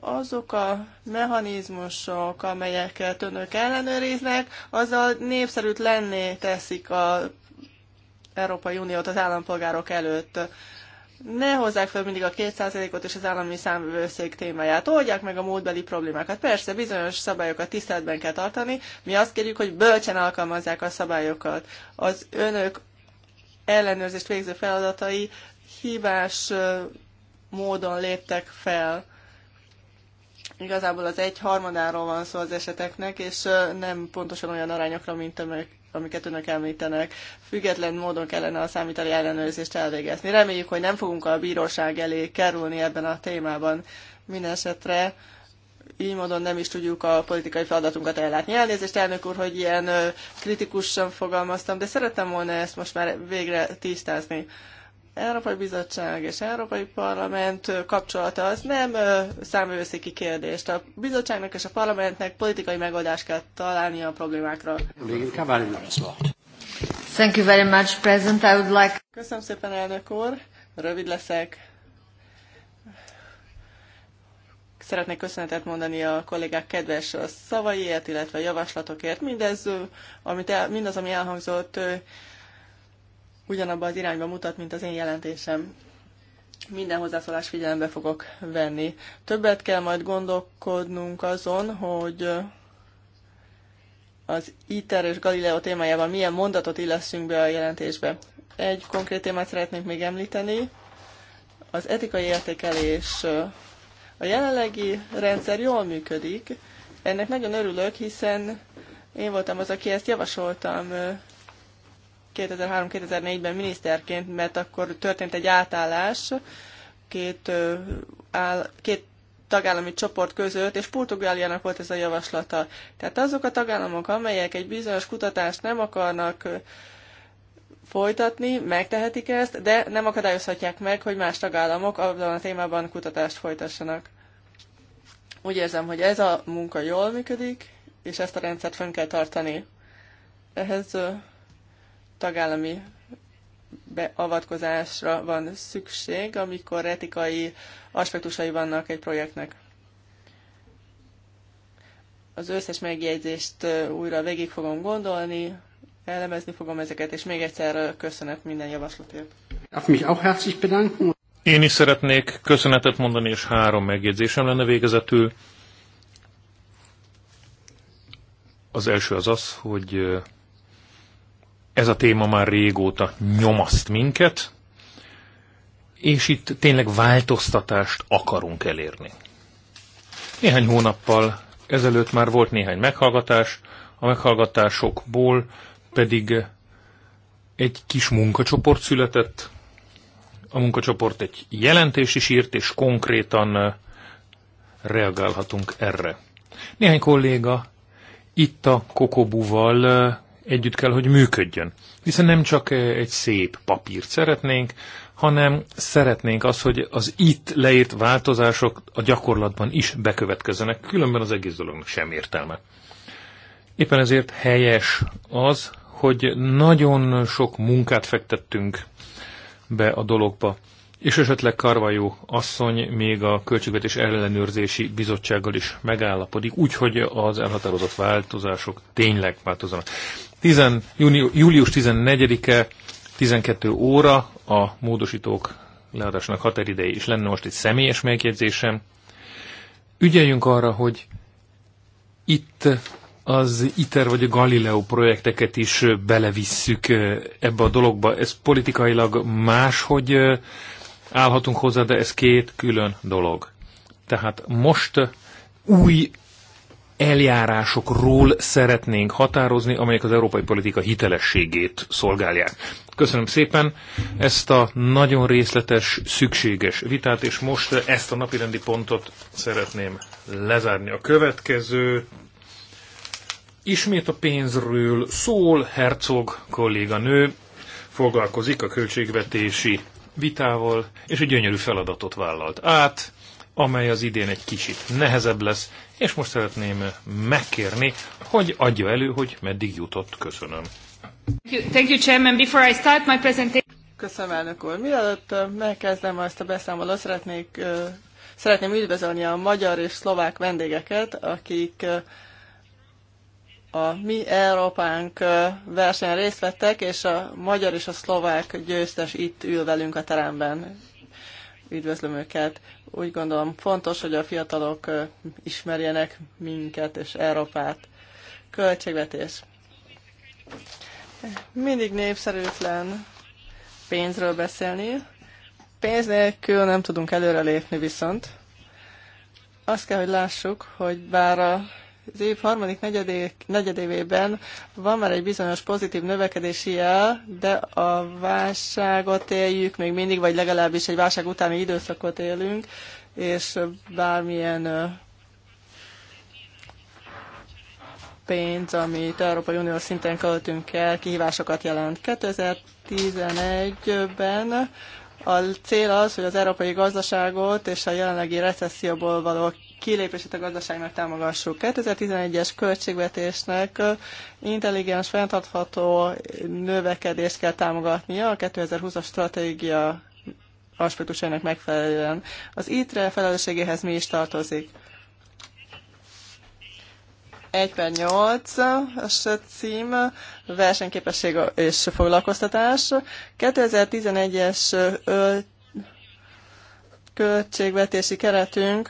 Azok a mechanizmusok, amelyeket önök ellenőriznek, azzal népszerűt lenné teszik az Európai Uniót az állampolgárok előtt ne hozzák fel mindig a kétszázalékot és az állami számvőszék témáját. Oldják meg a módbeli problémákat. Persze, bizonyos szabályokat tiszteletben kell tartani. Mi azt kérjük, hogy bölcsen alkalmazzák a szabályokat. Az önök ellenőrzést végző feladatai hívás módon léptek fel. Igazából az egy harmadáról van szó az eseteknek, és nem pontosan olyan arányokra, mint amik, amiket önök említenek, független módon kellene a számítani ellenőrzést elvégezni. Reméljük, hogy nem fogunk a bíróság elé kerülni ebben a témában. Mindenesetre így módon nem is tudjuk a politikai feladatunkat ellátni. Elnézést, elnök úr, hogy ilyen kritikusan fogalmaztam, de szerettem volna ezt most már végre tisztázni. Európai Bizottság és Európai Parlament kapcsolata az nem számvevőszéki kérdést. A bizottságnak és a parlamentnek politikai megoldást kell találnia a problémákra. Thank you very much, President. I would like... Köszönöm szépen, elnök úr. Rövid leszek. Szeretnék köszönetet mondani a kollégák kedves szavaiért, illetve javaslatokért. Mindez, amit el, mindaz, ami elhangzott, ugyanabba az irányba mutat, mint az én jelentésem. Minden hozzászólás figyelembe fogok venni. Többet kell majd gondolkodnunk azon, hogy az ITER és Galileo témájában milyen mondatot illeszünk be a jelentésbe. Egy konkrét témát szeretnék még említeni, az etikai értékelés. A jelenlegi rendszer jól működik, ennek nagyon örülök, hiszen én voltam az, aki ezt javasoltam 2003-2004-ben miniszterként, mert akkor történt egy átállás két, áll, két tagállami csoport között, és Portugáliának volt ez a javaslata. Tehát azok a tagállamok, amelyek egy bizonyos kutatást nem akarnak folytatni, megtehetik ezt, de nem akadályozhatják meg, hogy más tagállamok abban a témában kutatást folytassanak. Úgy érzem, hogy ez a munka jól működik, és ezt a rendszert fönn kell tartani. Ehhez tagállami beavatkozásra van szükség, amikor etikai aspektusai vannak egy projektnek. Az összes megjegyzést újra végig fogom gondolni, elemezni fogom ezeket, és még egyszer köszönet minden javaslatért. Én is szeretnék köszönetet mondani, és három megjegyzésem lenne végezetül. Az első az az, hogy ez a téma már régóta nyomaszt minket, és itt tényleg változtatást akarunk elérni. Néhány hónappal ezelőtt már volt néhány meghallgatás, a meghallgatásokból pedig egy kis munkacsoport született. A munkacsoport egy jelentést is írt, és konkrétan eh, reagálhatunk erre. Néhány kolléga itt a Kokobuval eh, együtt kell, hogy működjön. Hiszen nem csak eh, egy szép papírt szeretnénk, hanem szeretnénk azt, hogy az itt leírt változások a gyakorlatban is bekövetkezzenek, különben az egész dolognak sem értelme. Éppen ezért helyes az, hogy nagyon sok munkát fektettünk be a dologba, és esetleg Karvajó asszony még a Költségvetés Ellenőrzési Bizottsággal is megállapodik, úgyhogy az elhatározott változások tényleg változanak. 10, júni, július 14-e 12 óra a módosítók leadásának határidei is lenne most egy személyes megjegyzésem. Ügyeljünk arra, hogy itt az ITER vagy a Galileo projekteket is belevisszük ebbe a dologba. Ez politikailag más, hogy állhatunk hozzá, de ez két külön dolog. Tehát most új eljárásokról szeretnénk határozni, amelyek az európai politika hitelességét szolgálják. Köszönöm szépen ezt a nagyon részletes, szükséges vitát, és most ezt a napirendi pontot szeretném lezárni. A következő ismét a pénzről szól, Herzog kolléganő foglalkozik a költségvetési vitával, és egy gyönyörű feladatot vállalt át amely az idén egy kicsit nehezebb lesz, és most szeretném megkérni, hogy adja elő, hogy meddig jutott. Köszönöm. Thank you, Chairman. Before I start my presentation... Köszönöm, elnök úr. Mielőtt megkezdem ezt a beszámolót, szeretnék, szeretném üdvözölni a magyar és szlovák vendégeket, akik a mi Európánk versenyen részt vettek, és a magyar és a szlovák győztes itt ül velünk a teremben. Üdvözlöm őket. Úgy gondolom fontos, hogy a fiatalok ismerjenek minket és Európát. Költségvetés. Mindig népszerűtlen pénzről beszélni. Pénz nélkül nem tudunk előrelépni viszont. Azt kell, hogy lássuk, hogy bár a az év harmadik negyedévében van már egy bizonyos pozitív növekedési jel, de a válságot éljük még mindig, vagy legalábbis egy válság utáni időszakot élünk, és bármilyen pénz, amit Európai Unió szinten költünk el, kihívásokat jelent. 2011-ben a cél az, hogy az európai gazdaságot és a jelenlegi recesszióból való kilépését a gazdaságnak támogassuk. 2011-es költségvetésnek intelligens, fenntartható növekedést kell támogatnia a 2020-as stratégia aspektusainak megfelelően. Az ITRE felelősségéhez mi is tartozik. 1 per 8 a cím, versenyképesség és foglalkoztatás. 2011-es költségvetési keretünk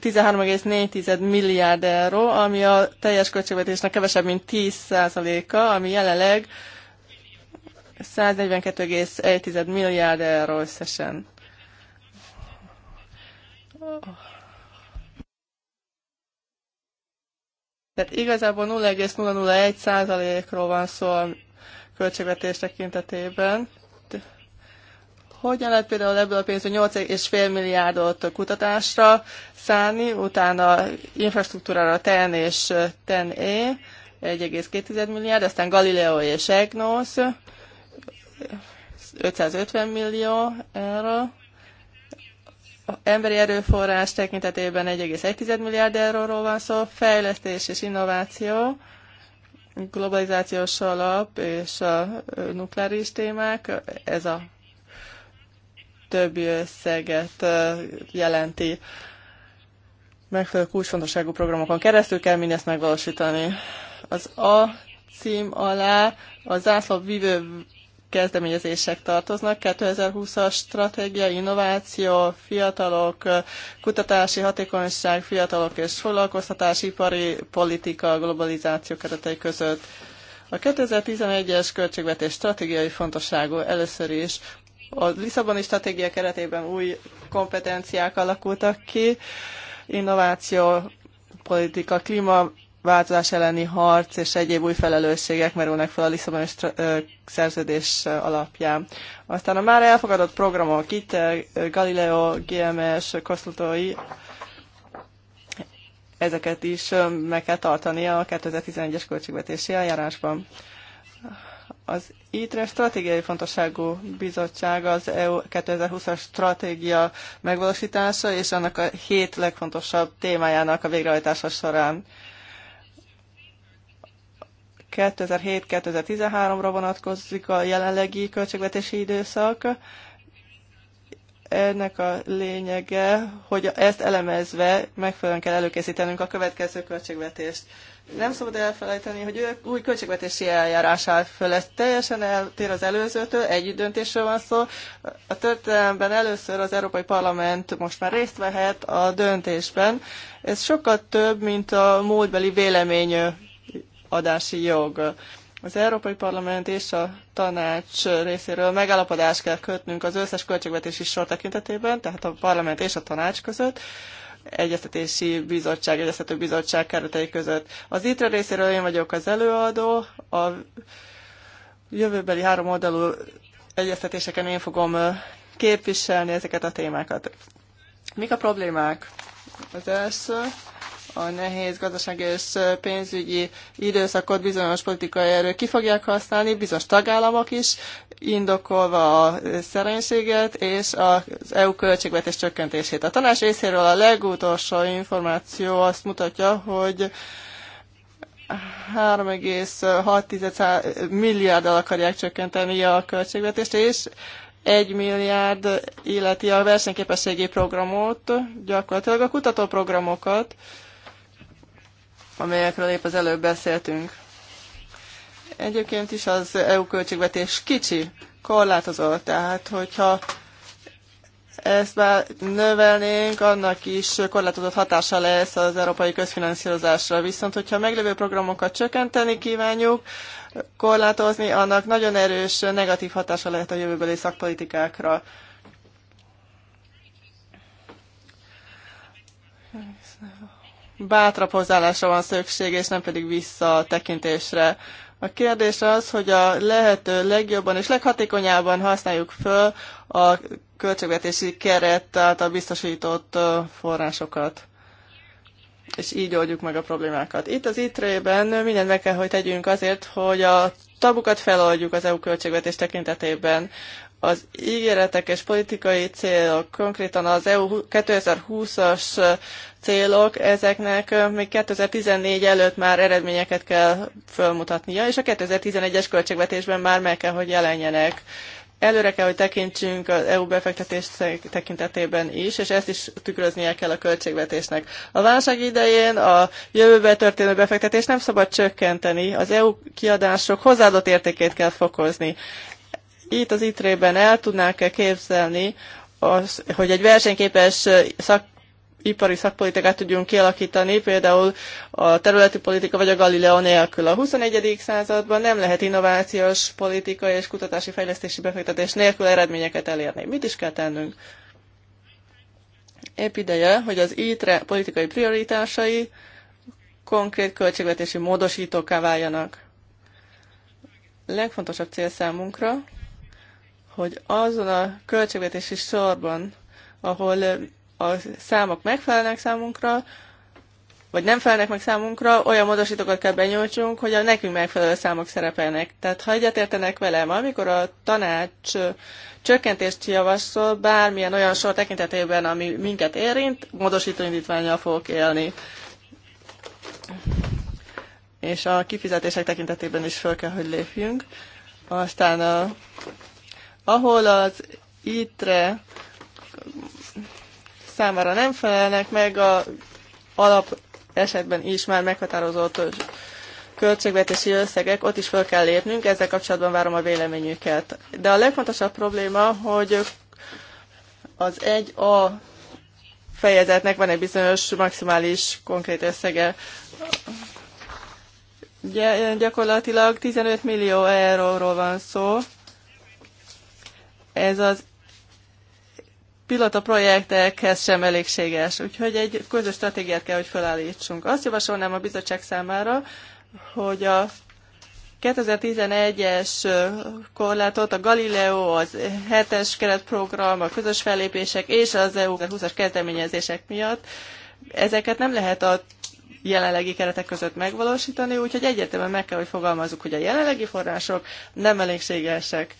13,4 milliárd euró, ami a teljes költségvetésnek kevesebb, mint 10%-a, ami jelenleg 142,1 milliárd euró összesen. Tehát igazából 0,001 százalékról van szó a költségvetés tekintetében. Hogyan lehet például ebből a pénzből 8,5 milliárdot kutatásra szállni, utána infrastruktúrára TEN és TEN-E 1,2 milliárd, aztán Galileo és EGNOS 550 millió euró, emberi erőforrás tekintetében 1,1 milliárd euróról van szó, fejlesztés és innováció, globalizációs alap és a nukleáris témák, ez a többi összeget jelenti. Megfelelő kulcsfontosságú programokon keresztül kell mindezt megvalósítani. Az A cím alá a zászló vívő kezdeményezések tartoznak. 2020-as stratégia, innováció, fiatalok, kutatási hatékonyság, fiatalok és foglalkoztatás, ipari politika, globalizáció keretei között. A 2011-es költségvetés stratégiai fontosságú először is a Lisszaboni stratégia keretében új kompetenciák alakultak ki, innováció, politika, klíma, változás elleni harc és egyéb új felelősségek merülnek fel a Lisszaboni szerződés alapján. Aztán a már elfogadott programok, itt Galileo, GMS, Koszlutói, ezeket is meg kell tartani a 2011-es költségvetési eljárásban. Az ITRE stratégiai fontosságú bizottság az EU 2020-as stratégia megvalósítása és annak a hét legfontosabb témájának a végrehajtása során. 2007-2013-ra vonatkozik a jelenlegi költségvetési időszak, ennek a lényege, hogy ezt elemezve megfelelően kell előkészítenünk a következő költségvetést. Nem szabad elfelejteni, hogy ők új költségvetési eljárás áll föl. Ez teljesen eltér az előzőtől, egy döntésről van szó. A történelemben először az Európai Parlament most már részt vehet a döntésben. Ez sokkal több, mint a múltbeli vélemény adási jog az Európai Parlament és a tanács részéről megállapodást kell kötnünk az összes költségvetési sor tekintetében, tehát a parlament és a tanács között, egyeztetési bizottság, egyeztető bizottság keretei között. Az ITRE részéről én vagyok az előadó, a jövőbeli három oldalú egyeztetéseken én fogom képviselni ezeket a témákat. Mik a problémák? Az első, a nehéz gazdaság és pénzügyi időszakot bizonyos politikai erők ki fogják használni, bizonyos tagállamok is, indokolva a szerenységet és az EU költségvetés csökkentését. A tanács részéről a legutolsó információ azt mutatja, hogy 3,6 milliárddal akarják csökkenteni a költségvetést, és 1 milliárd illeti a versenyképességi programot, gyakorlatilag a kutatóprogramokat, amelyekről épp az előbb beszéltünk. Egyébként is az EU költségvetés kicsi, korlátozott, tehát hogyha ezt már növelnénk, annak is korlátozott hatása lesz az európai közfinanszírozásra. Viszont, hogyha meglévő programokat csökkenteni kívánjuk, korlátozni, annak nagyon erős negatív hatása lehet a jövőbeli szakpolitikákra. bátrabb hozzáállásra van szükség, és nem pedig visszatekintésre. A kérdés az, hogy a lehető legjobban és leghatékonyabban használjuk föl a költségvetési keret által biztosított forrásokat. És így oldjuk meg a problémákat. Itt az ITRE-ben mindent meg kell, hogy tegyünk azért, hogy a tabukat feloldjuk az EU költségvetés tekintetében az ígéretekes és politikai célok, konkrétan az EU 2020-as célok, ezeknek még 2014 előtt már eredményeket kell fölmutatnia, és a 2011-es költségvetésben már meg kell, hogy jelenjenek. Előre kell, hogy tekintsünk az EU befektetés tekintetében is, és ezt is tükröznie kell a költségvetésnek. A válság idején a jövőbe történő befektetést nem szabad csökkenteni, az EU kiadások hozzáadott értékét kell fokozni itt az ITRE-ben el tudnák-e képzelni, az, hogy egy versenyképes szak, ipari szakpolitikát tudjunk kialakítani, például a területi politika vagy a Galileo nélkül. A 21. században nem lehet innovációs politika és kutatási fejlesztési befektetés nélkül eredményeket elérni. Mit is kell tennünk? Épp ideje, hogy az ITRE politikai prioritásai konkrét költségvetési módosítóká váljanak. Legfontosabb cél számunkra, hogy azon a költségvetési sorban, ahol a számok megfelelnek számunkra, vagy nem felelnek meg számunkra, olyan módosítókat kell benyújtsunk, hogy a nekünk megfelelő számok szerepelnek. Tehát ha egyetértenek velem, amikor a tanács csökkentést javasol bármilyen olyan sor tekintetében, ami minket érint, módosító indítványjal fogok élni. És a kifizetések tekintetében is föl kell, hogy lépjünk. Aztán a ahol az ITRE számára nem felelnek meg a alap esetben is már meghatározott költségvetési összegek, ott is fel kell lépnünk, ezzel kapcsolatban várom a véleményüket. De a legfontosabb probléma, hogy az egy a fejezetnek van egy bizonyos maximális konkrét összege. Gyakorlatilag 15 millió euróról van szó, ez az pilota projektekhez sem elégséges. Úgyhogy egy közös stratégiát kell, hogy felállítsunk. Azt javasolnám a bizottság számára, hogy a 2011-es korlátot a Galileo, az 7-es keretprogram, a közös fellépések és az EU 20-as kezdeményezések miatt ezeket nem lehet a jelenlegi keretek között megvalósítani, úgyhogy egyértelműen meg kell, hogy fogalmazzuk, hogy a jelenlegi források nem elégségesek,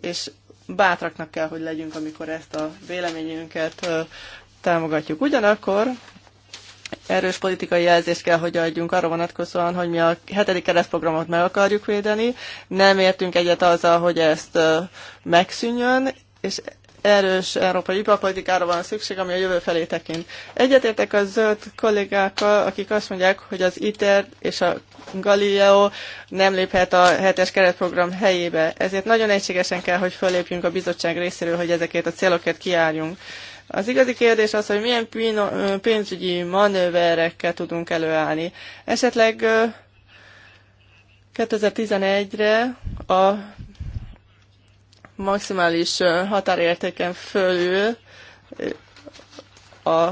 és bátraknak kell, hogy legyünk, amikor ezt a véleményünket támogatjuk. Ugyanakkor erős politikai jelzést kell, hogy adjunk arra vonatkozóan, hogy mi a hetedik keresztprogramot meg akarjuk védeni, nem értünk egyet azzal, hogy ezt megszűnjön, és erős európai iparpolitikára van szükség, ami a jövő felé tekint. Egyetértek a zöld kollégákkal, akik azt mondják, hogy az ITER és a Galileo nem léphet a hetes keretprogram helyébe. Ezért nagyon egységesen kell, hogy fölépjünk a bizottság részéről, hogy ezekért a célokért kiálljunk. Az igazi kérdés az, hogy milyen pénzügyi manőverekkel tudunk előállni. Esetleg 2011-re a maximális határértéken fölül a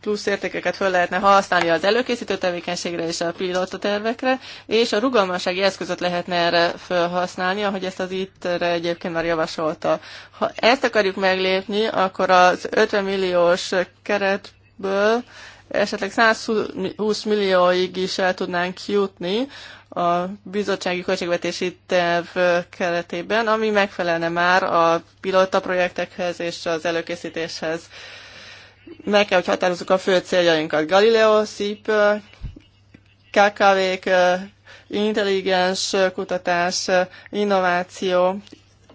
plusz értékeket föl lehetne használni az előkészítő tevékenységre és a pilóta tervekre, és a rugalmassági eszközöt lehetne erre felhasználni, ahogy ezt az ittre egyébként már javasolta. Ha ezt akarjuk meglépni, akkor az 50 milliós keretből esetleg 120 millióig is el tudnánk jutni, a bizottsági költségvetési terv keretében, ami megfelelne már a pilota projektekhez és az előkészítéshez. Meg kell, hogy határozzuk a fő céljainkat. Galileo, SZIP, KKV-k, intelligens kutatás, innováció,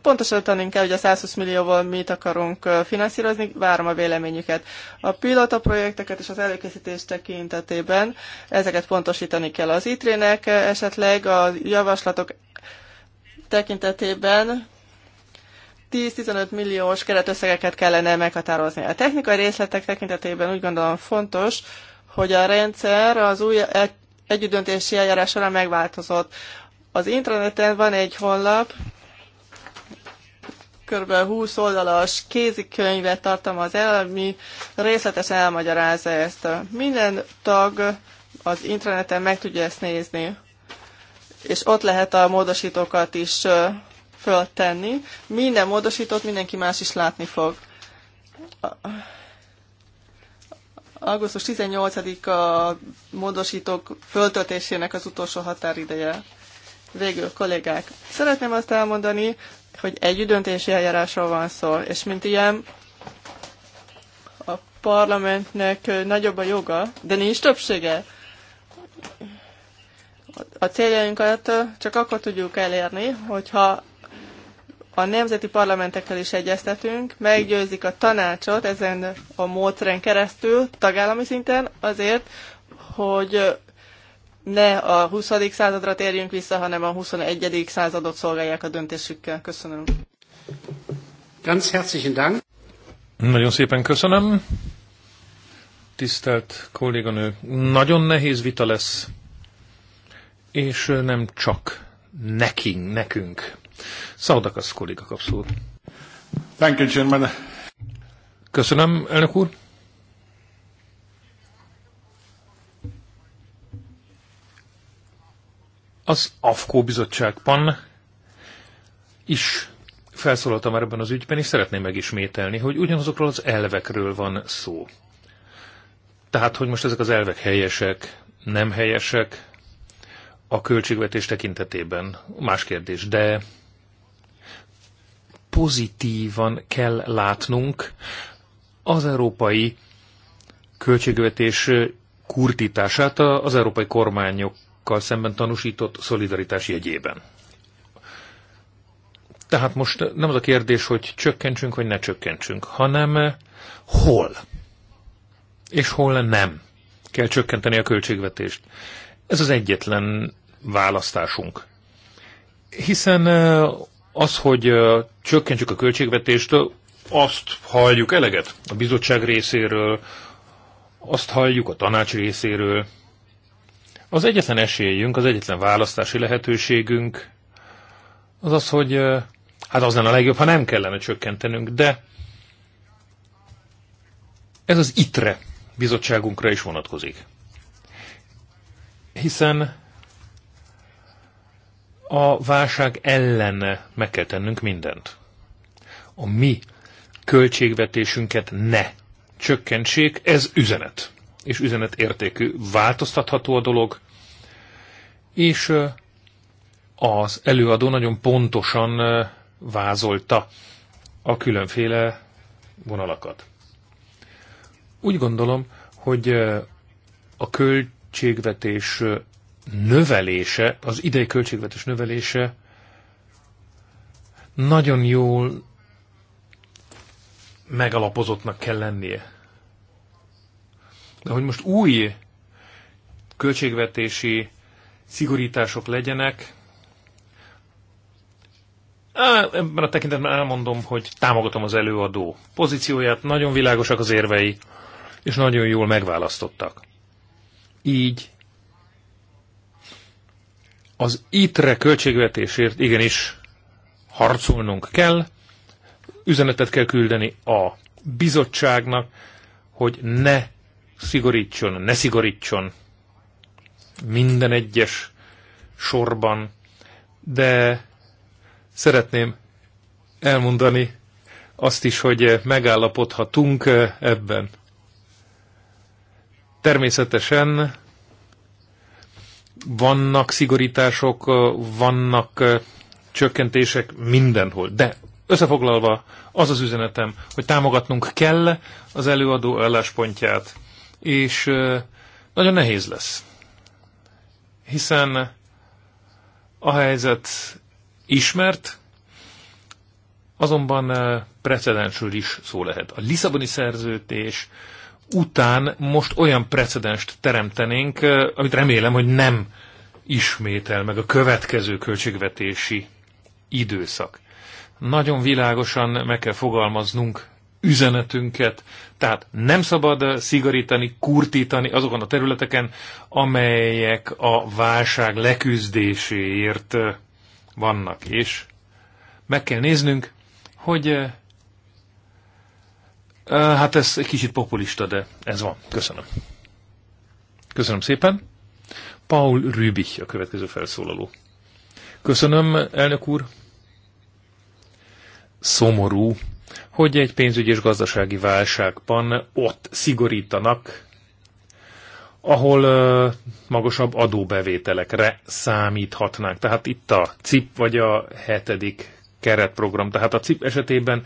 Pontosítanunk kell, hogy a 120 millióval mit akarunk finanszírozni, várom a véleményüket. A pilota projekteket és az előkészítés tekintetében ezeket pontosítani kell az ITRE-nek, esetleg a javaslatok tekintetében 10-15 milliós keretösszegeket kellene meghatározni. A technikai részletek tekintetében úgy gondolom fontos, hogy a rendszer az új e- együttdöntési eljárás során megváltozott. Az interneten van egy honlap, kb. 20 oldalas kézikönyvet tartalmaz el, ami részletesen elmagyarázza ezt. Minden tag az interneten meg tudja ezt nézni, és ott lehet a módosítókat is föltenni. Minden módosítót mindenki más is látni fog. Augusztus 18-a módosítók föltöltésének az utolsó határideje. Végül, kollégák, szeretném azt elmondani, hogy egy döntési eljárásról van szó, és mint ilyen a parlamentnek nagyobb a joga, de nincs többsége. A céljainkat csak akkor tudjuk elérni, hogyha a nemzeti parlamentekkel is egyeztetünk, meggyőzik a tanácsot ezen a módszeren keresztül, tagállami szinten azért, hogy ne a 20. századra térjünk vissza, hanem a 21. századot szolgálják a döntésükkel. Köszönöm. Ganz herzlichen Dank. Nagyon szépen köszönöm. Tisztelt kolléganő, nagyon nehéz vita lesz, és nem csak nekünk, nekünk. Szaudakasz kolléga kapszul. Thank you, Chairman. Köszönöm, elnök úr. Az AFKO bizottságban is felszólaltam már ebben az ügyben, és szeretném megismételni, hogy ugyanazokról az elvekről van szó. Tehát, hogy most ezek az elvek helyesek, nem helyesek, a költségvetés tekintetében más kérdés, de pozitívan kell látnunk az európai költségvetés kurtítását az európai kormányok bankokkal szemben tanúsított szolidaritás jegyében. Tehát most nem az a kérdés, hogy csökkentsünk, vagy ne csökkentsünk, hanem hol és hol nem kell csökkenteni a költségvetést. Ez az egyetlen választásunk. Hiszen az, hogy csökkentsük a költségvetést, azt halljuk eleget a bizottság részéről, azt halljuk a tanács részéről, az egyetlen esélyünk, az egyetlen választási lehetőségünk az az, hogy hát az lenne a legjobb, ha nem kellene csökkentenünk, de ez az ITRE bizottságunkra is vonatkozik. Hiszen a válság ellen meg kell tennünk mindent. A mi költségvetésünket ne csökkentsék, ez üzenet és üzenetértékű. Változtatható a dolog, és az előadó nagyon pontosan vázolta a különféle vonalakat. Úgy gondolom, hogy a költségvetés növelése, az idei költségvetés növelése nagyon jól megalapozottnak kell lennie. De hogy most új költségvetési szigorítások legyenek, á, ebben a tekintetben elmondom, hogy támogatom az előadó pozícióját, nagyon világosak az érvei, és nagyon jól megválasztottak. Így az ITRE költségvetésért igenis harcolnunk kell, üzenetet kell küldeni a bizottságnak, hogy ne szigorítson, ne szigorítson minden egyes sorban, de szeretném elmondani azt is, hogy megállapodhatunk ebben. Természetesen vannak szigorítások, vannak csökkentések mindenhol, de összefoglalva az az üzenetem, hogy támogatnunk kell az előadó álláspontját, és nagyon nehéz lesz. Hiszen a helyzet ismert, azonban precedensről is szó lehet. A Lisszaboni szerződés után most olyan precedenst teremtenénk, amit remélem, hogy nem ismétel meg a következő költségvetési időszak. Nagyon világosan meg kell fogalmaznunk üzenetünket, tehát nem szabad eh, szigorítani, kurtítani azokon a területeken, amelyek a válság leküzdéséért eh, vannak. És meg kell néznünk, hogy eh, hát ez egy kicsit populista, de ez van. Köszönöm. Köszönöm szépen. Paul Rübich a következő felszólaló. Köszönöm, elnök úr. Szomorú hogy egy pénzügyi és gazdasági válságban ott szigorítanak, ahol magasabb adóbevételekre számíthatnánk. Tehát itt a CIP vagy a hetedik keretprogram. Tehát a CIP esetében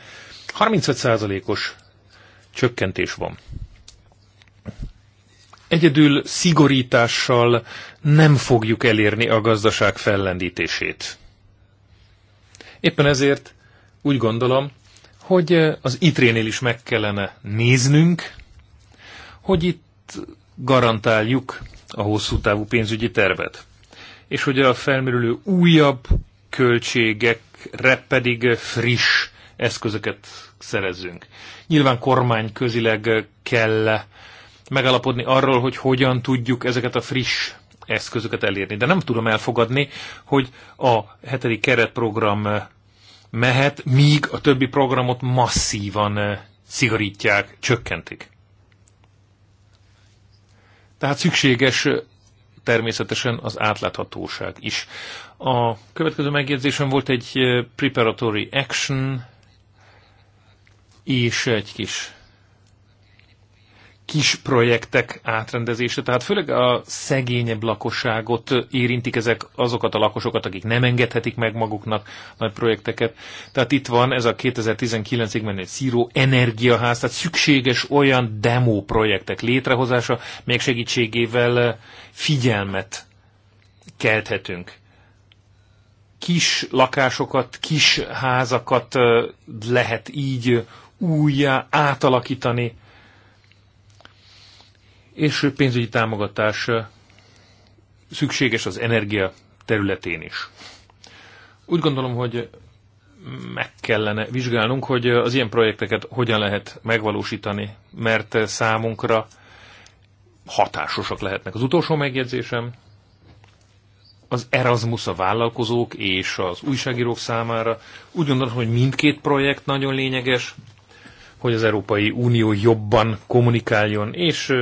35%-os csökkentés van. Egyedül szigorítással nem fogjuk elérni a gazdaság fellendítését. Éppen ezért úgy gondolom, hogy az ITRÉ-nél is meg kellene néznünk, hogy itt garantáljuk a hosszú távú pénzügyi tervet. És hogy a felmerülő újabb költségekre pedig friss eszközöket szerezzünk. Nyilván kormány közileg kell megalapodni arról, hogy hogyan tudjuk ezeket a friss eszközöket elérni. De nem tudom elfogadni, hogy a hetedik keretprogram mehet, míg a többi programot masszívan eh, szigorítják, csökkentik. Tehát szükséges eh, természetesen az átláthatóság is. A következő megjegyzésem volt egy eh, preparatory action, és egy kis kis projektek átrendezése, tehát főleg a szegényebb lakosságot érintik ezek azokat a lakosokat, akik nem engedhetik meg maguknak nagy projekteket. Tehát itt van ez a 2019-ig menő szíró energiaház, tehát szükséges olyan demo projektek létrehozása, melyek segítségével figyelmet kelthetünk. Kis lakásokat, kis házakat lehet így újjá átalakítani, és pénzügyi támogatás szükséges az energia területén is. Úgy gondolom, hogy meg kellene vizsgálnunk, hogy az ilyen projekteket hogyan lehet megvalósítani, mert számunkra hatásosak lehetnek. Az utolsó megjegyzésem, az Erasmus a vállalkozók és az újságírók számára. Úgy gondolom, hogy mindkét projekt nagyon lényeges, hogy az Európai Unió jobban kommunikáljon, és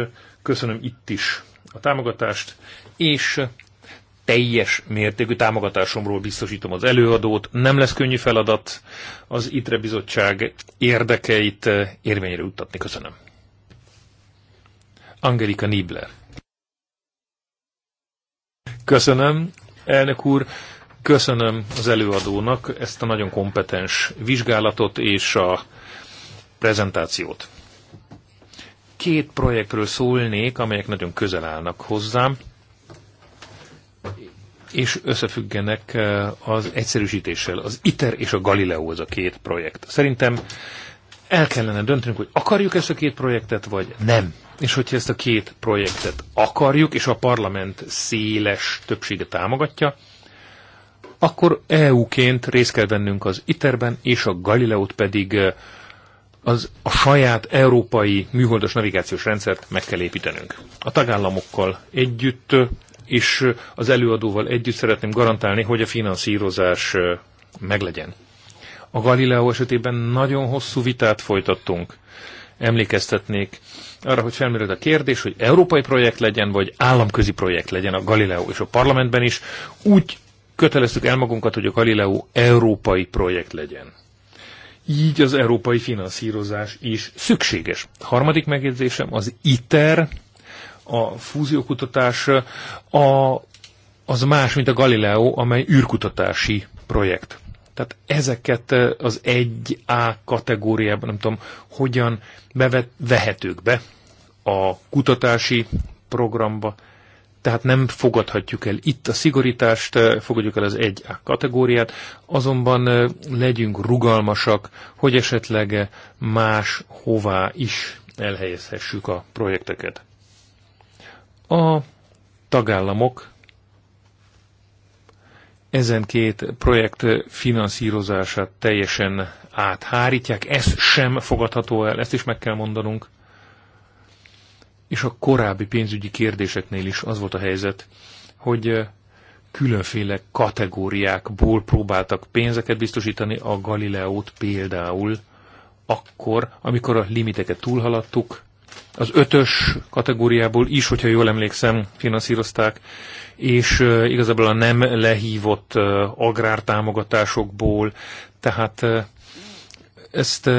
Köszönöm itt is a támogatást, és teljes mértékű támogatásomról biztosítom az előadót. Nem lesz könnyű feladat az ITRE bizottság érdekeit eh, érvényre juttatni. Köszönöm. Angelika Nibler. Köszönöm, elnök úr. Köszönöm az előadónak ezt a nagyon kompetens vizsgálatot és a prezentációt két projektről szólnék, amelyek nagyon közel állnak hozzám, és összefüggenek eh, az egyszerűsítéssel. Az ITER és a Galileo az a két projekt. Szerintem el kellene döntenünk, hogy akarjuk ezt a két projektet, vagy nem. És hogyha ezt a két projektet akarjuk, és a parlament széles többsége támogatja, akkor EU-ként részt kell vennünk az ITER-ben, és a Galileót pedig eh, az a saját európai műholdas navigációs rendszert meg kell építenünk. A tagállamokkal együtt és az előadóval együtt szeretném garantálni, hogy a finanszírozás meglegyen. A Galileo esetében nagyon hosszú vitát folytattunk. Emlékeztetnék arra, hogy felmerült a kérdés, hogy európai projekt legyen, vagy államközi projekt legyen a Galileo, és a parlamentben is úgy köteleztük el magunkat, hogy a Galileo európai projekt legyen. Így az európai finanszírozás is szükséges. Harmadik megjegyzésem az ITER, a fúziókutatás, a, az más, mint a Galileo, amely űrkutatási projekt. Tehát ezeket az 1A kategóriában, nem tudom, hogyan bevet, vehetők be a kutatási programba, tehát nem fogadhatjuk el itt a szigorítást, eh, fogadjuk el az 1A kategóriát, azonban eh, legyünk rugalmasak, hogy esetleg eh, más hová is elhelyezhessük a projekteket. A tagállamok ezen két projekt finanszírozását teljesen áthárítják, ez sem fogadható el, ezt is meg kell mondanunk és a korábbi pénzügyi kérdéseknél is az volt a helyzet, hogy eh, különféle kategóriákból próbáltak pénzeket biztosítani a Galileót például, akkor, amikor a limiteket túlhaladtuk, az ötös kategóriából is, hogyha jól emlékszem, finanszírozták, és eh, igazából a nem lehívott eh, agrártámogatásokból, tehát ezt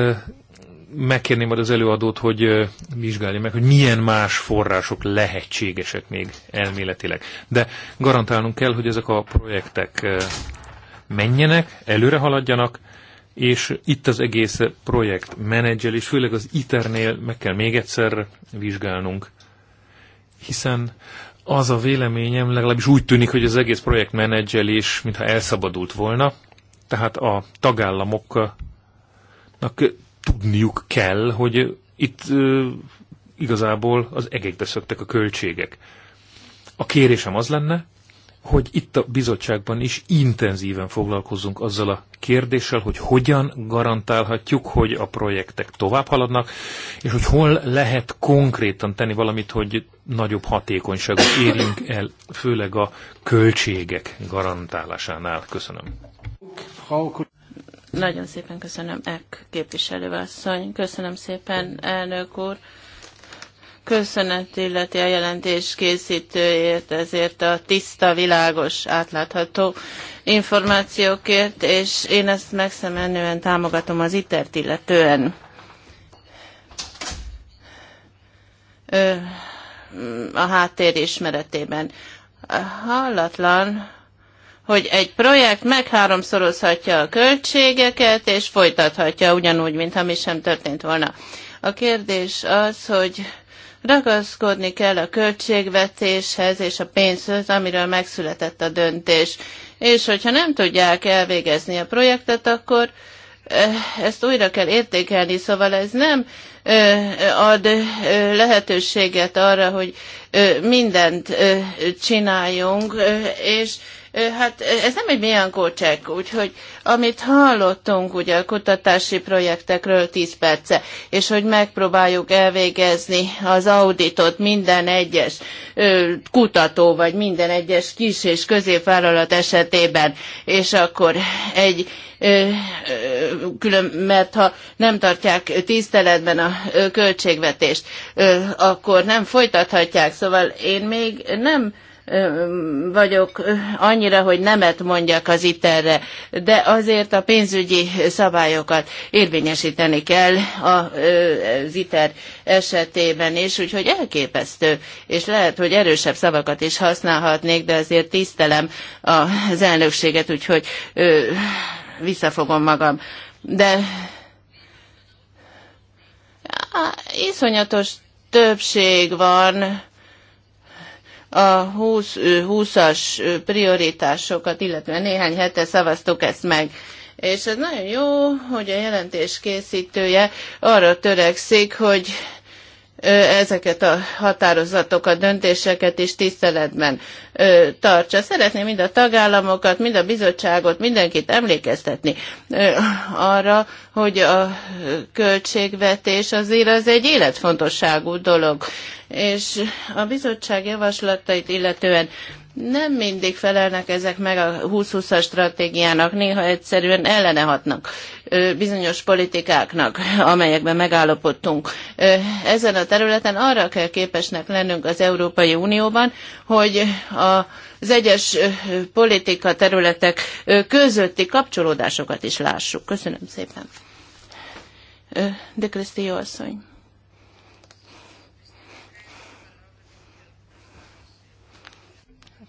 megkérném majd az előadót, hogy vizsgálja meg, hogy milyen más források lehetségesek még elméletileg. De garantálnunk kell, hogy ezek a projektek menjenek, előre haladjanak, és itt az egész projekt menedzsel, és főleg az ITER-nél meg kell még egyszer vizsgálnunk, hiszen az a véleményem, legalábbis úgy tűnik, hogy az egész projekt menedzselés mintha elszabadult volna, tehát a tagállamoknak tudniuk kell, hogy itt igazából az egekbe szöktek a költségek. A kérésem az lenne, hogy itt a bizottságban is intenzíven foglalkozunk azzal a kérdéssel, hogy hogyan garantálhatjuk, hogy a projektek tovább haladnak, és hogy hol lehet konkrétan tenni valamit, hogy nagyobb hatékonyságot érjünk el, főleg a költségek garantálásánál. Köszönöm. Nagyon szépen köszönöm, Ek képviselőasszony. Köszönöm szépen, elnök úr. Köszönet illeti a jelentés készítőjét ezért a tiszta, világos, átlátható információkért, és én ezt megszemenően támogatom az ITERT illetően. a háttér ismeretében. Hallatlan, hogy egy projekt megháromszorozhatja a költségeket, és folytathatja ugyanúgy, mintha mi sem történt volna. A kérdés az, hogy ragaszkodni kell a költségvetéshez és a pénzhez, amiről megszületett a döntés. És hogyha nem tudják elvégezni a projektet, akkor eh, ezt újra kell értékelni, szóval ez nem eh, ad eh, lehetőséget arra, hogy mindent csináljunk, és Hát ez nem egy milyen csekk, úgyhogy amit hallottunk ugye a kutatási projektekről 10 perce, és hogy megpróbáljuk elvégezni az auditot minden egyes ö, kutató, vagy minden egyes kis és középvállalat esetében, és akkor egy külön, mert ha nem tartják tiszteletben a költségvetést, akkor nem folytathatják. Szóval én még nem vagyok annyira, hogy nemet mondjak az iterre, de azért a pénzügyi szabályokat érvényesíteni kell az iter esetében is, úgyhogy elképesztő, és lehet, hogy erősebb szavakat is használhatnék, de azért tisztelem az elnökséget, úgyhogy visszafogom magam. De iszonyatos többség van, a 20, as prioritásokat, illetve néhány hete szavaztuk ezt meg. És ez nagyon jó, hogy a jelentés készítője arra törekszik, hogy ezeket a határozatokat, döntéseket is tiszteletben tartsa. Szeretném mind a tagállamokat, mind a bizottságot, mindenkit emlékeztetni arra, hogy a költségvetés azért az egy életfontosságú dolog. És a bizottság javaslatait illetően nem mindig felelnek ezek meg a 2020-as stratégiának, néha egyszerűen ellene hatnak bizonyos politikáknak, amelyekben megállapodtunk. Ezen a területen arra kell képesnek lennünk az Európai Unióban, hogy a az egyes politika területek közötti kapcsolódásokat is lássuk. Köszönöm szépen. De Krisztió asszony.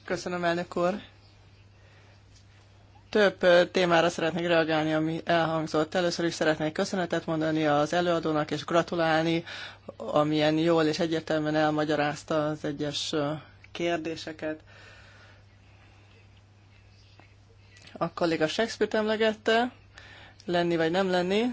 Köszönöm, elnök úr. Több témára szeretnék reagálni, ami elhangzott. Először is szeretnék köszönetet mondani az előadónak, és gratulálni, amilyen jól és egyértelműen elmagyarázta az egyes kérdéseket. A kolléga Shakespeare-t emlegette, lenni vagy nem lenni.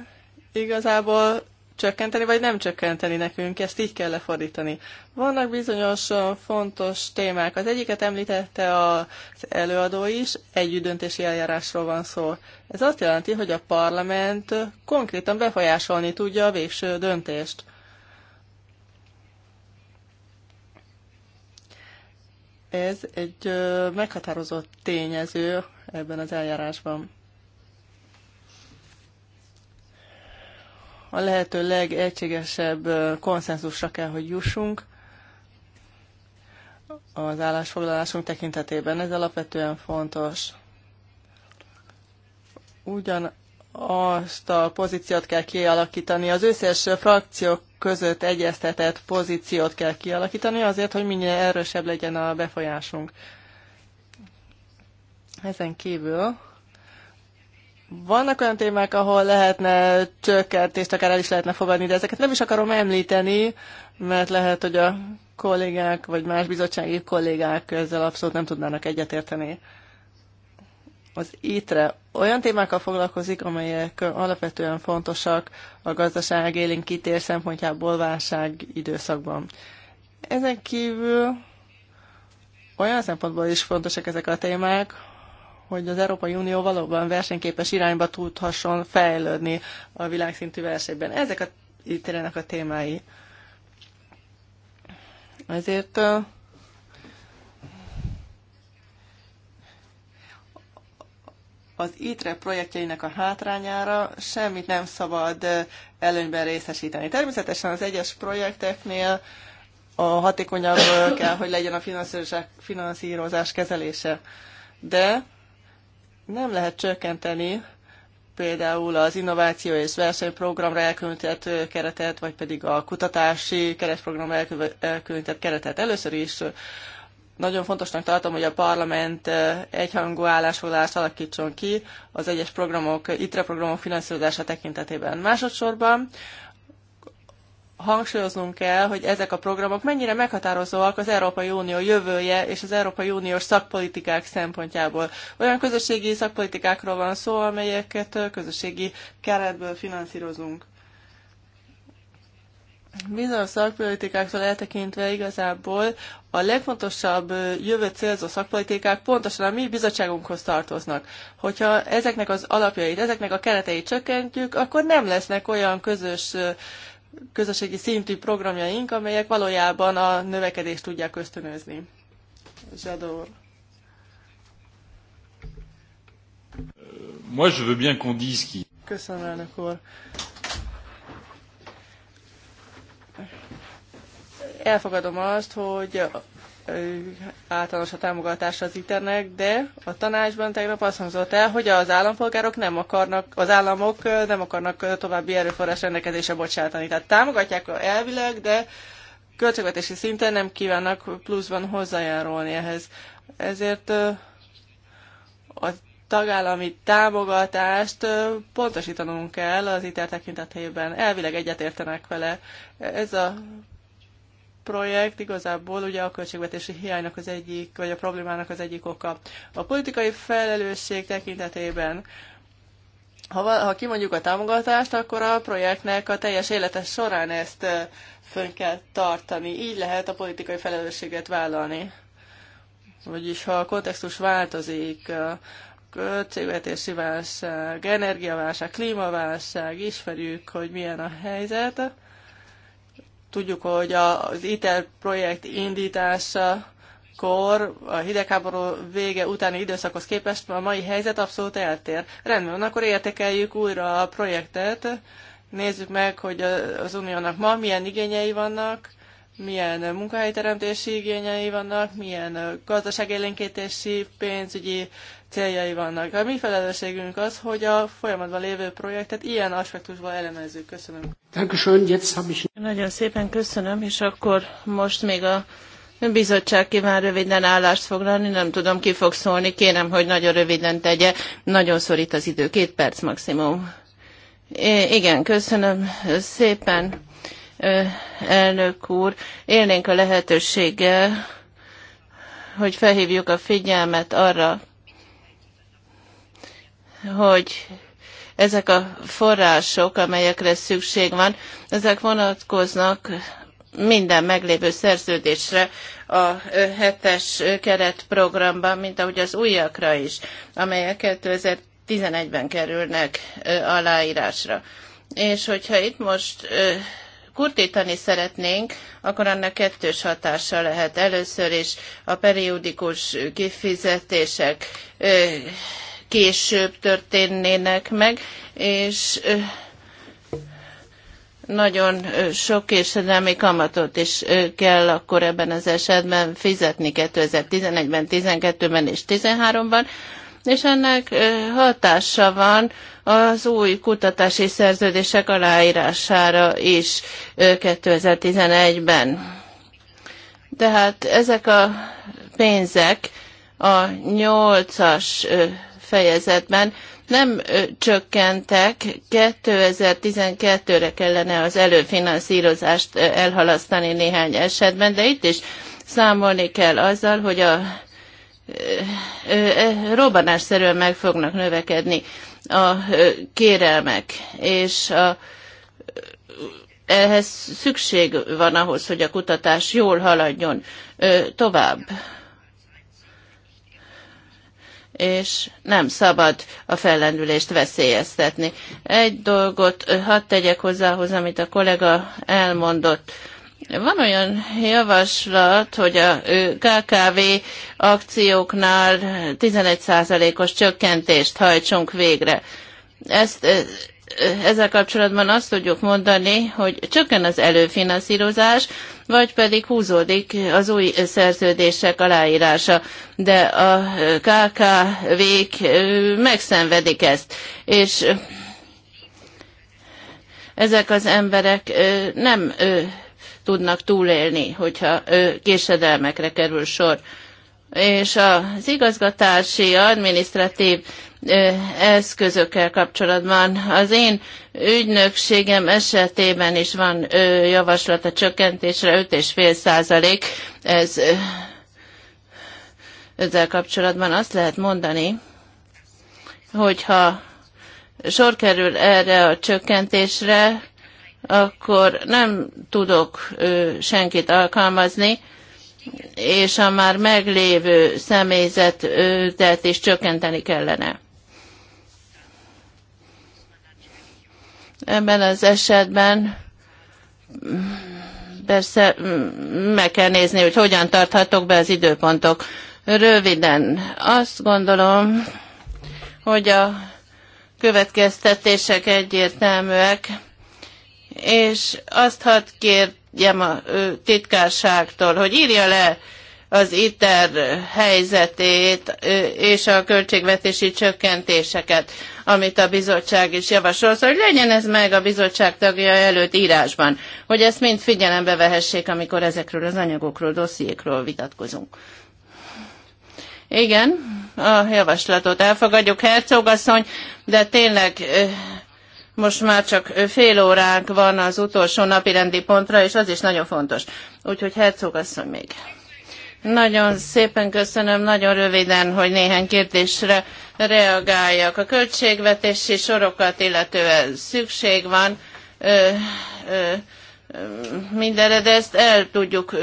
Igazából csökkenteni, vagy nem csökkenteni nekünk, ezt így kell lefordítani. Vannak bizonyos fontos témák. Az egyiket említette az előadó is, együttdöntési eljárásról van szó. Ez azt jelenti, hogy a parlament konkrétan befolyásolni tudja a végső döntést. Ez egy meghatározott tényező ebben az eljárásban. a lehető legegységesebb konszenzusra kell, hogy jussunk az állásfoglalásunk tekintetében. Ez alapvetően fontos. Ugyan azt a pozíciót kell kialakítani, az összes frakciók között egyeztetett pozíciót kell kialakítani azért, hogy minél erősebb legyen a befolyásunk. Ezen kívül vannak olyan témák, ahol lehetne csökkentést, akár el is lehetne fogadni, de ezeket nem is akarom említeni, mert lehet, hogy a kollégák vagy más bizottsági kollégák ezzel abszolút nem tudnának egyetérteni. Az ITRE olyan témákkal foglalkozik, amelyek alapvetően fontosak a gazdaság élénkítés szempontjából válság időszakban. Ezen kívül olyan szempontból is fontosak ezek a témák, hogy az Európai Unió valóban versenyképes irányba tudhasson fejlődni a világszintű versenyben. Ezek a ítélenek a témái. Ezért az ITRE projektjeinek a hátrányára semmit nem szabad előnyben részesíteni. Természetesen az egyes projekteknél a hatékonyabb kell, hogy legyen a finanszírozás kezelése. De nem lehet csökkenteni például az innováció és versenyprogramra elkülönített keretet, vagy pedig a kutatási keretprogramra elkülönített keretet. Először is nagyon fontosnak tartom, hogy a parlament egyhangú állásfoglalást alakítson ki az egyes programok, ITRE programok finanszírozása tekintetében. Másodszorban hangsúlyoznunk kell, hogy ezek a programok mennyire meghatározóak az Európai Unió jövője és az Európai Uniós szakpolitikák szempontjából. Olyan közösségi szakpolitikákról van szó, amelyeket közösségi keretből finanszírozunk. Bizonyos szakpolitikáktól eltekintve igazából a legfontosabb jövő célzó szakpolitikák pontosan a mi bizottságunkhoz tartoznak. Hogyha ezeknek az alapjait, ezeknek a kereteit csökkentjük, akkor nem lesznek olyan közös közösségi szintű programjaink, amelyek valójában a növekedést tudják ösztönözni. Zsador. Moi, je veux bien qu'on dise qui. Köszönöm, elnök úr. Elfogadom azt, hogy általános a támogatása az iternek, de a tanácsban tegnap azt hangzott el, hogy az állampolgárok nem akarnak, az államok nem akarnak további erőforrás rendelkezésre bocsátani. Tehát támogatják elvileg, de költségvetési szinten nem kívánnak pluszban hozzájárulni ehhez. Ezért a tagállami támogatást pontosítanunk kell az ITER tekintetében. Elvileg egyetértenek vele. Ez a projekt igazából ugye a költségvetési hiánynak az egyik, vagy a problémának az egyik oka. A politikai felelősség tekintetében ha, ha kimondjuk a támogatást, akkor a projektnek a teljes élete során ezt fönn kell tartani. Így lehet a politikai felelősséget vállalni. Vagyis ha a kontextus változik, költségvetési válság, energiaválság, klímaválság, ismerjük, hogy milyen a helyzet, Tudjuk, hogy az ITER projekt indítása kor, a hidegháború vége utáni időszakhoz képest a mai helyzet abszolút eltér. Rendben van, akkor értékeljük újra a projektet, nézzük meg, hogy az uniónak ma milyen igényei vannak, milyen munkahelyteremtési igényei vannak, milyen gazdaságélénkítési, pénzügyi céljai vannak. A mi felelősségünk az, hogy a folyamatban lévő projektet ilyen aspektusban elemezzük. Köszönöm. Nagyon szépen köszönöm, és akkor most még a bizottság kíván röviden állást foglalni, nem tudom, ki fog szólni, kérem, hogy nagyon röviden tegye, nagyon szorít az idő, két perc maximum. É, igen, köszönöm szépen, elnök úr. Élnénk a lehetőséggel, hogy felhívjuk a figyelmet arra, hogy ezek a források, amelyekre szükség van, ezek vonatkoznak minden meglévő szerződésre a hetes keretprogramban, mint ahogy az újakra is, amelyek 2011-ben kerülnek aláírásra. És hogyha itt most kurtítani szeretnénk, akkor annak kettős hatása lehet. Először is a periódikus kifizetések később történnének meg, és nagyon sok nemi kamatot is kell akkor ebben az esetben fizetni 2011-ben, 12-ben és 13-ban, és ennek hatása van az új kutatási szerződések aláírására is 2011-ben. Tehát ezek a pénzek a nyolcas fejezetben nem csökkentek, 2012-re kellene az előfinanszírozást elhalasztani néhány esetben, de itt is számolni kell azzal, hogy a robbanásszerűen meg fognak növekedni a kérelmek, és a, ehhez szükség van ahhoz, hogy a kutatás jól haladjon tovább és nem szabad a fellendülést veszélyeztetni. Egy dolgot hadd tegyek hozzá, amit a kollega elmondott. Van olyan javaslat, hogy a KKV akcióknál 11%-os csökkentést hajtsunk végre. Ezt ezzel kapcsolatban azt tudjuk mondani, hogy csökken az előfinanszírozás, vagy pedig húzódik az új szerződések aláírása. De a KKV-k megszenvedik ezt, és ezek az emberek nem tudnak túlélni, hogyha késedelmekre kerül sor és az igazgatási, adminisztratív eszközökkel kapcsolatban. Az én ügynökségem esetében is van javaslat a csökkentésre 5,5 százalék. Ez ezzel kapcsolatban azt lehet mondani, hogyha sor kerül erre a csökkentésre, akkor nem tudok senkit alkalmazni, és a már meglévő személyzetet is csökkenteni kellene. Ebben az esetben persze meg kell nézni, hogy hogyan tarthatok be az időpontok. Röviden, azt gondolom, hogy a következtetések egyértelműek, és azt hadd kérd, a titkárságtól, hogy írja le az ITER helyzetét és a költségvetési csökkentéseket, amit a bizottság is javasol, szóval, hogy legyen ez meg a bizottság tagja előtt írásban, hogy ezt mind figyelembe vehessék, amikor ezekről az anyagokról, dossziékról vitatkozunk. Igen, a javaslatot elfogadjuk, asszony, de tényleg most már csak fél óránk van az utolsó napi rendi pontra, és az is nagyon fontos. Úgyhogy Herzog asszony még. Nagyon szépen köszönöm, nagyon röviden, hogy néhány kérdésre reagáljak. A költségvetési sorokat illetően szükség van ö, ö, mindenre, de ezt el tudjuk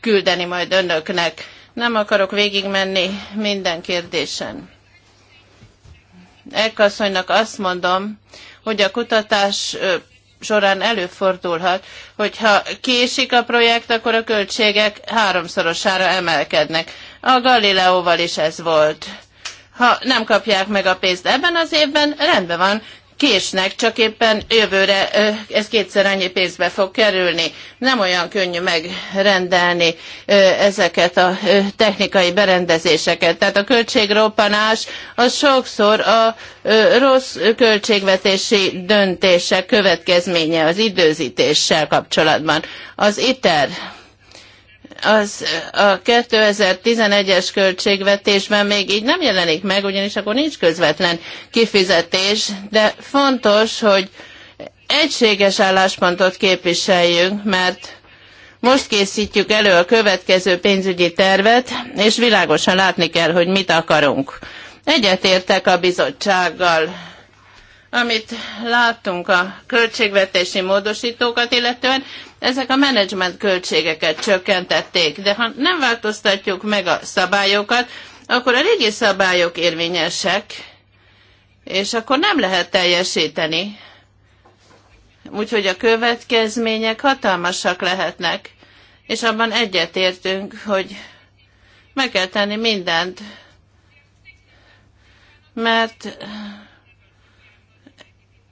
küldeni majd önöknek. Nem akarok végigmenni minden kérdésen. Ekkasszonynak azt mondom, hogy a kutatás során előfordulhat, hogyha késik a projekt, akkor a költségek háromszorosára emelkednek. A Galileóval is ez volt. Ha nem kapják meg a pénzt ebben az évben, rendben van, késnek, csak éppen jövőre ez kétszer annyi pénzbe fog kerülni. Nem olyan könnyű megrendelni ezeket a technikai berendezéseket. Tehát a költségroppanás az sokszor a rossz költségvetési döntések következménye az időzítéssel kapcsolatban. Az ITER az a 2011-es költségvetésben még így nem jelenik meg, ugyanis akkor nincs közvetlen kifizetés, de fontos, hogy egységes álláspontot képviseljünk, mert most készítjük elő a következő pénzügyi tervet, és világosan látni kell, hogy mit akarunk. Egyetértek a bizottsággal amit láttunk a költségvetési módosítókat illetően, ezek a menedzsment költségeket csökkentették, de ha nem változtatjuk meg a szabályokat, akkor a régi szabályok érvényesek, és akkor nem lehet teljesíteni. Úgyhogy a következmények hatalmasak lehetnek, és abban egyetértünk, hogy meg kell tenni mindent, mert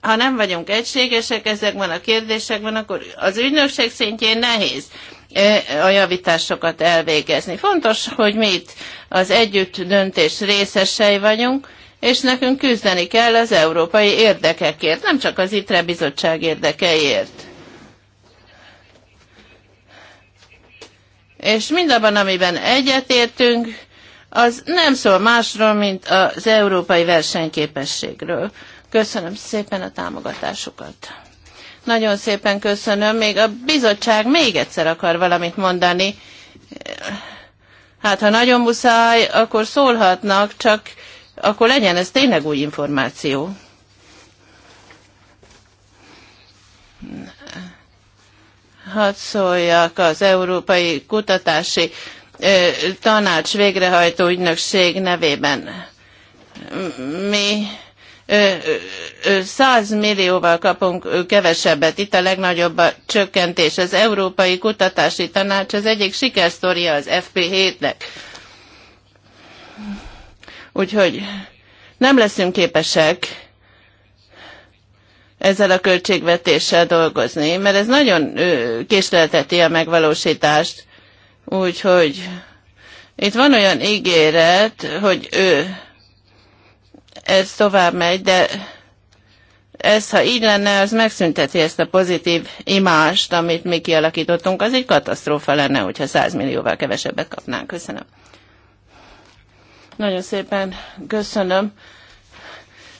ha nem vagyunk egységesek ezekben a kérdésekben, akkor az ügynökség szintjén nehéz e, a javításokat elvégezni. Fontos, hogy mi itt az együtt döntés részesei vagyunk, és nekünk küzdeni kell az európai érdekekért, nem csak az ITRE bizottság érdekeiért. És mindabban, amiben egyetértünk, az nem szól másról, mint az európai versenyképességről. Köszönöm szépen a támogatásukat. Nagyon szépen köszönöm. Még a bizottság még egyszer akar valamit mondani. Hát, ha nagyon muszáj, akkor szólhatnak, csak akkor legyen ez tényleg új információ. Hadd szóljak az Európai Kutatási Tanács végrehajtó ügynökség nevében. Mi 100 millióval kapunk kevesebbet. Itt a legnagyobb a csökkentés. Az Európai Kutatási Tanács az egyik sikersztoria az FP7-nek. Úgyhogy nem leszünk képesek ezzel a költségvetéssel dolgozni, mert ez nagyon késlelteti a megvalósítást. Úgyhogy itt van olyan ígéret, hogy ő ez tovább megy, de ez, ha így lenne, az megszünteti ezt a pozitív imást, amit mi kialakítottunk. Az egy katasztrófa lenne, hogyha 100 millióval kevesebbet kapnánk. Köszönöm. Nagyon szépen köszönöm.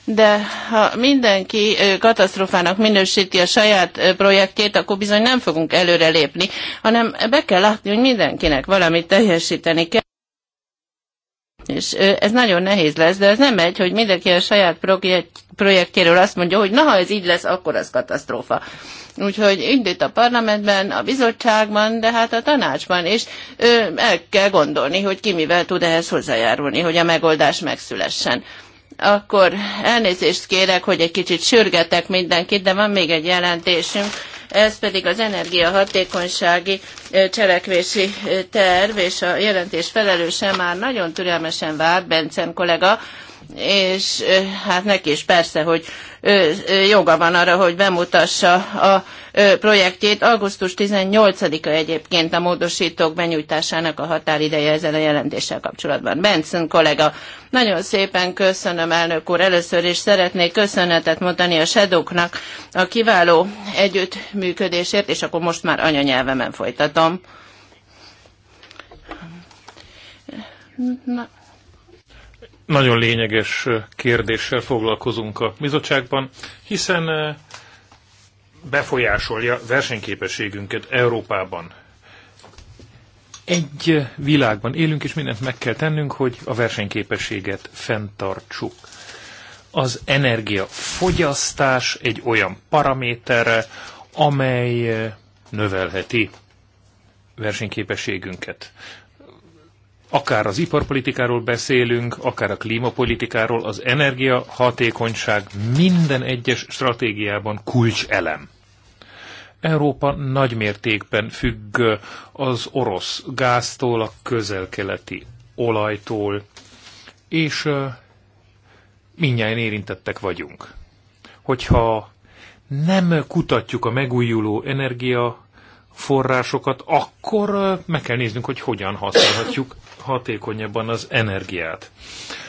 De ha mindenki katasztrófának minősíti a saját projektjét, akkor bizony nem fogunk előrelépni, hanem be kell látni, hogy mindenkinek valamit teljesíteni kell. És ez nagyon nehéz lesz, de ez nem egy, hogy mindenki a saját projektjéről azt mondja, hogy na, ha ez így lesz, akkor az katasztrófa. Úgyhogy indít a parlamentben, a bizottságban, de hát a tanácsban is el kell gondolni, hogy ki mivel tud ehhez hozzájárulni, hogy a megoldás megszülessen akkor elnézést kérek, hogy egy kicsit sürgetek mindenkit, de van még egy jelentésünk, ez pedig az energiahatékonysági cselekvési terv, és a jelentés felelőse már nagyon türelmesen vár Bencen kollega, és hát neki is persze, hogy joga van arra, hogy bemutassa a projektjét. Augusztus 18-a egyébként a módosítók benyújtásának a határideje ezzel a jelentéssel kapcsolatban. Benson kollega, nagyon szépen köszönöm, elnök úr. Először is szeretnék köszönetet mondani a sedoknak a kiváló együttműködésért, és akkor most már anyanyelvemen folytatom. Na nagyon lényeges kérdéssel foglalkozunk a bizottságban, hiszen befolyásolja versenyképességünket Európában. Egy világban élünk, és mindent meg kell tennünk, hogy a versenyképességet fenntartsuk. Az energiafogyasztás egy olyan paraméterre, amely növelheti versenyképességünket. Akár az iparpolitikáról beszélünk, akár a klímapolitikáról, az energiahatékonyság minden egyes stratégiában kulcselem. Európa nagy mértékben függ az orosz gáztól, a közelkeleti olajtól, és mindjárt érintettek vagyunk. Hogyha nem kutatjuk a megújuló energia forrásokat, akkor meg kell néznünk, hogy hogyan használhatjuk hatékonyabban az energiát.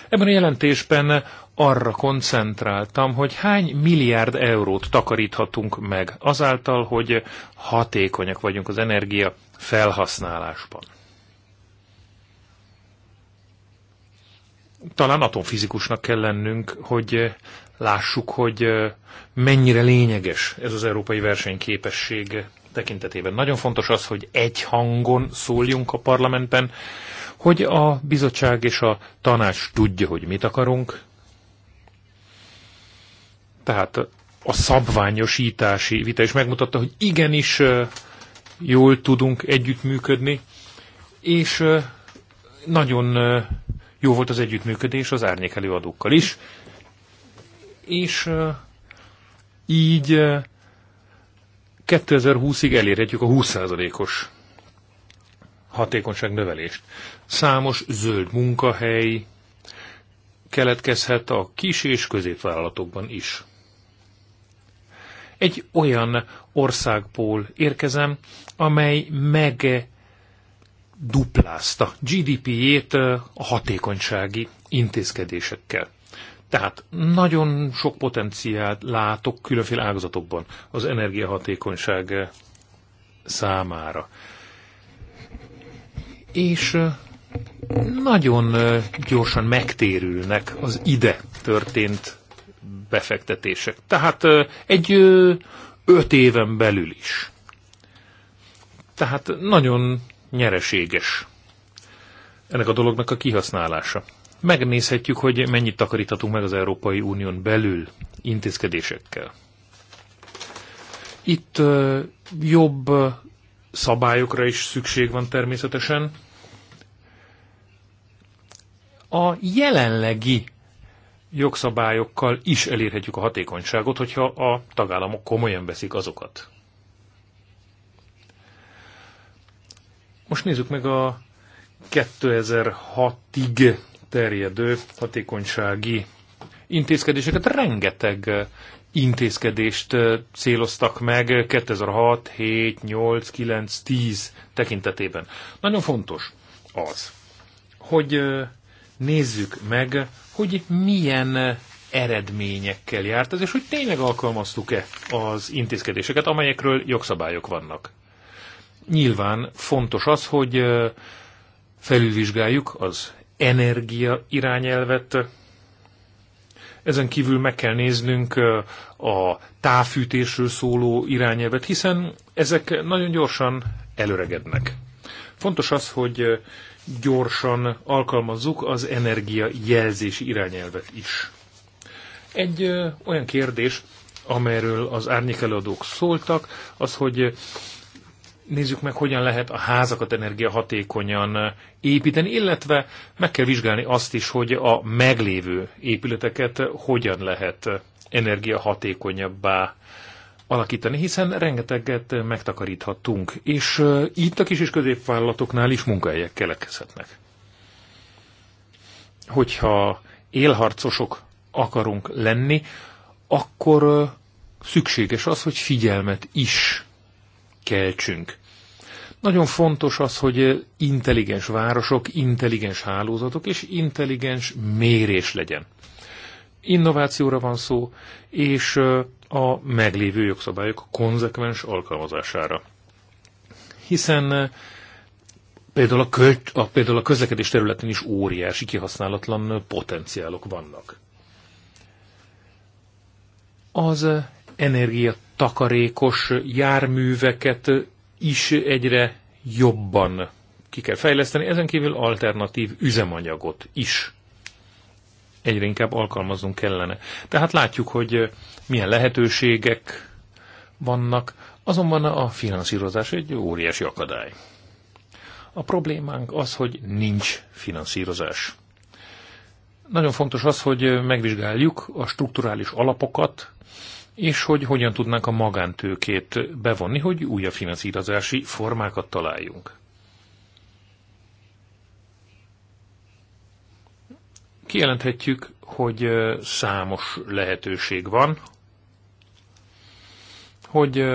Ebben a jelentésben arra koncentráltam, hogy hány milliárd eurót takaríthatunk meg azáltal, hogy hatékonyak vagyunk az energia felhasználásban. Talán atomfizikusnak kell lennünk, hogy lássuk, hogy mennyire lényeges ez az európai versenyképesség tekintetében. Nagyon fontos az, hogy egy hangon szóljunk a parlamentben, hogy a bizottság és a tanács tudja, hogy mit akarunk. Tehát a szabványosítási vita is megmutatta, hogy igenis jól tudunk együttműködni, és nagyon jó volt az együttműködés az árnyék előadókkal is, és így 2020-ig elérhetjük a 20%-os hatékonyság növelést. Számos zöld munkahely keletkezhet a kis és középvállalatokban is. Egy olyan országból érkezem, amely meg duplázta GDP-jét a hatékonysági intézkedésekkel. Tehát nagyon sok potenciált látok különféle ágazatokban az energiahatékonyság számára. És nagyon gyorsan megtérülnek az ide történt befektetések. Tehát egy öt éven belül is. Tehát nagyon nyereséges ennek a dolognak a kihasználása. Megnézhetjük, hogy mennyit takaríthatunk meg az Európai Unión belül intézkedésekkel. Itt jobb szabályokra is szükség van természetesen, a jelenlegi jogszabályokkal is elérhetjük a hatékonyságot, hogyha a tagállamok komolyan veszik azokat. Most nézzük meg a 2006-ig terjedő hatékonysági intézkedéseket. Rengeteg intézkedést céloztak meg 2006, 7, 8, 9, 10 tekintetében. Nagyon fontos az, hogy nézzük meg, hogy milyen eredményekkel járt ez, és hogy tényleg alkalmaztuk-e az intézkedéseket, amelyekről jogszabályok vannak. Nyilván fontos az, hogy felülvizsgáljuk az energia irányelvet, ezen kívül meg kell néznünk a távfűtésről szóló irányelvet, hiszen ezek nagyon gyorsan előregednek. Fontos az, hogy gyorsan alkalmazzuk az energia jelzési irányelvet is. Egy ö, olyan kérdés, amelyről az árnyékelőadók szóltak, az, hogy nézzük meg, hogyan lehet a házakat energiahatékonyan építeni, illetve meg kell vizsgálni azt is, hogy a meglévő épületeket hogyan lehet energiahatékonyabbá alakítani, hiszen rengeteget megtakaríthatunk, és itt a kis és középvállalatoknál is munkahelyek keletkezhetnek. Hogyha élharcosok akarunk lenni, akkor szükséges az, hogy figyelmet is keltsünk. Nagyon fontos az, hogy intelligens városok, intelligens hálózatok és intelligens mérés legyen innovációra van szó, és a meglévő jogszabályok konzekvens alkalmazására. Hiszen például a, költ, a, például a közlekedés területén is óriási kihasználatlan potenciálok vannak. Az energiatakarékos járműveket is egyre jobban ki kell fejleszteni, ezen kívül alternatív üzemanyagot is egyre inkább alkalmaznunk kellene. Tehát látjuk, hogy milyen lehetőségek vannak, azonban a finanszírozás egy óriási akadály. A problémánk az, hogy nincs finanszírozás. Nagyon fontos az, hogy megvizsgáljuk a strukturális alapokat, és hogy hogyan tudnánk a magántőkét bevonni, hogy újabb finanszírozási formákat találjunk. Kijelenthetjük, hogy számos lehetőség van, hogy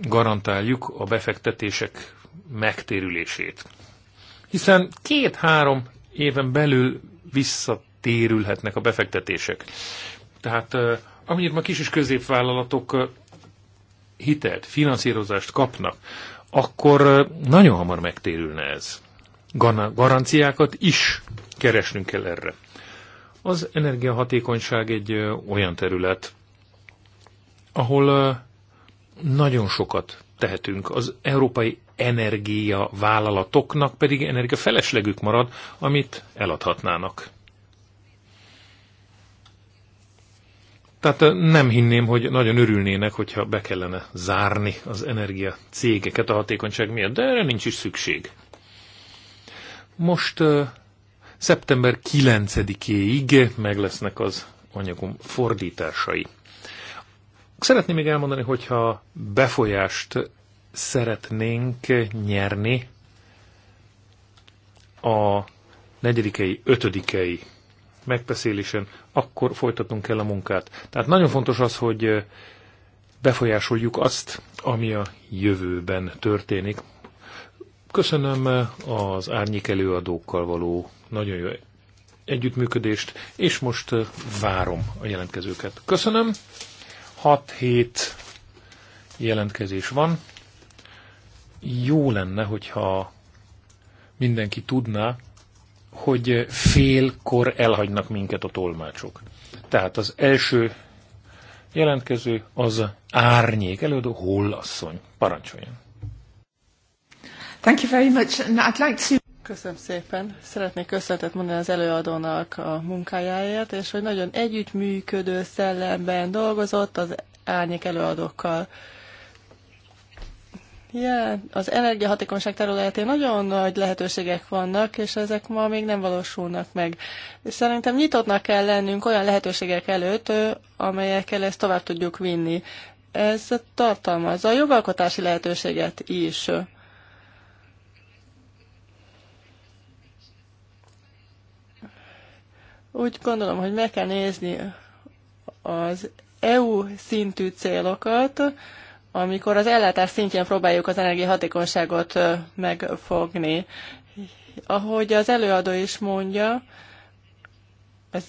garantáljuk a befektetések megtérülését. Hiszen két-három éven belül visszatérülhetnek a befektetések. Tehát amennyit ma kis és középvállalatok hitelt, finanszírozást kapnak, akkor nagyon hamar megtérülne ez. garanciákat is keresnünk kell erre. Az energiahatékonyság egy olyan terület, ahol nagyon sokat tehetünk. Az európai energia vállalatoknak pedig energia feleslegük marad, amit eladhatnának. Tehát nem hinném, hogy nagyon örülnének, hogyha be kellene zárni az energia cégeket a hatékonyság miatt, de erre nincs is szükség. Most Szeptember 9-éig meg lesznek az anyagom fordításai. Szeretném még elmondani, hogyha befolyást szeretnénk nyerni a negyedikei, ötödikei megbeszélésen, akkor folytatnunk kell a munkát. Tehát nagyon fontos az, hogy befolyásoljuk azt, ami a jövőben történik, Köszönöm eh, az árnyék előadókkal való nagyon jó együttműködést, és most eh, várom a jelentkezőket. Köszönöm. 6-7 jelentkezés van. Jó lenne, hogyha mindenki tudná, hogy félkor elhagynak minket a tolmácsok. Tehát az első jelentkező az árnyék előadó hollasszony. Parancsoljon! Thank you very much, and I'd like to... Köszönöm szépen. Szeretnék köszönetet mondani az előadónak a munkájáért, és hogy nagyon együttműködő szellemben dolgozott az árnyék előadókkal. Yeah, az energiahatékonyság területén nagyon nagy lehetőségek vannak, és ezek ma még nem valósulnak meg. Szerintem nyitottnak kell lennünk olyan lehetőségek előtt, amelyekkel ezt tovább tudjuk vinni. Ez tartalmazza a jogalkotási lehetőséget is. Úgy gondolom, hogy meg kell nézni az EU szintű célokat, amikor az ellátás szintjén próbáljuk az energiahatékonyságot megfogni. Ahogy az előadó is mondja, az,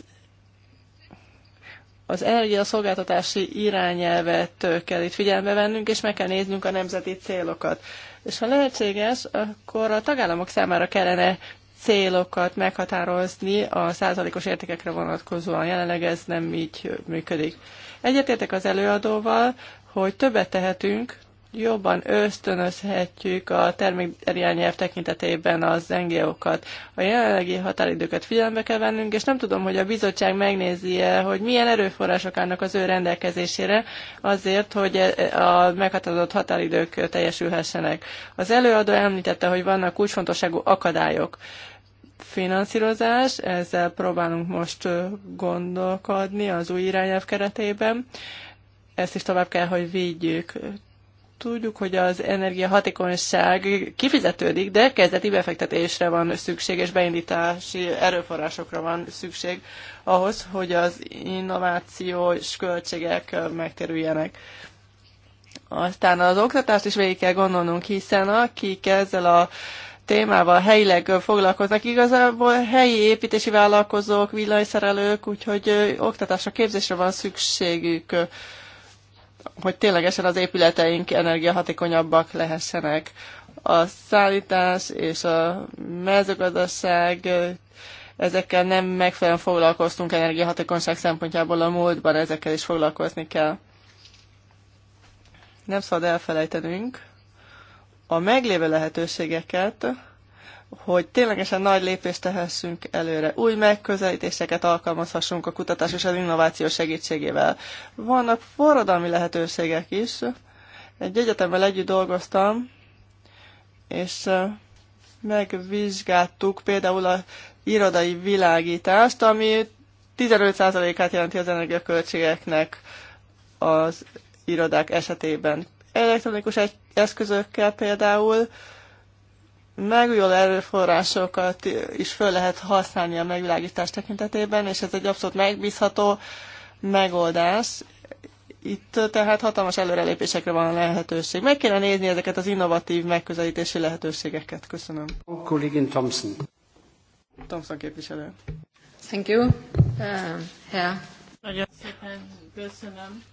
az energiaszolgáltatási irányelvet kell itt figyelme vennünk, és meg kell néznünk a nemzeti célokat. És ha lehetséges, akkor a tagállamok számára kellene célokat meghatározni a százalékos értékekre vonatkozóan. Jelenleg ez nem így működik. Egyetértek az előadóval, hogy többet tehetünk, jobban ösztönözhetjük a termékirányelv tekintetében az NGO-kat. A jelenlegi határidőket figyelembe kell vennünk, és nem tudom, hogy a bizottság megnézi-e, hogy milyen erőforrások állnak az ő rendelkezésére azért, hogy e- e- a meghatározott határidők teljesülhessenek. Az előadó említette, hogy vannak kulcsfontosságú akadályok finanszírozás, ezzel próbálunk most gondolkodni az új irányelv keretében. Ezt is tovább kell, hogy védjük. Tudjuk, hogy az energiahatékonyság kifizetődik, de kezdeti befektetésre van szükség, és beindítási erőforrásokra van szükség ahhoz, hogy az innovációs költségek megterüljenek. Aztán az oktatást is végig kell gondolnunk, hiszen akik ezzel a témával helyileg foglalkoznak. Igazából helyi építési vállalkozók, villanyszerelők, úgyhogy oktatásra, képzésre van szükségük, hogy ténylegesen az épületeink energiahatékonyabbak lehessenek. A szállítás és a mezőgazdaság ezekkel nem megfelelően foglalkoztunk energiahatékonyság szempontjából a múltban, ezekkel is foglalkozni kell. Nem szabad elfelejtenünk, a meglévő lehetőségeket, hogy ténylegesen nagy lépést tehessünk előre, új megközelítéseket alkalmazhassunk a kutatás és az innováció segítségével. Vannak forradalmi lehetőségek is. Egy egyetemmel együtt dolgoztam, és megvizsgáltuk például a irodai világítást, ami 15%-át jelenti az energiaköltségeknek az irodák esetében. Elektronikus egy eszközökkel például megújuló erőforrásokat is föl lehet használni a megvilágítás tekintetében, és ez egy abszolút megbízható megoldás. Itt tehát hatalmas előrelépésekre van lehetőség. Meg kéne nézni ezeket az innovatív megközelítési lehetőségeket. Köszönöm. Kollégin Thompson. Thompson képviselő. Thank you. Uh, yeah. Nagyon szépen köszönöm.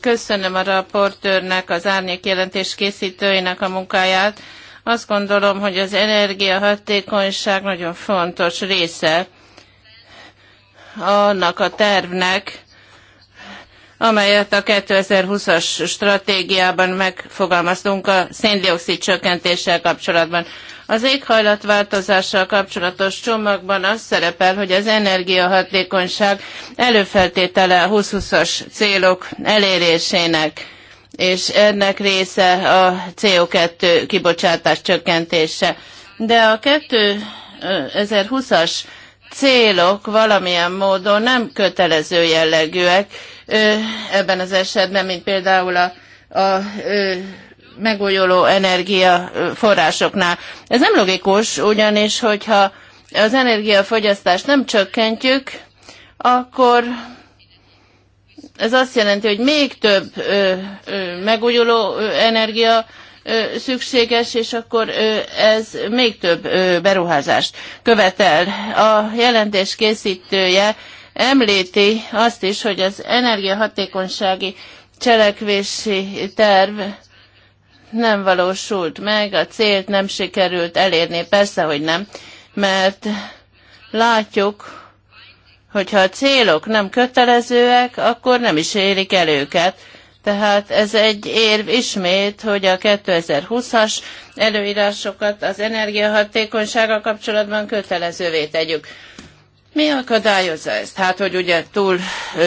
Köszönöm a raportőrnek, az árnyék jelentés készítőinek a munkáját. Azt gondolom, hogy az energiahatékonyság nagyon fontos része annak a tervnek, amelyet a 2020-as stratégiában megfogalmaztunk a széndiokszid csökkentéssel kapcsolatban. Az éghajlatváltozással kapcsolatos csomagban az szerepel, hogy az energiahatékonyság előfeltétele a 2020-as célok elérésének, és ennek része a CO2 kibocsátás csökkentése. De a 2020-as célok valamilyen módon nem kötelező jellegűek, ebben az esetben, mint például a, a megújuló energiaforrásoknál. Ez nem logikus, ugyanis hogyha az energiafogyasztást nem csökkentjük, akkor ez azt jelenti, hogy még több ö, ö, megújuló energia ö, szükséges, és akkor ö, ez még több ö, beruházást követel. A jelentés készítője említi azt is, hogy az energiahatékonysági cselekvési terv nem valósult meg, a célt nem sikerült elérni, persze, hogy nem, mert látjuk, hogyha a célok nem kötelezőek, akkor nem is érik el őket. Tehát ez egy érv ismét, hogy a 2020-as előírásokat az energiahatékonysága kapcsolatban kötelezővé tegyük. Mi akadályozza ezt? Hát, hogy ugye túl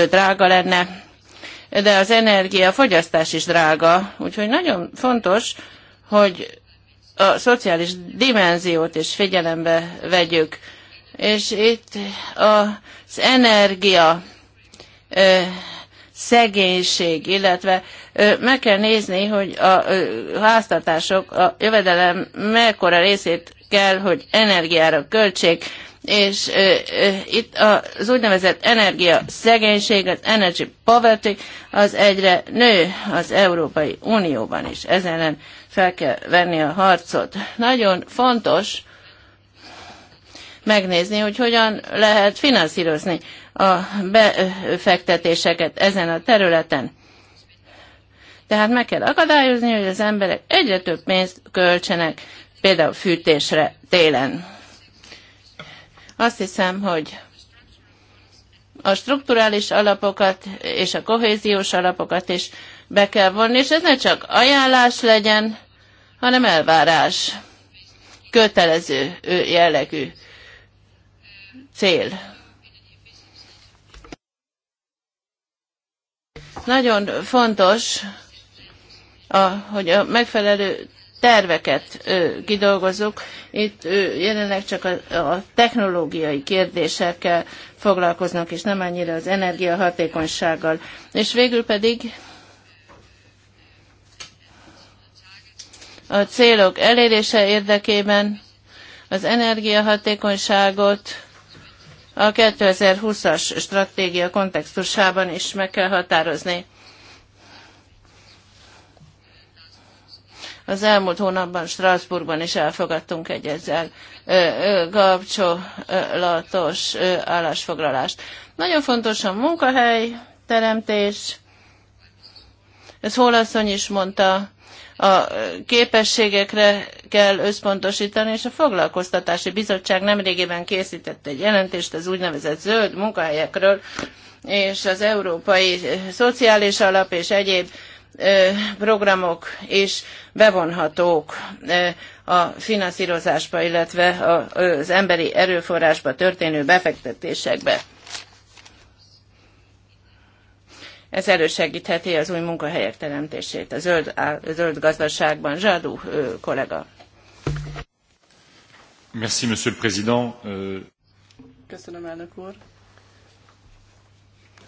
drága lenne, de az energia fogyasztás is drága, úgyhogy nagyon fontos, hogy a szociális dimenziót is figyelembe vegyük. És itt az energia szegénység, illetve meg kell nézni, hogy a háztartások a jövedelem mekkora részét kell, hogy energiára költsék, és itt az úgynevezett energia szegénység, az energy poverty, az egyre nő az Európai Unióban is. Ezen ellen fel kell venni a harcot. Nagyon fontos megnézni, hogy hogyan lehet finanszírozni a befektetéseket ezen a területen. Tehát meg kell akadályozni, hogy az emberek egyre több pénzt költsenek például fűtésre télen. Azt hiszem, hogy a strukturális alapokat és a kohéziós alapokat is be kell vonni, és ez ne csak ajánlás legyen, hanem elvárás, kötelező jellegű cél. Nagyon fontos, a, hogy a megfelelő terveket kidolgozunk. Itt jelenleg csak a, a technológiai kérdésekkel foglalkoznak, és nem annyira az energiahatékonysággal. És végül pedig a célok elérése érdekében az energiahatékonyságot a 2020-as stratégia kontextusában is meg kell határozni. Az elmúlt hónapban Strasbourgban is elfogadtunk egy ezzel kapcsolatos állásfoglalást. Nagyon fontos a munkahely teremtés. Ez Holasszony is mondta, a képességekre kell összpontosítani, és a Foglalkoztatási Bizottság nemrégében készített egy jelentést az úgynevezett zöld munkahelyekről, és az Európai Szociális Alap és egyéb programok és bevonhatók a finanszírozásba, illetve az emberi erőforrásba történő befektetésekbe. Ez elősegítheti az új munkahelyek teremtését a zöld, a zöld gazdaságban. Zsadú kollega. Merci, monsieur le président. Euh, Köszönöm, elnök úr.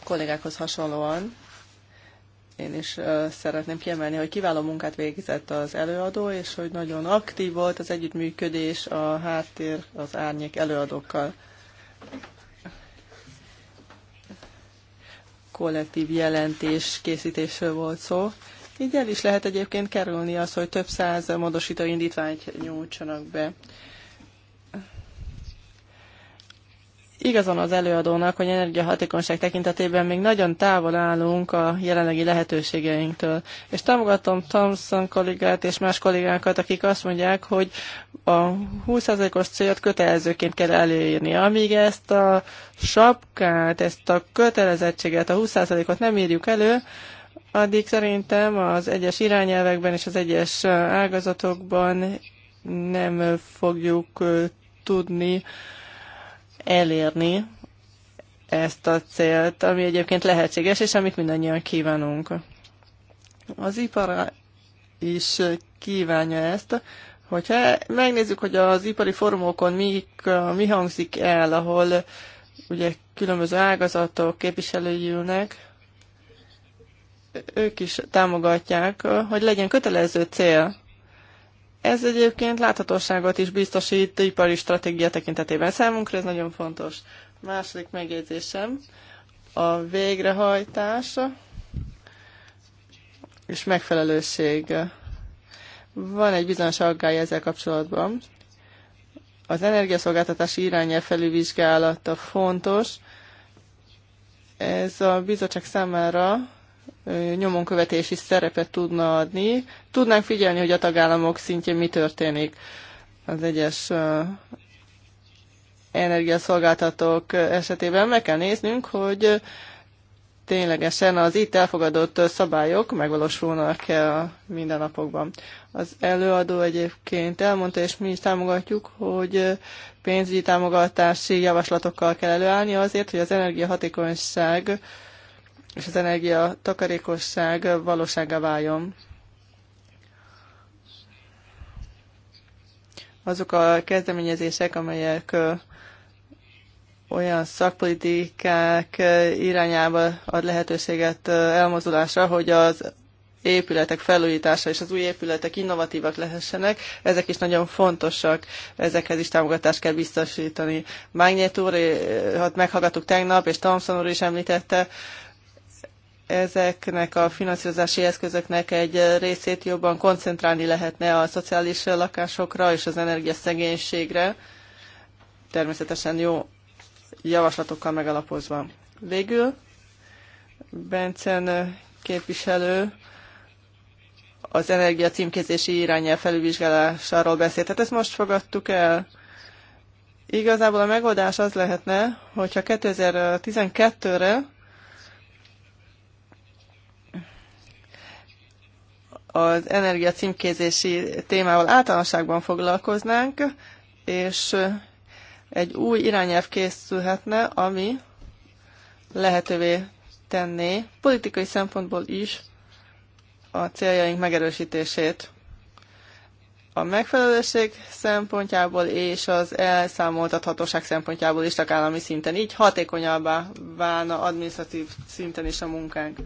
A kollégákhoz hasonlóan én is szeretném kiemelni, hogy kiváló munkát végzett az előadó, és hogy nagyon aktív volt az együttműködés a háttér az árnyék előadókkal. Kollektív jelentés készítésről volt szó. Így el is lehet egyébként kerülni az, hogy több száz módosító indítványt nyújtsanak be. Igazon az előadónak, hogy energiahatékonyság tekintetében még nagyon távol állunk a jelenlegi lehetőségeinktől. És támogatom Thompson kollégát és más kollégákat, akik azt mondják, hogy a 20%-os célt kötelezőként kell elérni. Amíg ezt a sapkát, ezt a kötelezettséget, a 20%-ot nem írjuk elő, addig szerintem az egyes irányelvekben és az egyes ágazatokban nem fogjuk tudni elérni ezt a célt, ami egyébként lehetséges, és amit mindannyian kívánunk. Az ipar is kívánja ezt, hogyha megnézzük, hogy az ipari fórumokon mi, mi hangzik el, ahol ugye különböző ágazatok képviselői ülnek, ők is támogatják, hogy legyen kötelező cél ez egyébként láthatóságot is biztosít ipari stratégia tekintetében számunkra, ez nagyon fontos. Második megjegyzésem, a végrehajtása és megfelelőség. Van egy bizonyos aggály ezzel kapcsolatban. Az energiaszolgáltatási irányel felülvizsgálata fontos. Ez a bizottság számára nyomonkövetési szerepet tudna adni. Tudnánk figyelni, hogy a tagállamok szintjén mi történik az egyes energiaszolgáltatók esetében. Meg kell néznünk, hogy ténylegesen az itt elfogadott szabályok megvalósulnak-e a mindennapokban. Az előadó egyébként elmondta, és mi is támogatjuk, hogy pénzügyi támogatási javaslatokkal kell előállni azért, hogy az energiahatékonyság hatékonyság és az energia takarékosság valóságá váljon. Azok a kezdeményezések, amelyek olyan szakpolitikák irányába ad lehetőséget elmozdulásra, hogy az épületek felújítása és az új épületek innovatívak lehessenek, ezek is nagyon fontosak, ezekhez is támogatást kell biztosítani. Mágnyét úr, hát meghallgattuk tegnap, és Thompson úr is említette, ezeknek a finanszírozási eszközöknek egy részét jobban koncentrálni lehetne a szociális lakásokra és az energiaszegénységre, természetesen jó javaslatokkal megalapozva. Végül Bencen képviselő az energia címkézési irányel felülvizsgálásáról beszélt. Tehát ezt most fogadtuk el. Igazából a megoldás az lehetne, hogyha 2012-re az energia címkézési témával általánosságban foglalkoznánk, és egy új irányelv készülhetne, ami lehetővé tenné politikai szempontból is a céljaink megerősítését. A megfelelőség szempontjából és az elszámoltathatóság szempontjából is, csak állami szinten. Így hatékonyabbá válna administratív szinten is a munkánk.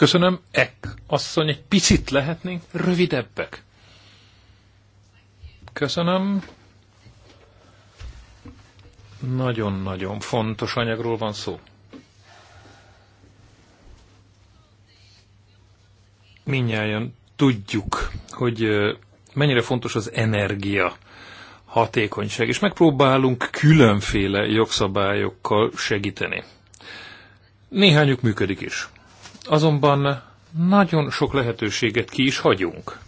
Köszönöm. Ek, asszony, egy picit lehetnénk rövidebbek. Köszönöm. Nagyon-nagyon fontos anyagról van szó. Mindjárt tudjuk, hogy mennyire fontos az energia hatékonyság, és megpróbálunk különféle jogszabályokkal segíteni. Néhányuk működik is. Azonban nagyon sok lehetőséget ki is hagyunk.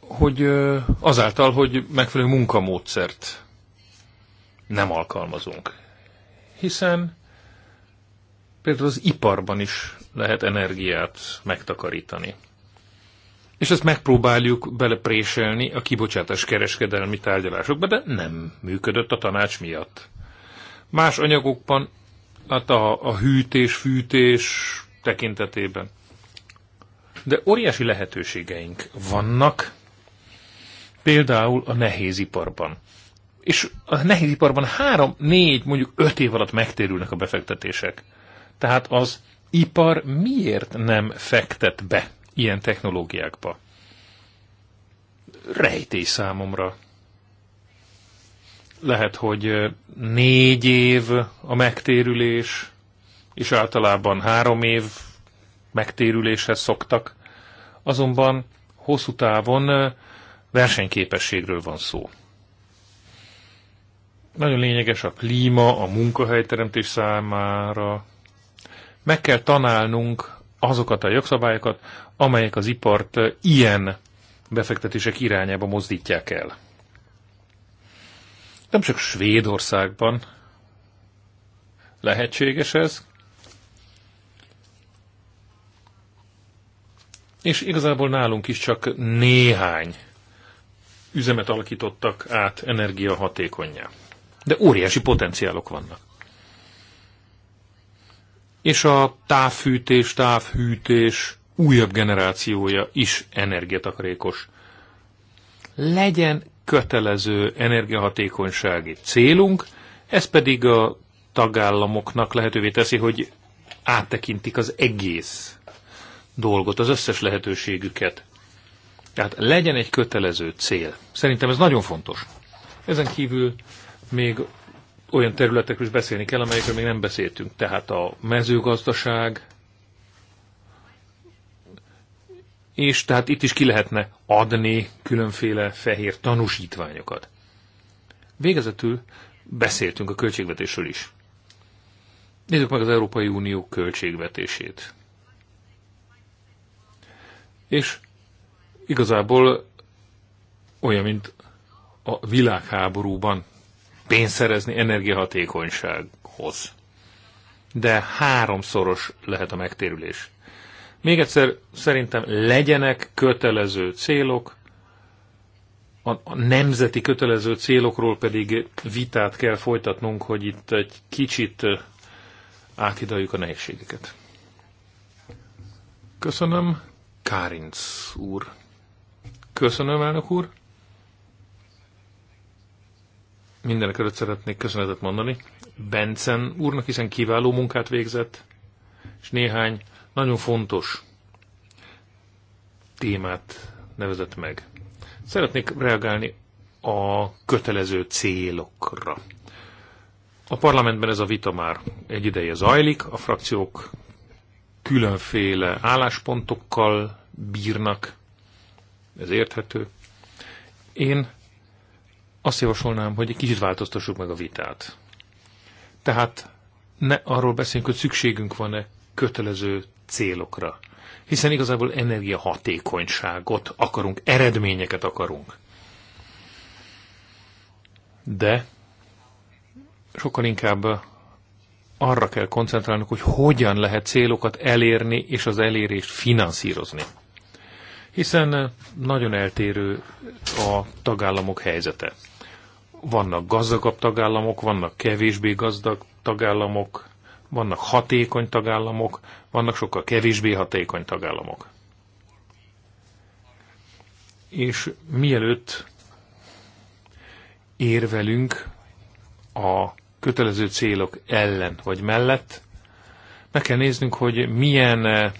Hogy azáltal, hogy megfelelő munkamódszert nem alkalmazunk. Hiszen például az iparban is lehet energiát megtakarítani. És ezt megpróbáljuk belepréselni a kibocsátás kereskedelmi tárgyalásokba, de nem működött a tanács miatt. Más anyagokban hát a, a hűtés, fűtés tekintetében. De óriási lehetőségeink vannak, például a nehéziparban. És a nehéziparban három, négy, mondjuk öt év alatt megtérülnek a befektetések. Tehát az ipar miért nem fektet be ilyen technológiákba? Rejtély számomra lehet, hogy négy év a megtérülés, és általában három év megtérüléshez szoktak, azonban hosszú távon versenyképességről van szó. Nagyon lényeges a klíma, a munkahelyteremtés számára. Meg kell tanálnunk azokat a jogszabályokat, amelyek az ipart ilyen befektetések irányába mozdítják el. Nem csak Svédországban lehetséges ez, és igazából nálunk is csak néhány üzemet alakítottak át energiahatékonyá. De óriási potenciálok vannak. És a távfűtés, távhűtés újabb generációja is energiatakarékos. Legyen kötelező energiahatékonysági célunk, ez pedig a tagállamoknak lehetővé teszi, hogy áttekintik az egész dolgot, az összes lehetőségüket. Tehát legyen egy kötelező cél. Szerintem ez nagyon fontos. Ezen kívül még olyan területekről is beszélni kell, amelyekről még nem beszéltünk. Tehát a mezőgazdaság, és tehát itt is ki lehetne adni különféle fehér tanúsítványokat. Végezetül beszéltünk a költségvetésről is. Nézzük meg az Európai Unió költségvetését. És igazából olyan, mint a világháborúban pénzt szerezni energiahatékonysághoz. De háromszoros lehet a megtérülés. Még egyszer szerintem legyenek kötelező célok, a, nemzeti kötelező célokról pedig vitát kell folytatnunk, hogy itt egy kicsit átidaljuk a nehézségeket. Köszönöm, Kárinc úr. Köszönöm, elnök úr. Mindenek előtt szeretnék köszönetet mondani. Bencen úrnak, hiszen kiváló munkát végzett, és néhány nagyon fontos témát nevezett meg. Szeretnék reagálni a kötelező célokra. A parlamentben ez a vita már egy ideje zajlik, a frakciók különféle álláspontokkal bírnak, ez érthető. Én azt javasolnám, hogy egy kicsit változtassuk meg a vitát. Tehát ne arról beszéljünk, hogy szükségünk van-e kötelező célokra. Hiszen igazából energiahatékonyságot akarunk, eredményeket akarunk. De sokkal inkább arra kell koncentrálnunk, hogy hogyan lehet célokat elérni és az elérést finanszírozni. Hiszen nagyon eltérő a tagállamok helyzete. Vannak gazdagabb tagállamok, vannak kevésbé gazdag tagállamok, vannak hatékony tagállamok, vannak sokkal kevésbé hatékony tagállamok. És mielőtt érvelünk a kötelező célok ellen vagy mellett, meg kell néznünk, hogy milyen eh,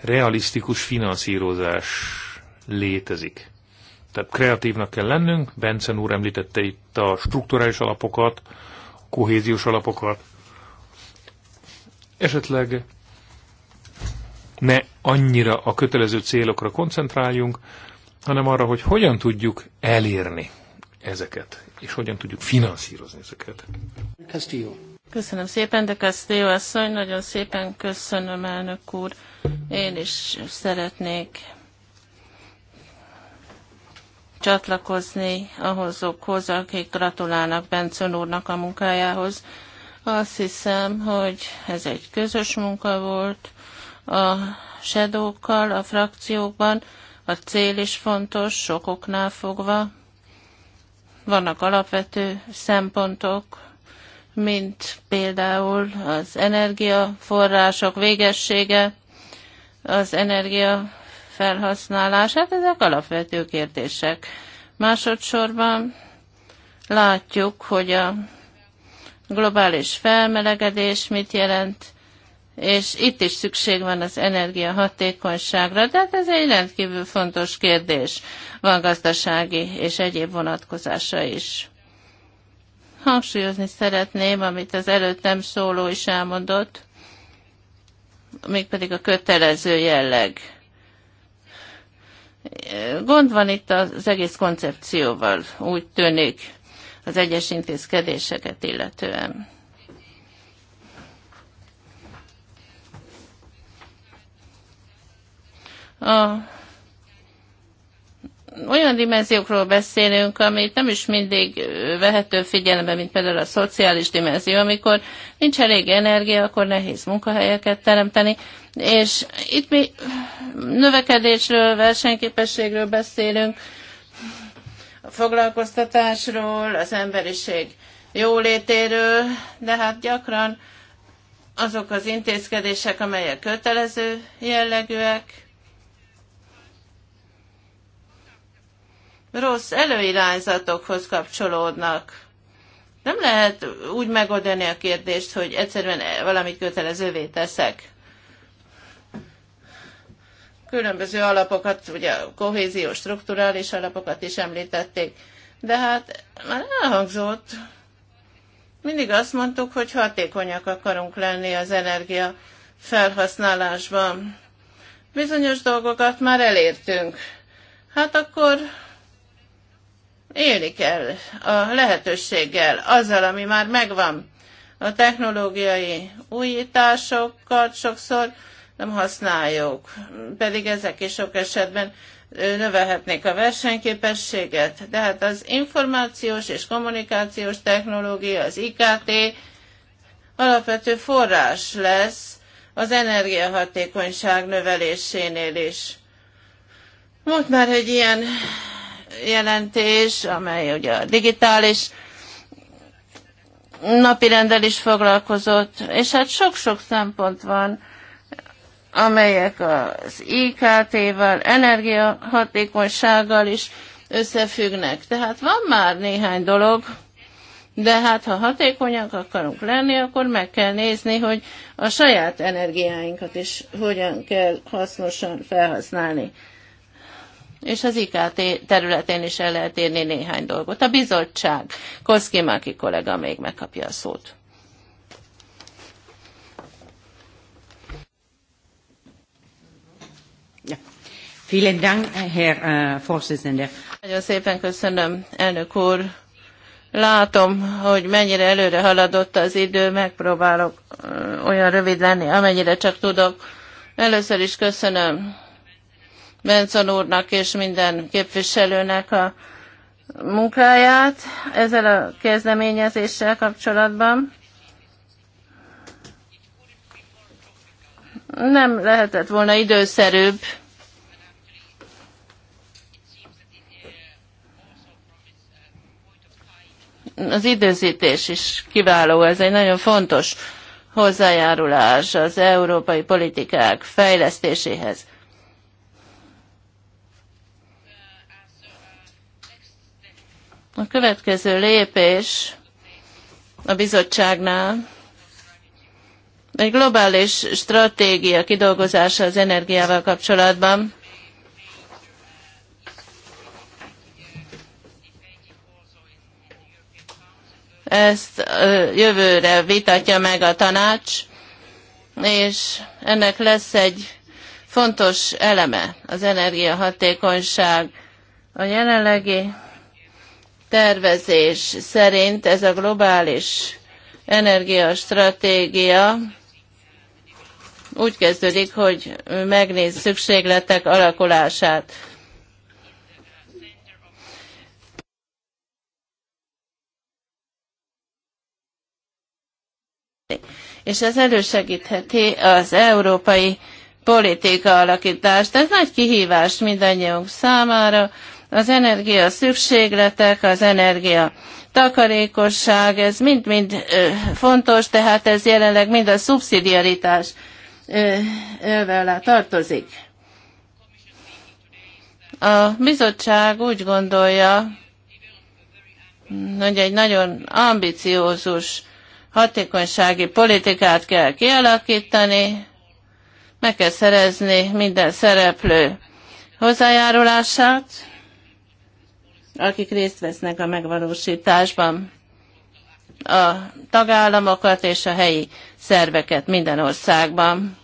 realisztikus finanszírozás létezik. Tehát kreatívnak kell lennünk, Bencen úr említette itt a strukturális alapokat, kohéziós alapokat, esetleg ne annyira a kötelező célokra koncentráljunk, hanem arra, hogy hogyan tudjuk elérni ezeket, és hogyan tudjuk finanszírozni ezeket. Castillo. Köszönöm szépen, de Castillo asszony, nagyon szépen köszönöm, elnök úr. Én is szeretnék csatlakozni ahhozokhoz, akik gratulálnak Bencön úrnak a munkájához. Azt hiszem, hogy ez egy közös munka volt, a sedókkal a frakciókban. A cél is fontos, sokoknál fogva. Vannak alapvető szempontok, mint például az energiaforrások végessége, az energiafelhasználás, hát ezek alapvető kérdések. Másodszorban látjuk, hogy a globális felmelegedés mit jelent, és itt is szükség van az energiahatékonyságra, de hát ez egy rendkívül fontos kérdés, van gazdasági és egyéb vonatkozása is. Hangsúlyozni szeretném, amit az előttem szóló is elmondott, mégpedig a kötelező jelleg. Gond van itt az egész koncepcióval, úgy tűnik, az egyes intézkedéseket illetően. a olyan dimenziókról beszélünk, amit nem is mindig vehető figyelembe, mint például a szociális dimenzió, amikor nincs elég energia, akkor nehéz munkahelyeket teremteni, és itt mi növekedésről, versenyképességről beszélünk, a foglalkoztatásról, az emberiség jólétéről, de hát gyakran azok az intézkedések, amelyek kötelező jellegűek, rossz előirányzatokhoz kapcsolódnak. Nem lehet úgy megoldani a kérdést, hogy egyszerűen valamit kötelezővé teszek. Különböző alapokat, ugye a kohézió, strukturális alapokat is említették, de hát már elhangzott, mindig azt mondtuk, hogy hatékonyak akarunk lenni az energia felhasználásban. Bizonyos dolgokat már elértünk. Hát akkor Élni kell a lehetőséggel, azzal, ami már megvan. A technológiai újításokat sokszor nem használjuk, pedig ezek is sok esetben növelhetnék a versenyképességet. De hát az információs és kommunikációs technológia, az IKT alapvető forrás lesz az energiahatékonyság növelésénél is. Volt már egy ilyen jelentés, amely ugye a digitális napirendel is foglalkozott, és hát sok-sok szempont van, amelyek az IKT-vel, energiahatékonysággal is összefüggnek. Tehát van már néhány dolog, de hát ha hatékonyak akarunk lenni, akkor meg kell nézni, hogy a saját energiáinkat is hogyan kell hasznosan felhasználni és az IKT területén is el lehet érni néhány dolgot. A bizottság, Koszki Máki kollega még megkapja a szót. Vielen Dank, Herr äh, Vorsitzender. Nagyon szépen köszönöm, elnök úr. Látom, hogy mennyire előre haladott az idő, megpróbálok olyan rövid lenni, amennyire csak tudok. Először is köszönöm Benson úrnak és minden képviselőnek a munkáját ezzel a kezdeményezéssel kapcsolatban. Nem lehetett volna időszerűbb, az időzítés is kiváló, ez egy nagyon fontos hozzájárulás az európai politikák fejlesztéséhez. A következő lépés a bizottságnál egy globális stratégia kidolgozása az energiával kapcsolatban. Ezt jövőre vitatja meg a tanács, és ennek lesz egy fontos eleme az energiahatékonyság. A jelenlegi tervezés szerint ez a globális energiastratégia úgy kezdődik, hogy megnéz szükségletek alakulását. És ez elősegítheti az európai politika alakítást. Ez nagy kihívás mindannyiunk számára az energia szükségletek, az energia takarékosság, ez mind-mind fontos, tehát ez jelenleg mind a szubszidiaritás elve tartozik. A bizottság úgy gondolja, hogy egy nagyon ambiciózus hatékonysági politikát kell kialakítani, meg kell szerezni minden szereplő hozzájárulását, akik részt vesznek a megvalósításban a tagállamokat és a helyi szerveket minden országban.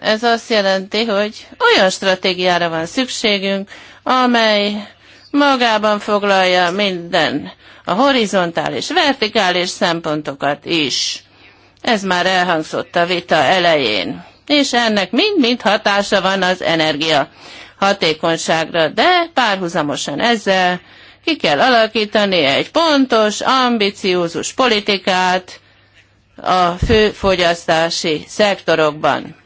Ez azt jelenti, hogy olyan stratégiára van szükségünk, amely magában foglalja minden, a horizontális, vertikális szempontokat is. Ez már elhangzott a vita elején. És ennek mind-mind hatása van az energia hatékonyságra, de párhuzamosan ezzel ki kell alakítani egy pontos, ambiciózus politikát a főfogyasztási szektorokban.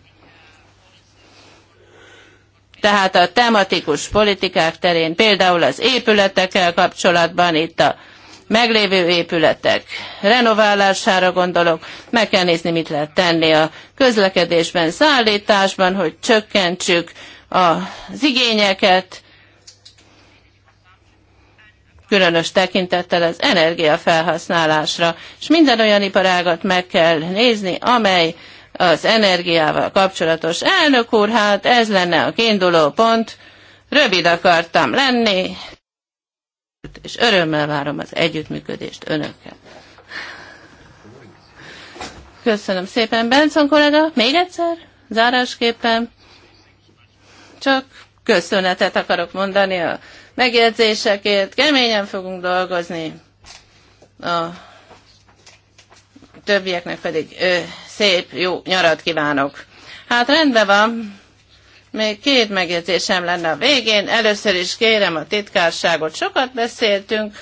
Tehát a tematikus politikák terén, például az épületekkel kapcsolatban itt a meglévő épületek renoválására gondolok, meg kell nézni, mit lehet tenni a közlekedésben, szállításban, hogy csökkentsük az igényeket, különös tekintettel az energiafelhasználásra, és minden olyan iparágat meg kell nézni, amely az energiával kapcsolatos. Elnök úr, hát ez lenne a kiinduló pont. Rövid akartam lenni, és örömmel várom az együttműködést önökkel. Köszönöm szépen, Benson kollega. Még egyszer, zárásképpen. Csak köszönetet akarok mondani a megjegyzésekért. Keményen fogunk dolgozni. A többieknek pedig ö, szép, jó nyarat kívánok. Hát rendben van. Még két megjegyzésem lenne a végén. Először is kérem a titkárságot. Sokat beszéltünk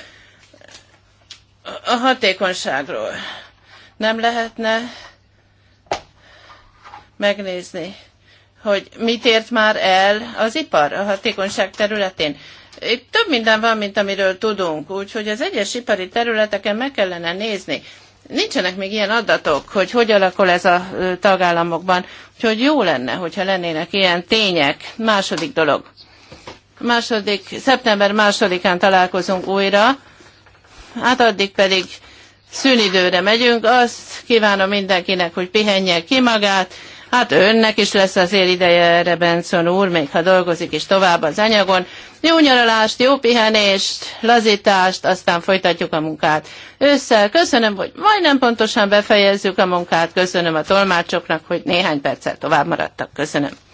a hatékonyságról. Nem lehetne megnézni hogy mit ért már el az ipar a hatékonyság területén. Itt több minden van, mint amiről tudunk, úgyhogy az egyes ipari területeken meg kellene nézni. Nincsenek még ilyen adatok, hogy hogy alakul ez a tagállamokban, úgyhogy jó lenne, hogyha lennének ilyen tények. Második dolog. Második, szeptember másodikán találkozunk újra, hát addig pedig szünidőre megyünk. Azt kívánom mindenkinek, hogy pihenje ki magát, Hát önnek is lesz él ideje erre, Benson úr, még ha dolgozik is tovább az anyagon. Jó nyaralást, jó pihenést, lazítást, aztán folytatjuk a munkát. Ősszel köszönöm, hogy majdnem pontosan befejezzük a munkát, köszönöm a tolmácsoknak, hogy néhány perccel tovább maradtak. Köszönöm.